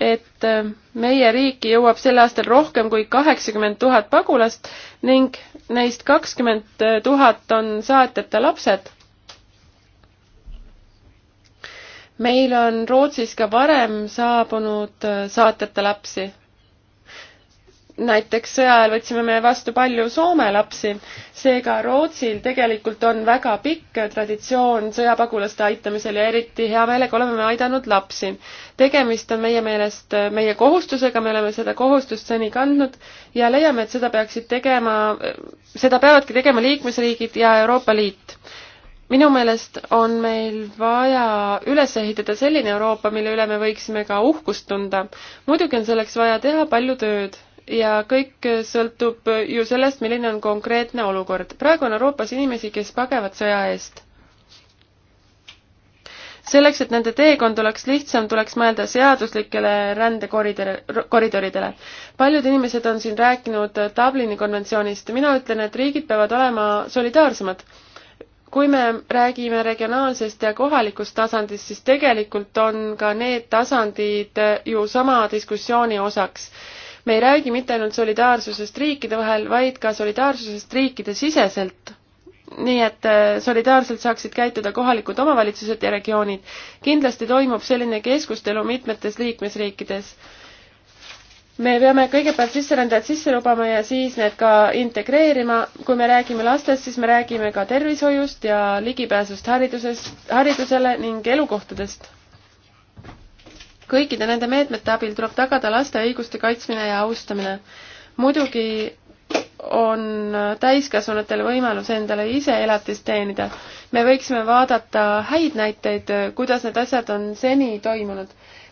et eh, meie riiki jõuab sel aastal rohkem kui kaheksakümmend tuhat pagulast ning neist kakskümmend tuhat on saatjata lapsed meil on Rootsis ka varem saabunud äh, saatjate lapsi. näiteks sõja ajal võtsime me vastu palju Soome lapsi, seega Rootsil tegelikult on väga pikk traditsioon sõjapagulaste aitamisel ja eriti hea meelega oleme me aidanud lapsi. tegemist on meie meelest äh, meie kohustusega, me oleme seda kohustust seni kandnud ja leiame, et seda peaksid tegema, äh, seda peavadki tegema liikmesriigid ja Euroopa Liit minu meelest on meil vaja üles ehitada selline Euroopa, mille üle me võiksime ka uhkust tunda. muidugi on selleks vaja teha palju tööd ja kõik sõltub ju sellest, milline on konkreetne olukord. praegu on Euroopas inimesi, kes pagevad sõja eest. selleks, et nende teekond oleks lihtsam, tuleks mõelda seaduslikele rändekoridoridele, koridoridele. paljud inimesed on siin rääkinud Dublini konventsioonist, mina ütlen, et riigid peavad olema solidaarsemad kui me räägime regionaalsest ja kohalikust tasandist, siis tegelikult on ka need tasandid ju sama diskussiooni osaks. me ei räägi mitte ainult solidaarsusest riikide vahel, vaid ka solidaarsusest riikide siseselt. nii et äh, solidaarselt saaksid käituda kohalikud omavalitsused ja regioonid. kindlasti toimub selline keskustelu mitmetes liikmesriikides me peame kõigepealt sisserändajad sisse lubama ja siis need ka integreerima. kui me räägime lastest, siis me räägime ka tervishoiust ja ligipääsust haridusest, haridusele ning elukohtadest. kõikide nende meetmete abil tuleb tagada laste õiguste kaitsmine ja austamine. muidugi on täiskasvanutel võimalus endale ise elatist teenida. me võiksime vaadata häid näiteid, kuidas need asjad on seni toimunud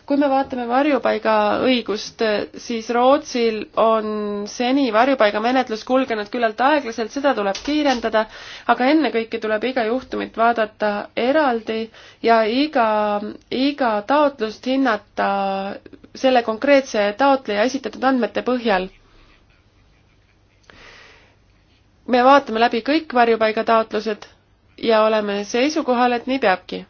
kui me vaatame varjupaigaõigust, siis Rootsil on seni varjupaigamenetlus kulgenud küllalt aeglaselt, seda tuleb kiirendada, aga ennekõike tuleb iga juhtumit vaadata eraldi ja iga, iga taotlust hinnata selle konkreetse taotleja esitatud andmete põhjal me vaatame läbi kõik varjupaigataotlused ja oleme seisukohal, et nii peabki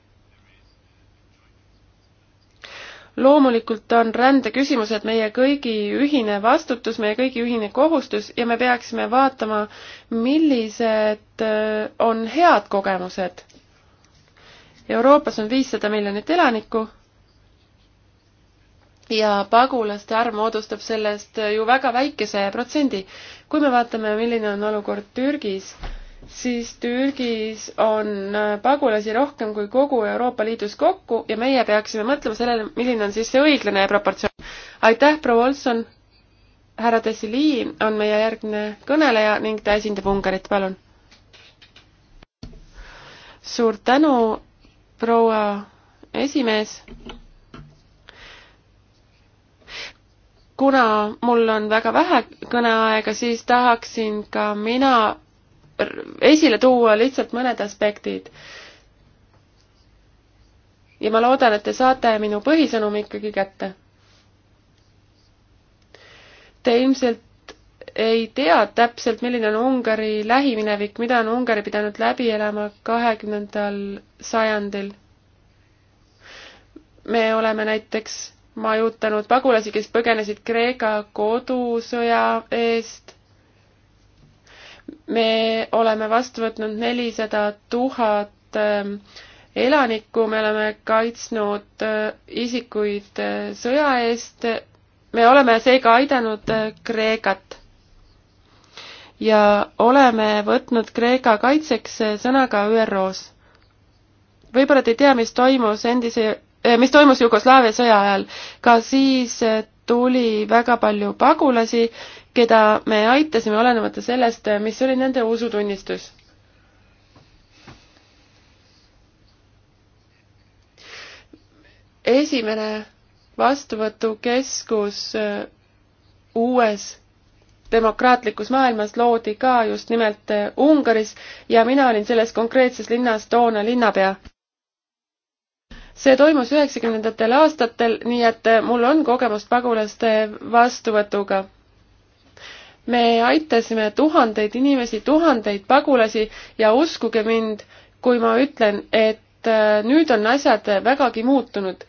loomulikult on rändeküsimused meie kõigi ühine vastutus, meie kõigi ühine kohustus ja me peaksime vaatama, millised äh, on head kogemused. Euroopas on viissada miljonit elanikku ja pagulaste arv moodustab sellest ju väga väikese protsendi. kui me vaatame, milline on olukord Türgis, siis Türgis on äh, pagulasi rohkem kui kogu Euroopa Liidus kokku ja meie peaksime mõtlema sellele, milline on siis see õiglane proportsioon. aitäh, proua Olson! härra Dessili on meie järgmine kõneleja ning ta esindab Ungarit, palun! suur tänu, proua esimees! kuna mul on väga vähe kõneaega, siis tahaksin ka mina esile tuua lihtsalt mõned aspektid. ja ma loodan, et te saate minu põhisõnumi ikkagi kätte. Te ilmselt ei tea täpselt, milline on Ungari lähiminevik, mida on Ungari pidanud läbi elama kahekümnendal sajandil. me oleme näiteks majutanud pagulasi, kes põgenesid Kreeka kodusõja eest, me oleme vastu võtnud nelisada tuhat ähm, elanikku, me oleme kaitsnud äh, isikuid äh, sõja eest, me oleme seega aidanud äh, Kreekat. ja oleme võtnud Kreeka kaitseks sõna ka ÜRO-s. võib-olla te ei tea, mis toimus endise, mis toimus Jugoslaavia sõja ajal, ka siis tuli väga palju pagulasi keda me aitasime, olenemata sellest, mis oli nende usutunnistus. esimene vastuvõtukeskus äh, uues demokraatlikus maailmas loodi ka just nimelt äh, Ungaris ja mina olin selles konkreetses linnas toona linnapea see toimus üheksakümnendatel aastatel, nii et äh, mul on kogemust pagulaste vastuvõtuga me aitasime tuhandeid inimesi, tuhandeid pagulasi ja uskuge mind, kui ma ütlen, et äh, nüüd on asjad vägagi muutunud.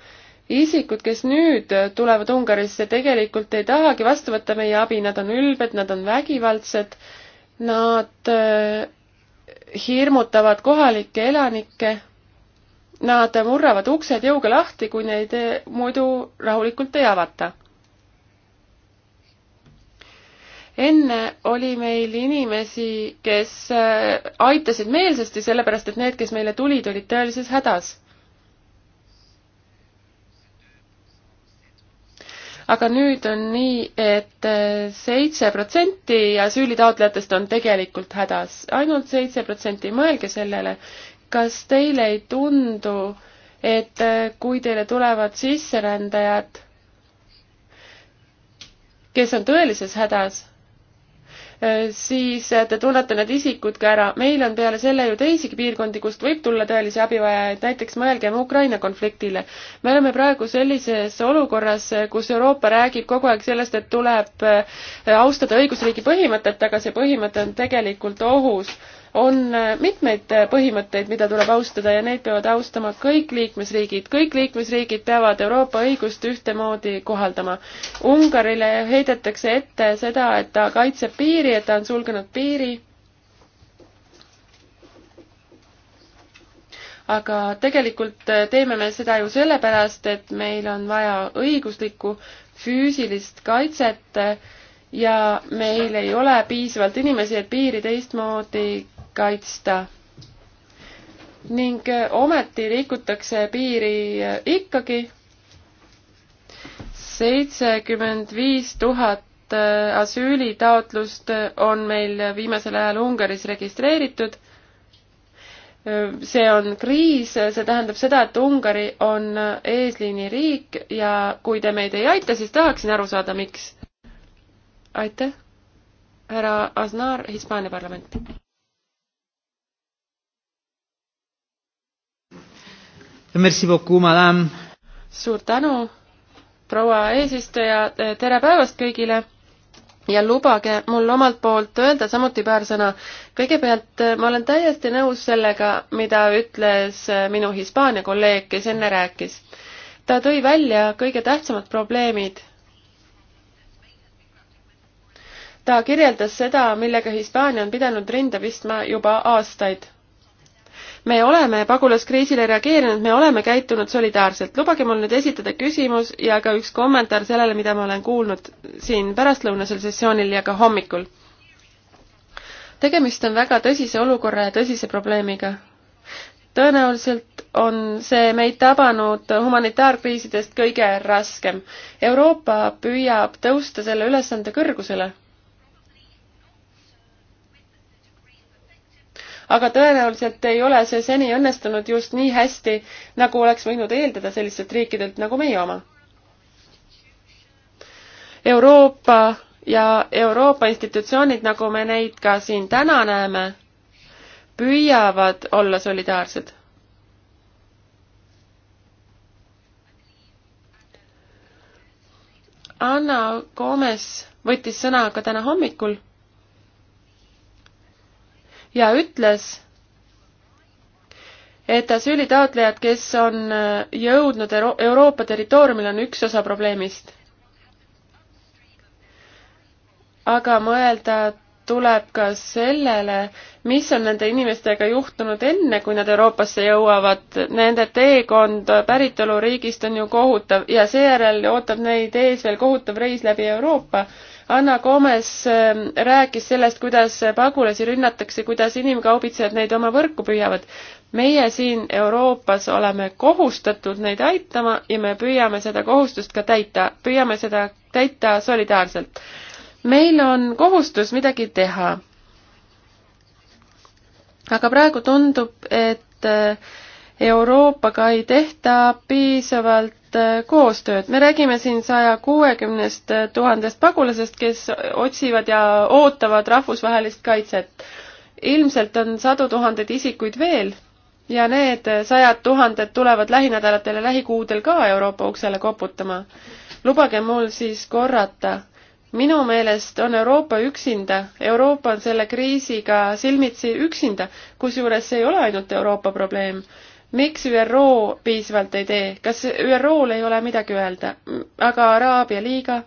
isikud, kes nüüd tulevad Ungarisse, tegelikult ei tahagi vastu võtta meie abi, nad on ülbed, nad on vägivaldsed, nad äh, hirmutavad kohalikke elanikke, nad murravad uksed jõuga lahti, kui neid äh, muidu rahulikult ei avata enne oli meil inimesi, kes äh, aitasid meelsasti, sellepärast et need, kes meile tulid, olid tõelises hädas. aga nüüd on nii et, et äh, seitse protsenti asüülitaotlejatest on tegelikult hädas ainult, ainult seitse protsenti, mõelge sellele, kas teile ei tundu, et äh, kui teile tulevad sisserändajad, kes on tõelises hädas, Äh, siis äh, te tunnete need isikud ka ära. meil on peale selle ju teisigi piirkondi, kust võib tulla tõelisi abivajajaid, näiteks mõelgem Ukraina konfliktile. me oleme praegu sellises olukorras, äh, kus Euroopa räägib kogu aeg sellest, et tuleb austada õigusriigi põhimõtet, aga see põhimõte on tegelikult ohus on äh, mitmeid äh, põhimõtteid, mida tuleb austada ja neid peavad austama kõik liikmesriigid. kõik liikmesriigid peavad Euroopa õigust ühtemoodi kohaldama. Ungarile heidetakse ette seda, et ta kaitseb piiri, et ta on sulgenud piiri. aga tegelikult äh, teeme me seda ju sellepärast, et meil on vaja õiguslikku füüsilist kaitset ja meil ei ole piisavalt inimesi, et piiri teistmoodi kaitsta. ning äh, ometi liigutakse piiri äh, ikkagi. seitsekümmend viis tuhat äh, asüülitaotlust on meil viimasel ajal Ungaris registreeritud see on kriis, see tähendab seda, et Ungari on eesliiniriik ja kui te meid ei aita, siis tahaksin aru saada, miks. aitäh, härra Aznar, Hispaania parlament. Merci beaucoup, madame. suur tänu, proua eesistuja, tere päevast kõigile ja lubage mul omalt poolt öelda samuti paar sõna. kõigepealt ma olen täiesti nõus sellega, mida ütles minu Hispaania kolleeg, kes enne rääkis. ta tõi välja kõige tähtsamad probleemid. ta kirjeldas seda, millega Hispaania on pidanud rinda pistma juba aastaid me oleme pagulaskriisile reageerinud, me oleme käitunud solidaarselt. lubage mul nüüd esitada küsimus ja ka üks kommentaar sellele, mida ma olen kuulnud siin pärastlõunasel sessioonil ja ka hommikul. tegemist on väga tõsise olukorra ja tõsise probleemiga. tõenäoliselt on see meid tabanud humanitaarkriisidest kõige raskem. Euroopa püüab tõusta selle ülesande kõrgusele aga tõenäoliselt ei ole see seni õnnestunud just nii hästi, nagu oleks võinud eeldada sellistelt riikidelt nagu meie oma. Euroopa ja Euroopa institutsioonid, nagu me neid ka siin täna näeme, püüavad olla solidaarsed. Anna Gomes võttis sõna ka täna hommikul ja ütles, et asüülitaotlejad, kes on äh, jõudnud Euro Euroopa territooriumile, on üks osa probleemist. aga mõelda tuleb ka sellele, mis on nende inimestega juhtunud enne, kui nad Euroopasse jõuavad. Nende teekond päritoluriigist on ju kohutav ja seejärel ootab neid ees veel kohutav reis läbi Euroopa. Anna Gomes ähm, rääkis sellest, kuidas pagulasi rünnatakse, kuidas inimkaubitsejad neid oma võrku püüavad. meie siin Euroopas oleme kohustatud neid aitama ja me püüame seda kohustust ka täita, püüame seda täita solidaarselt meil on kohustus midagi teha. aga praegu tundub, et äh, Euroopaga ei tehta piisavalt äh, koostööd. me räägime siin saja kuuekümnest äh, tuhandest pagulasest, kes otsivad ja ootavad rahvusvahelist kaitset. ilmselt on sadu tuhandeid isikuid veel ja need sajad tuhanded tulevad lähinädalatel ja lähikuudel ka Euroopa uksele koputama. lubage mul siis korrata minu meelest on Euroopa üksinda, Euroopa on selle kriisiga silmitsi üksinda, kusjuures see ei ole ainult Euroopa probleem. miks ÜRO piisavalt ei tee, kas ÜRO-l ei ole midagi öelda, aga Araabia liiga?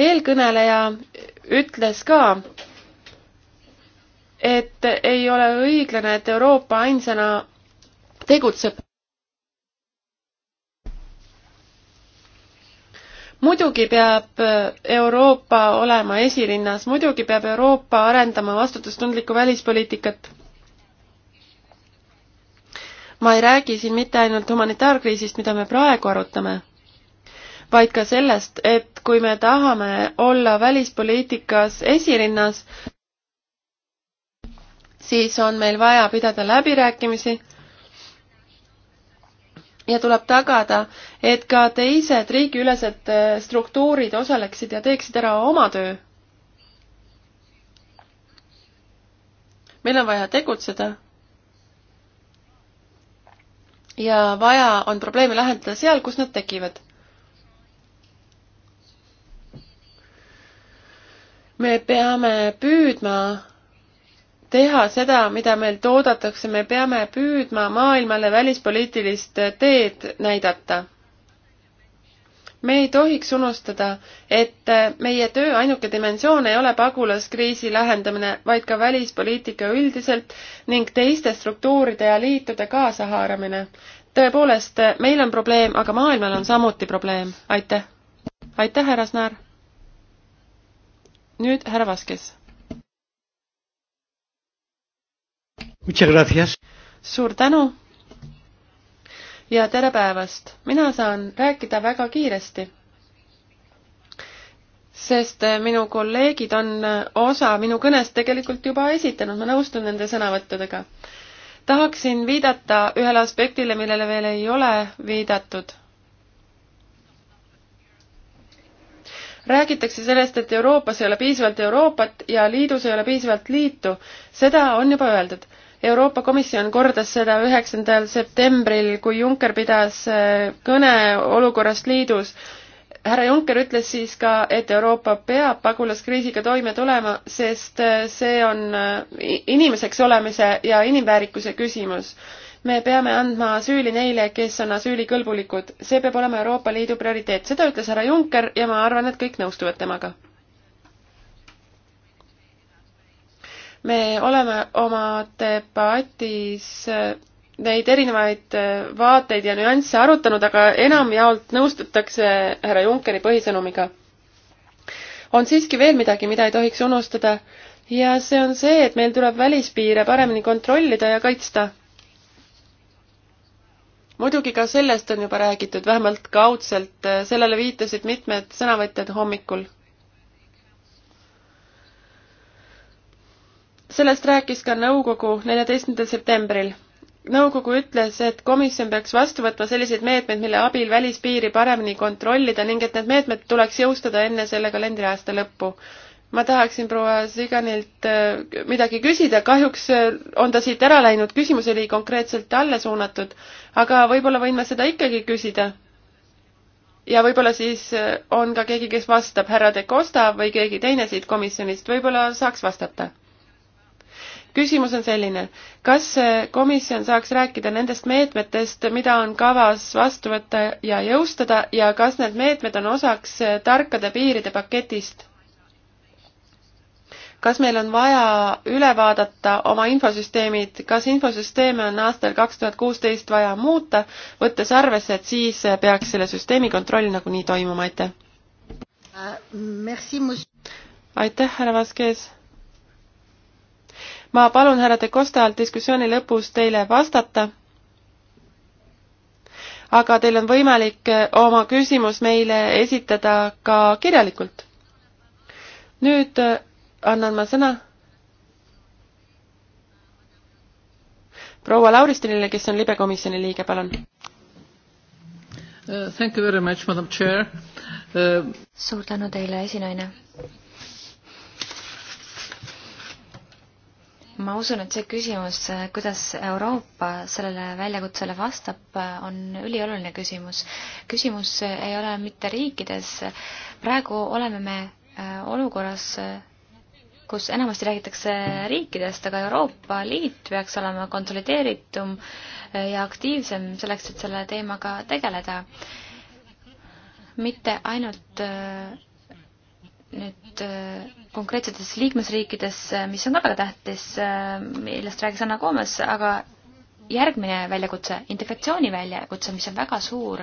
eelkõneleja ütles ka, et ei ole õiglane, et Euroopa ainsana tegutseb muidugi peab äh, Euroopa olema esirinnas, muidugi peab Euroopa arendama vastutustundlikku välispoliitikat. ma ei räägi siin mitte ainult humanitaarkriisist, mida me praegu arutame, vaid ka sellest, et kui me tahame olla välispoliitikas esirinnas, siis on meil vaja pidada läbirääkimisi ja tuleb tagada, et ka teised riigiülesed äh, struktuurid osaleksid ja teeksid ära oma töö. meil on vaja tegutseda. ja vaja on probleeme lahendada seal, kus nad tekivad. me peame püüdma teha seda, mida meilt oodatakse, me peame püüdma maailmale välispoliitilist teed näidata. me ei tohiks unustada, et meie töö ainuke dimensioon ei ole pagulaskriisi lahendamine, vaid ka välispoliitika üldiselt ning teiste struktuuride ja liitude kaasahaaramine. tõepoolest, meil on probleem, aga maailmal on samuti probleem. aitäh! aitäh, härra Snaar! nüüd härra Vaskes suur tänu ja tere päevast! mina saan rääkida väga kiiresti, sest minu kolleegid on osa minu kõnest tegelikult juba esitanud, ma nõustun nende sõnavõttudega. tahaksin viidata ühele aspektile, millele veel ei ole viidatud. räägitakse sellest, et Euroopas ei ole piisavalt Euroopat ja liidus ei ole piisavalt liitu, seda on juba öeldud Euroopa Komisjon kordas seda üheksandal septembril, kui Juncker pidas äh, kõne olukorrast liidus. härra Juncker ütles siis ka, et Euroopa peab pagulaskriisiga toime tulema, sest äh, see on äh, inimeseks olemise ja inimväärikuse küsimus me peame andma asüüli neile, kes on asüülikõlbulikud. see peab olema Euroopa Liidu prioriteet, seda ütles härra Juncker ja ma arvan, et kõik nõustuvad temaga me oleme oma debatis äh, neid erinevaid äh, vaateid ja nüansse arutanud, aga enamjaolt nõustutakse härra Junckeri põhisõnumiga. on siiski veel midagi, mida ei tohiks unustada ja see on see, et meil tuleb välispiire paremini kontrollida ja kaitsta. muidugi ka sellest on juba räägitud, vähemalt kaudselt, äh, sellele viitasid mitmed sõnavõtjad hommikul sellest rääkis ka nõukogu neljateistkümnendal septembril. nõukogu ütles, et komisjon peaks vastu võtma selliseid meetmeid, mille abil välispiiri paremini kontrollida ning et need meetmed tuleks jõustada enne selle kalendriaasta lõppu. ma tahaksin proua Siganilt äh, midagi küsida, kahjuks äh, on ta siit ära läinud, küsimus oli konkreetselt talle suunatud, aga võib-olla võin ma seda ikkagi küsida? ja võib-olla siis äh, on ka keegi, kes vastab, härra De Costa või keegi teine siit komisjonist, võib-olla saaks vastata küsimus on selline, kas äh, komisjon saaks rääkida nendest meetmetest, mida on kavas vastu võtta ja jõustada ja kas need meetmed on osaks äh, tarkade piiride paketist? kas meil on vaja üle vaadata oma infosüsteemid, kas infosüsteeme on aastal kaks tuhat kuusteist vaja muuta, võttes arvesse, et siis äh, peaks selle süsteemi kontroll nagunii toimuma, aitäh! aitäh, härra Vaskes! ma palun härra De Costal diskussiooni lõpus teile vastata, aga teil on võimalik eh, oma küsimus meile esitada ka kirjalikult. nüüd eh, annan ma sõna proua Lauristinile, kes on libe komisjoni liige, palun. Uh, thank you very much, madam chair uh.... suur tänu teile, esinaine ma usun, et see küsimus, kuidas Euroopa sellele väljakutsele vastab, on ülioluline küsimus. küsimus ei ole mitte riikides, praegu oleme me äh, olukorras, kus enamasti räägitakse riikidest, aga Euroopa Liit peaks olema konsolideeritum äh, ja aktiivsem selleks, et selle teemaga tegeleda. mitte ainult äh, nüüd äh, konkreetsetes liikmesriikides, äh, mis on ka väga tähtis, äh, millest rääkis Anna Koomas, aga järgmine väljakutse, integratsiooni väljakutse, mis on väga suur,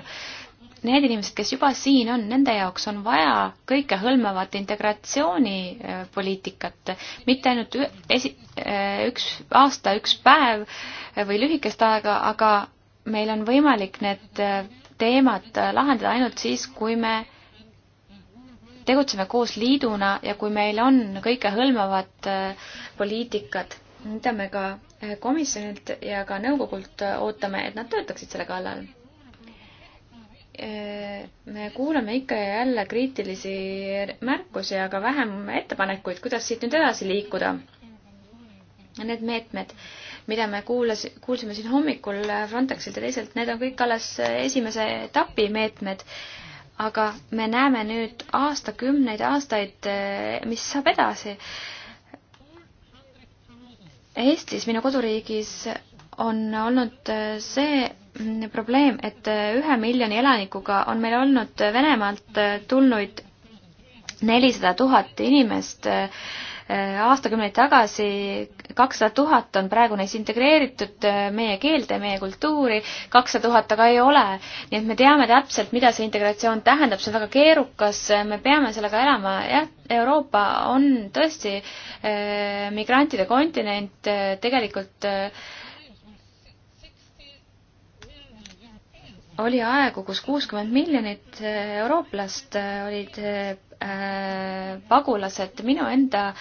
need inimesed, kes juba siin on, nende jaoks on vaja kõikehõlmavat integratsioonipoliitikat, mitte ainult esi-, üks aasta, üks päev või lühikest aega, aga meil on võimalik need teemad lahendada ainult siis, kui me tegutseme koos liiduna ja kui meil on kõikehõlmavad äh, poliitikad, mida me ka äh, komisjonilt ja ka nõukogult äh, ootame, et nad töötaksid selle kallal. me kuuleme ikka ja jälle kriitilisi märkusi, aga vähem ettepanekuid, kuidas siit nüüd edasi liikuda. Need meetmed, mida me kuulas, kuulsime siin hommikul Frontexilt ja teisalt, need on kõik alles esimese etapi meetmed aga me näeme nüüd aastakümneid, aastaid, eh, mis saab edasi. Eestis, minu koduriigis, on olnud eh, see mm, probleem, et eh, ühe miljoni elanikuga on meil olnud Venemaalt tulnuid nelisada tuhat inimest äh, aastakümneid tagasi, kakssada tuhat on praegu neis integreeritud äh, meie keelde, meie kultuuri, kakssada tuhat aga ei ole. nii et me teame täpselt, mida see integratsioon tähendab, see on väga keerukas, me peame sellega elama, jah, Euroopa on tõesti eh, migrantide kontinent eh,, tegelikult eh, oli aegu, kus kuuskümmend miljonit eurooplast olid Äh, pagulased, minu enda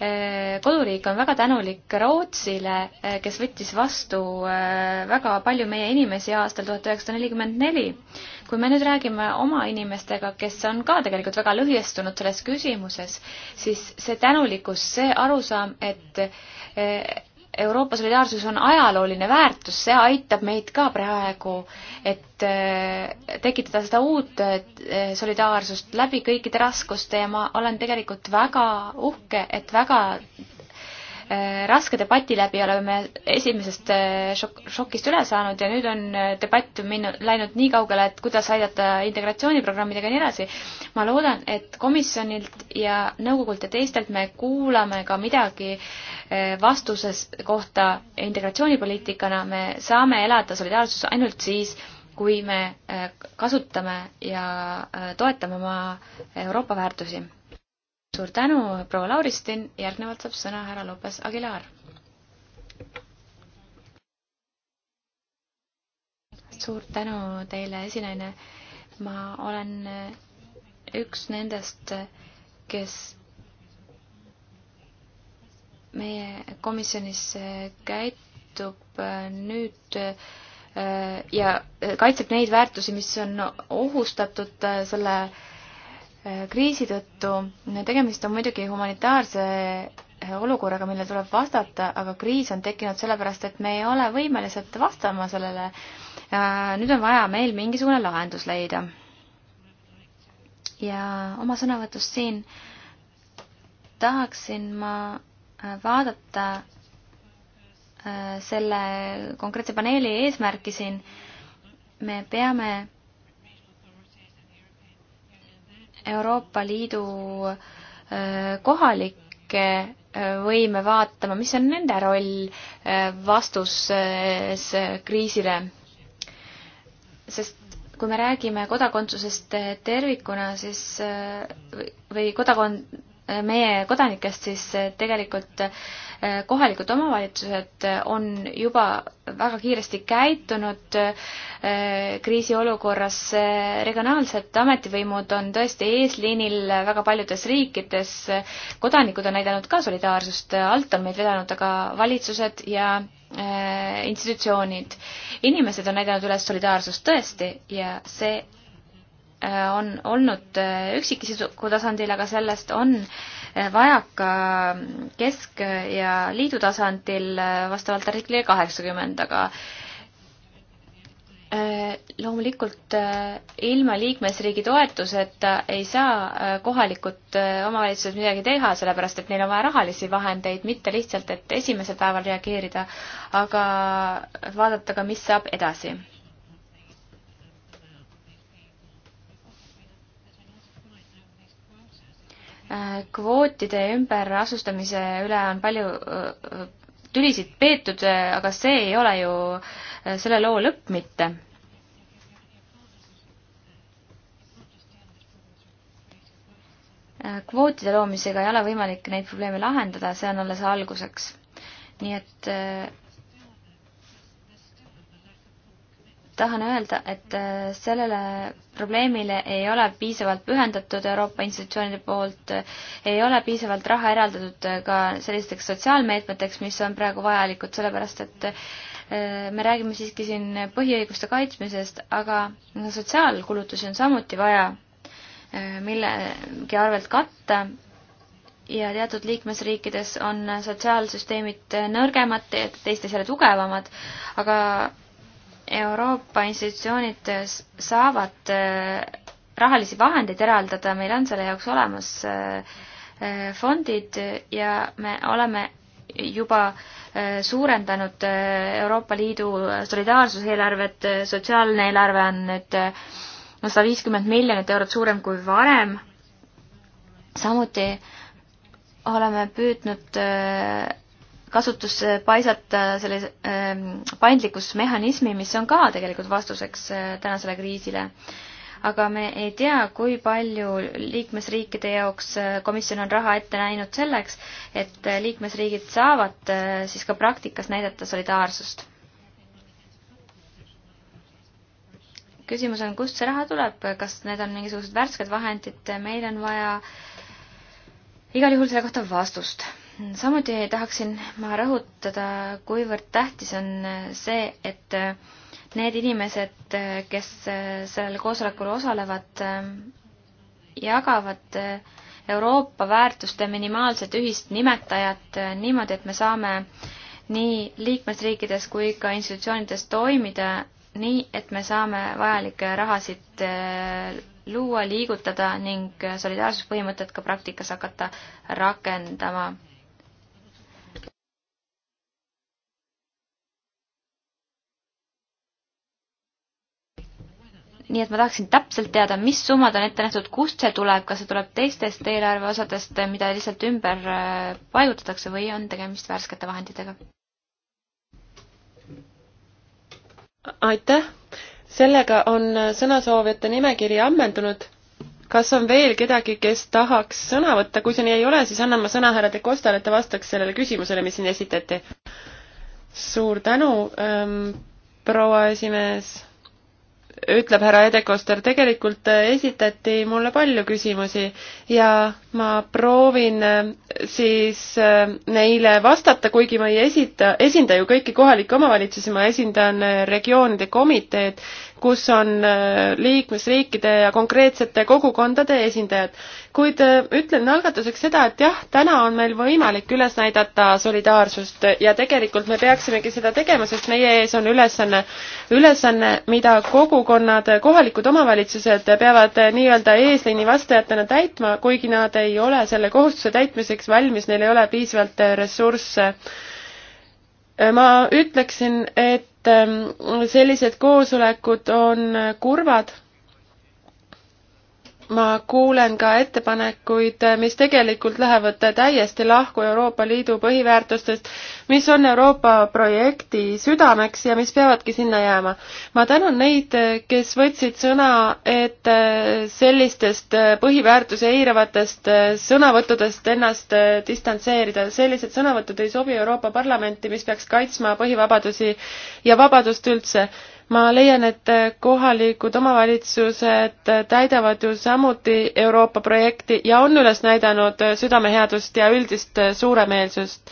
äh, koduriik on väga tänulik Rootsile, äh, kes võttis vastu väga palju meie inimesi aastal tuhat üheksasada nelikümmend neli. kui me nüüd räägime oma inimestega, kes on ka tegelikult väga lõhestunud selles küsimuses, siis see tänulikkus, see arusaam, et Euroopa solidaarsus on ajalooline väärtus, see aitab meid ka praegu, et äh, tekitada seda uut äh, solidaarsust läbi kõikide raskuste ja ma olen tegelikult väga uhke, et väga Äh, raske debati läbi oleme esimesest äh, šok-, šokist üle saanud ja nüüd on äh, debatt minnud, läinud nii kaugele, et kuidas aidata integratsiooniprogrammidega ja nii edasi. ma loodan, et komisjonilt ja nõukogult ja teistelt me kuulame ka midagi vastuses kohta integratsioonipoliitikana, me saame elada solidaarsus ainult siis, kui me kasutame ja toetame oma Euroopa väärtusi suur tänu, proua Lauristin, järgnevalt saab sõna härra Lopes Aguilar. suur tänu teile, esinaine. ma olen üks nendest, kes meie komisjonis käitub nüüd äh, ja kaitseb neid väärtusi, mis on ohustatud äh, selle äh, Äh, kriisi tõttu. tegemist on muidugi humanitaarse äh, olukorraga, millele tuleb vastata, aga kriis on tekkinud sellepärast, et me ei ole võimelised vastama sellele. Äh, nüüd on vaja meil mingisugune lahendus leida. ja oma sõnavõtust siin tahaksin ma vaadata selle konkreetse paneeli eesmärki siin. me peame Euroopa Liidu kohalikke võime vaatama, mis on nende roll vastuses kriisile. sest kui me räägime kodakondsusest äh, tervikuna, siis äh, või kodakond-, äh, meie kodanikest, siis tegelikult äh, kohalikud omavalitsused on juba väga kiiresti käitunud äh, kriisiolukorras. Äh, regionaalsed ametivõimud on tõesti eesliinil väga paljudes riikides. kodanikud on näidanud ka solidaarsust, alt on meid vedanud aga valitsused ja äh, institutsioonid. inimesed on näidanud üles solidaarsust tõesti ja see on olnud üksikisiku tasandil, aga sellest on vajaka kesk- ja liidu tasandil vastavalt artiklile kaheksakümmend, aga äh, loomulikult äh, ilma liikmesriigi toetuseta ei saa äh, kohalikud omavalitsused midagi teha, sellepärast et neil on vaja rahalisi vahendeid, mitte lihtsalt, et esimesel päeval reageerida, aga vaadata ka, mis saab edasi Äh, kvootide ümberasustamise üle on palju äh, äh, tülisid peetud, aga see ei ole ju selle loo lõpp mitte kvootide loomisega ei ole võimalik neid probleeme lahendada, see on alles alguseks. nii et tahan öelda, et äh, sellele probleemile ei ole piisavalt pühendatud Euroopa institutsioonide poolt, äh, ei ole piisavalt raha eraldatud äh, ka sellisteks sotsiaalmeetmeteks, mis on praegu vajalikud, sellepärast et me räägime siiski siin põhiõiguste kaitsmisest, aga sotsiaalkulutusi on samuti vaja millegi arvelt katta ja teatud liikmesriikides on sotsiaalsüsteemid nõrgemad, teistes jälle tugevamad, aga Euroopa institutsioonid saavad äh, rahalisi vahendeid eraldada, meil on selle jaoks olemas äh, äh, fondid ja me oleme juba suurendanud Euroopa Liidu solidaarsuseelarvet, sotsiaalne eelarve on nüüd sada viiskümmend miljonit eurot suurem kui varem. samuti oleme püüdnud kasutusse paisata selle ähm, paindlikkusmehhanismi, mis on ka tegelikult vastuseks äh, tänasele kriisile. aga me ei tea, kui palju liikmesriikide jaoks äh, komisjon on raha ette näinud selleks, et äh, liikmesriigid saavad siis ka praktikas näidata solidaarsust. küsimus on, kust see raha tuleb, kas need on mingisugused värsked vahendid, meil on vaja igal juhul selle kohta vastust samuti tahaksin ma rõhutada, kuivõrd tähtis on see, et need inimesed, kes sellel koosolekul osalevad, jagavad Euroopa väärtuste minimaalset ühist nimetajat niimoodi, et me saame nii liikmesriikides kui ka institutsioonides toimida nii, et me saame vajalikke rahasid eh, luua, liigutada ning solidaarsuspõhimõtet ka praktikas hakata rakendama. nii et ma tahaksin täpselt teada, mis summad on ette nähtud, kust see tuleb, kas see tuleb teistest eelarveosadest, mida lihtsalt ümber paigutatakse äh, või on tegemist värskete vahenditega? aitäh, sellega on sõnasoovijate nimekiri ammendunud. kas on veel kedagi, kes tahaks sõna võtta, kui see nii ei ole, siis annan ma sõna härra De Costale, et ta vastaks sellele küsimusele, mis siin esitati. suur tänu ähm,, proua esimees ütleb härra Edekoster, tegelikult äh, esitati mulle palju küsimusi ja ma proovin äh, siis äh, neile vastata, kuigi ma ei esita, esinda ju kõiki kohalikke omavalitsusi, ma esindan regioonide komiteed kus on äh, liikmesriikide ja konkreetsete kogukondade esindajad. kuid äh, ütlen algatuseks seda, et jah, täna on meil võimalik üles näidata solidaarsust ja tegelikult me peaksimegi seda tegema, sest meie ees on ülesanne, ülesanne, mida kogukonnad, kohalikud omavalitsused peavad äh, nii-öelda eesliini vastajatena täitma, kuigi nad ei ole selle kohustuse täitmiseks valmis, neil ei ole piisavalt ressursse ma ütleksin, et ähm, sellised koosolekud on kurvad ma kuulen ka ettepanekuid, mis tegelikult lähevad täiesti lahku Euroopa Liidu põhiväärtustest, mis on Euroopa projekti südameks ja mis peavadki sinna jääma. ma tänan neid, kes võtsid sõna, et sellistest põhiväärtuse eiravatest sõnavõttudest ennast distantseerida. sellised sõnavõtud ei sobi Euroopa Parlamenti, mis peaks kaitsma põhivabadusi ja vabadust üldse ma leian, et kohalikud omavalitsused täidavad ju samuti Euroopa projekti ja on üles näidanud südameheadust ja üldist suuremeelsust.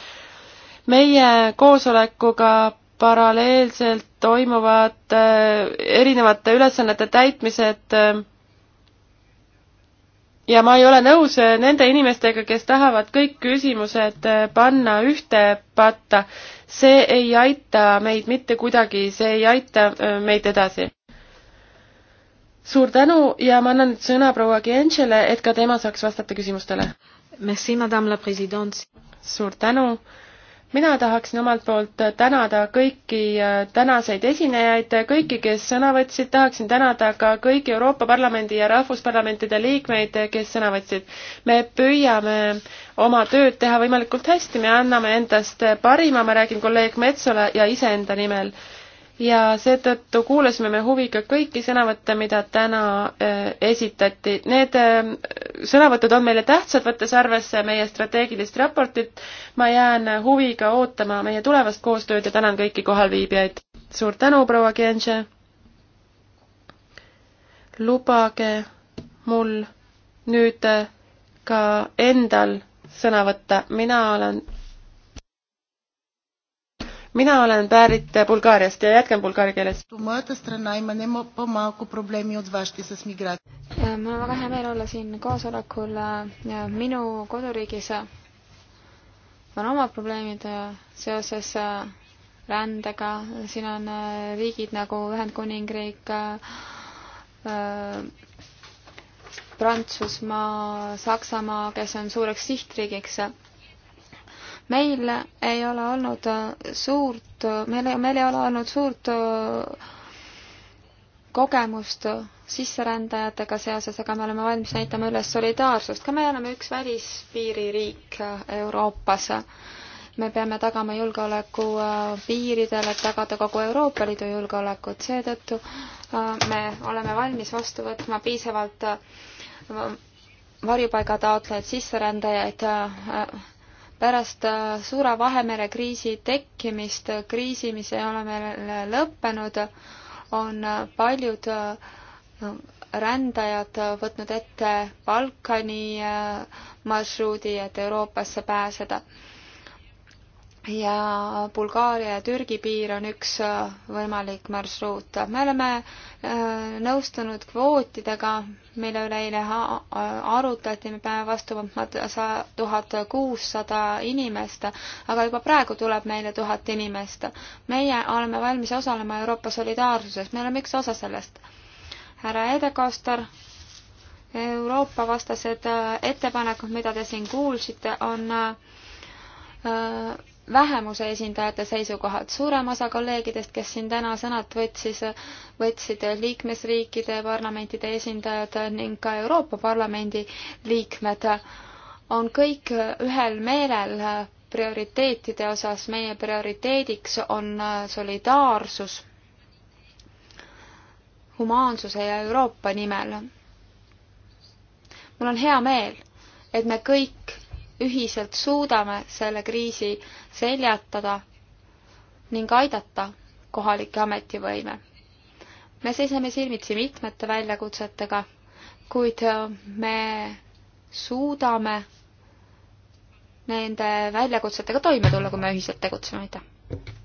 meie koosolekuga paralleelselt toimuvad äh, erinevate ülesannete täitmised äh, ja ma ei ole nõus äh, nende inimestega, kes tahavad kõik küsimused panna ühte patta see ei aita meid mitte kuidagi, see ei aita meid edasi. suur tänu ja ma annan nüüd sõna proua Kientšele, et ka tema saaks vastata küsimustele. Merci, madame la president. suur tänu mina tahaksin omalt poolt tänada kõiki äh, tänaseid esinejaid, kõiki, kes sõna võtsid, tahaksin tänada ka kõiki Euroopa Parlamendi ja Rahvusparlamentide liikmeid, kes sõna võtsid. me püüame oma tööd teha võimalikult hästi, me anname endast parima, ma räägin kolleeg Metsola ja iseenda nimel ja seetõttu kuulasime me huviga kõiki sõnavõtte, mida täna äh, esitati. Need äh, sõnavõtud on meile tähtsad, võttes arvesse meie strateegilist raportit. ma jään huviga ootama meie tulevast koostööd ja tänan kõiki kohalviibijaid. suur tänu, proua Kienže. lubage mul nüüd äh, ka endal sõna võtta, mina olen mina olen pärit Bulgaariast ja jätkan bulgaari keeles. mul on väga hea meel olla siin koosolekul. minu koduriigis on omad probleemid äh, seoses äh, rändega. siin on äh, riigid nagu Ühendkuningriik, Prantsusmaa, Saksamaa, kes on suureks sihtriigiks meil ei ole olnud äh, suurt, äh, meil, meil ei ole olnud suurt äh, kogemust sisserändajatega seoses, aga me oleme valmis näitama üles solidaarsust, ka me oleme üks välispiiririik Euroopas. me peame tagama julgeoleku piiridel, et tagada kogu Euroopa Liidu julgeolekut, seetõttu me oleme valmis vastu võtma piisavalt varjupaigataotlejaid, sisserändajaid pärast äh, Suure Vahemere kriisi tekkimist, äh, kriisi, mis ei ole meil lõppenud, on äh, paljud rändajad võtnud ette Balkani marsruudi, et Euroopasse pääseda ja Bulgaaria ja Türgi piir on üks äh, võimalik marsruut. me oleme äh, nõustunud kvootidega, mille üle eile arutati, me peame vastu võtma tuhat kuussada inimest, aga juba praegu tuleb meile tuhat inimest. meie oleme valmis osalema Euroopa solidaarsuses, me oleme üks osa sellest. härra Edekostar, Euroopa vastased äh, ettepanekud, mida te siin kuulsite, on öö, vähemuse esindajate seisukohad. suurem osa kolleegidest, kes siin täna sõnad võtsis, võtsid liikmesriikide parlamentide esindajad ning ka Euroopa Parlamendi liikmed, on kõik ühel meelel prioriteetide osas. meie prioriteediks on solidaarsus humaansuse ja Euroopa nimel. mul on hea meel, et me kõik ühiselt suudame selle kriisi seljatada ning aidata kohalikke ametivõime. me seisame silmitsi mitmete väljakutsetega, kuid äh, me suudame nende väljakutsetega toime tulla, kui me ühiselt tegutseme, aitäh!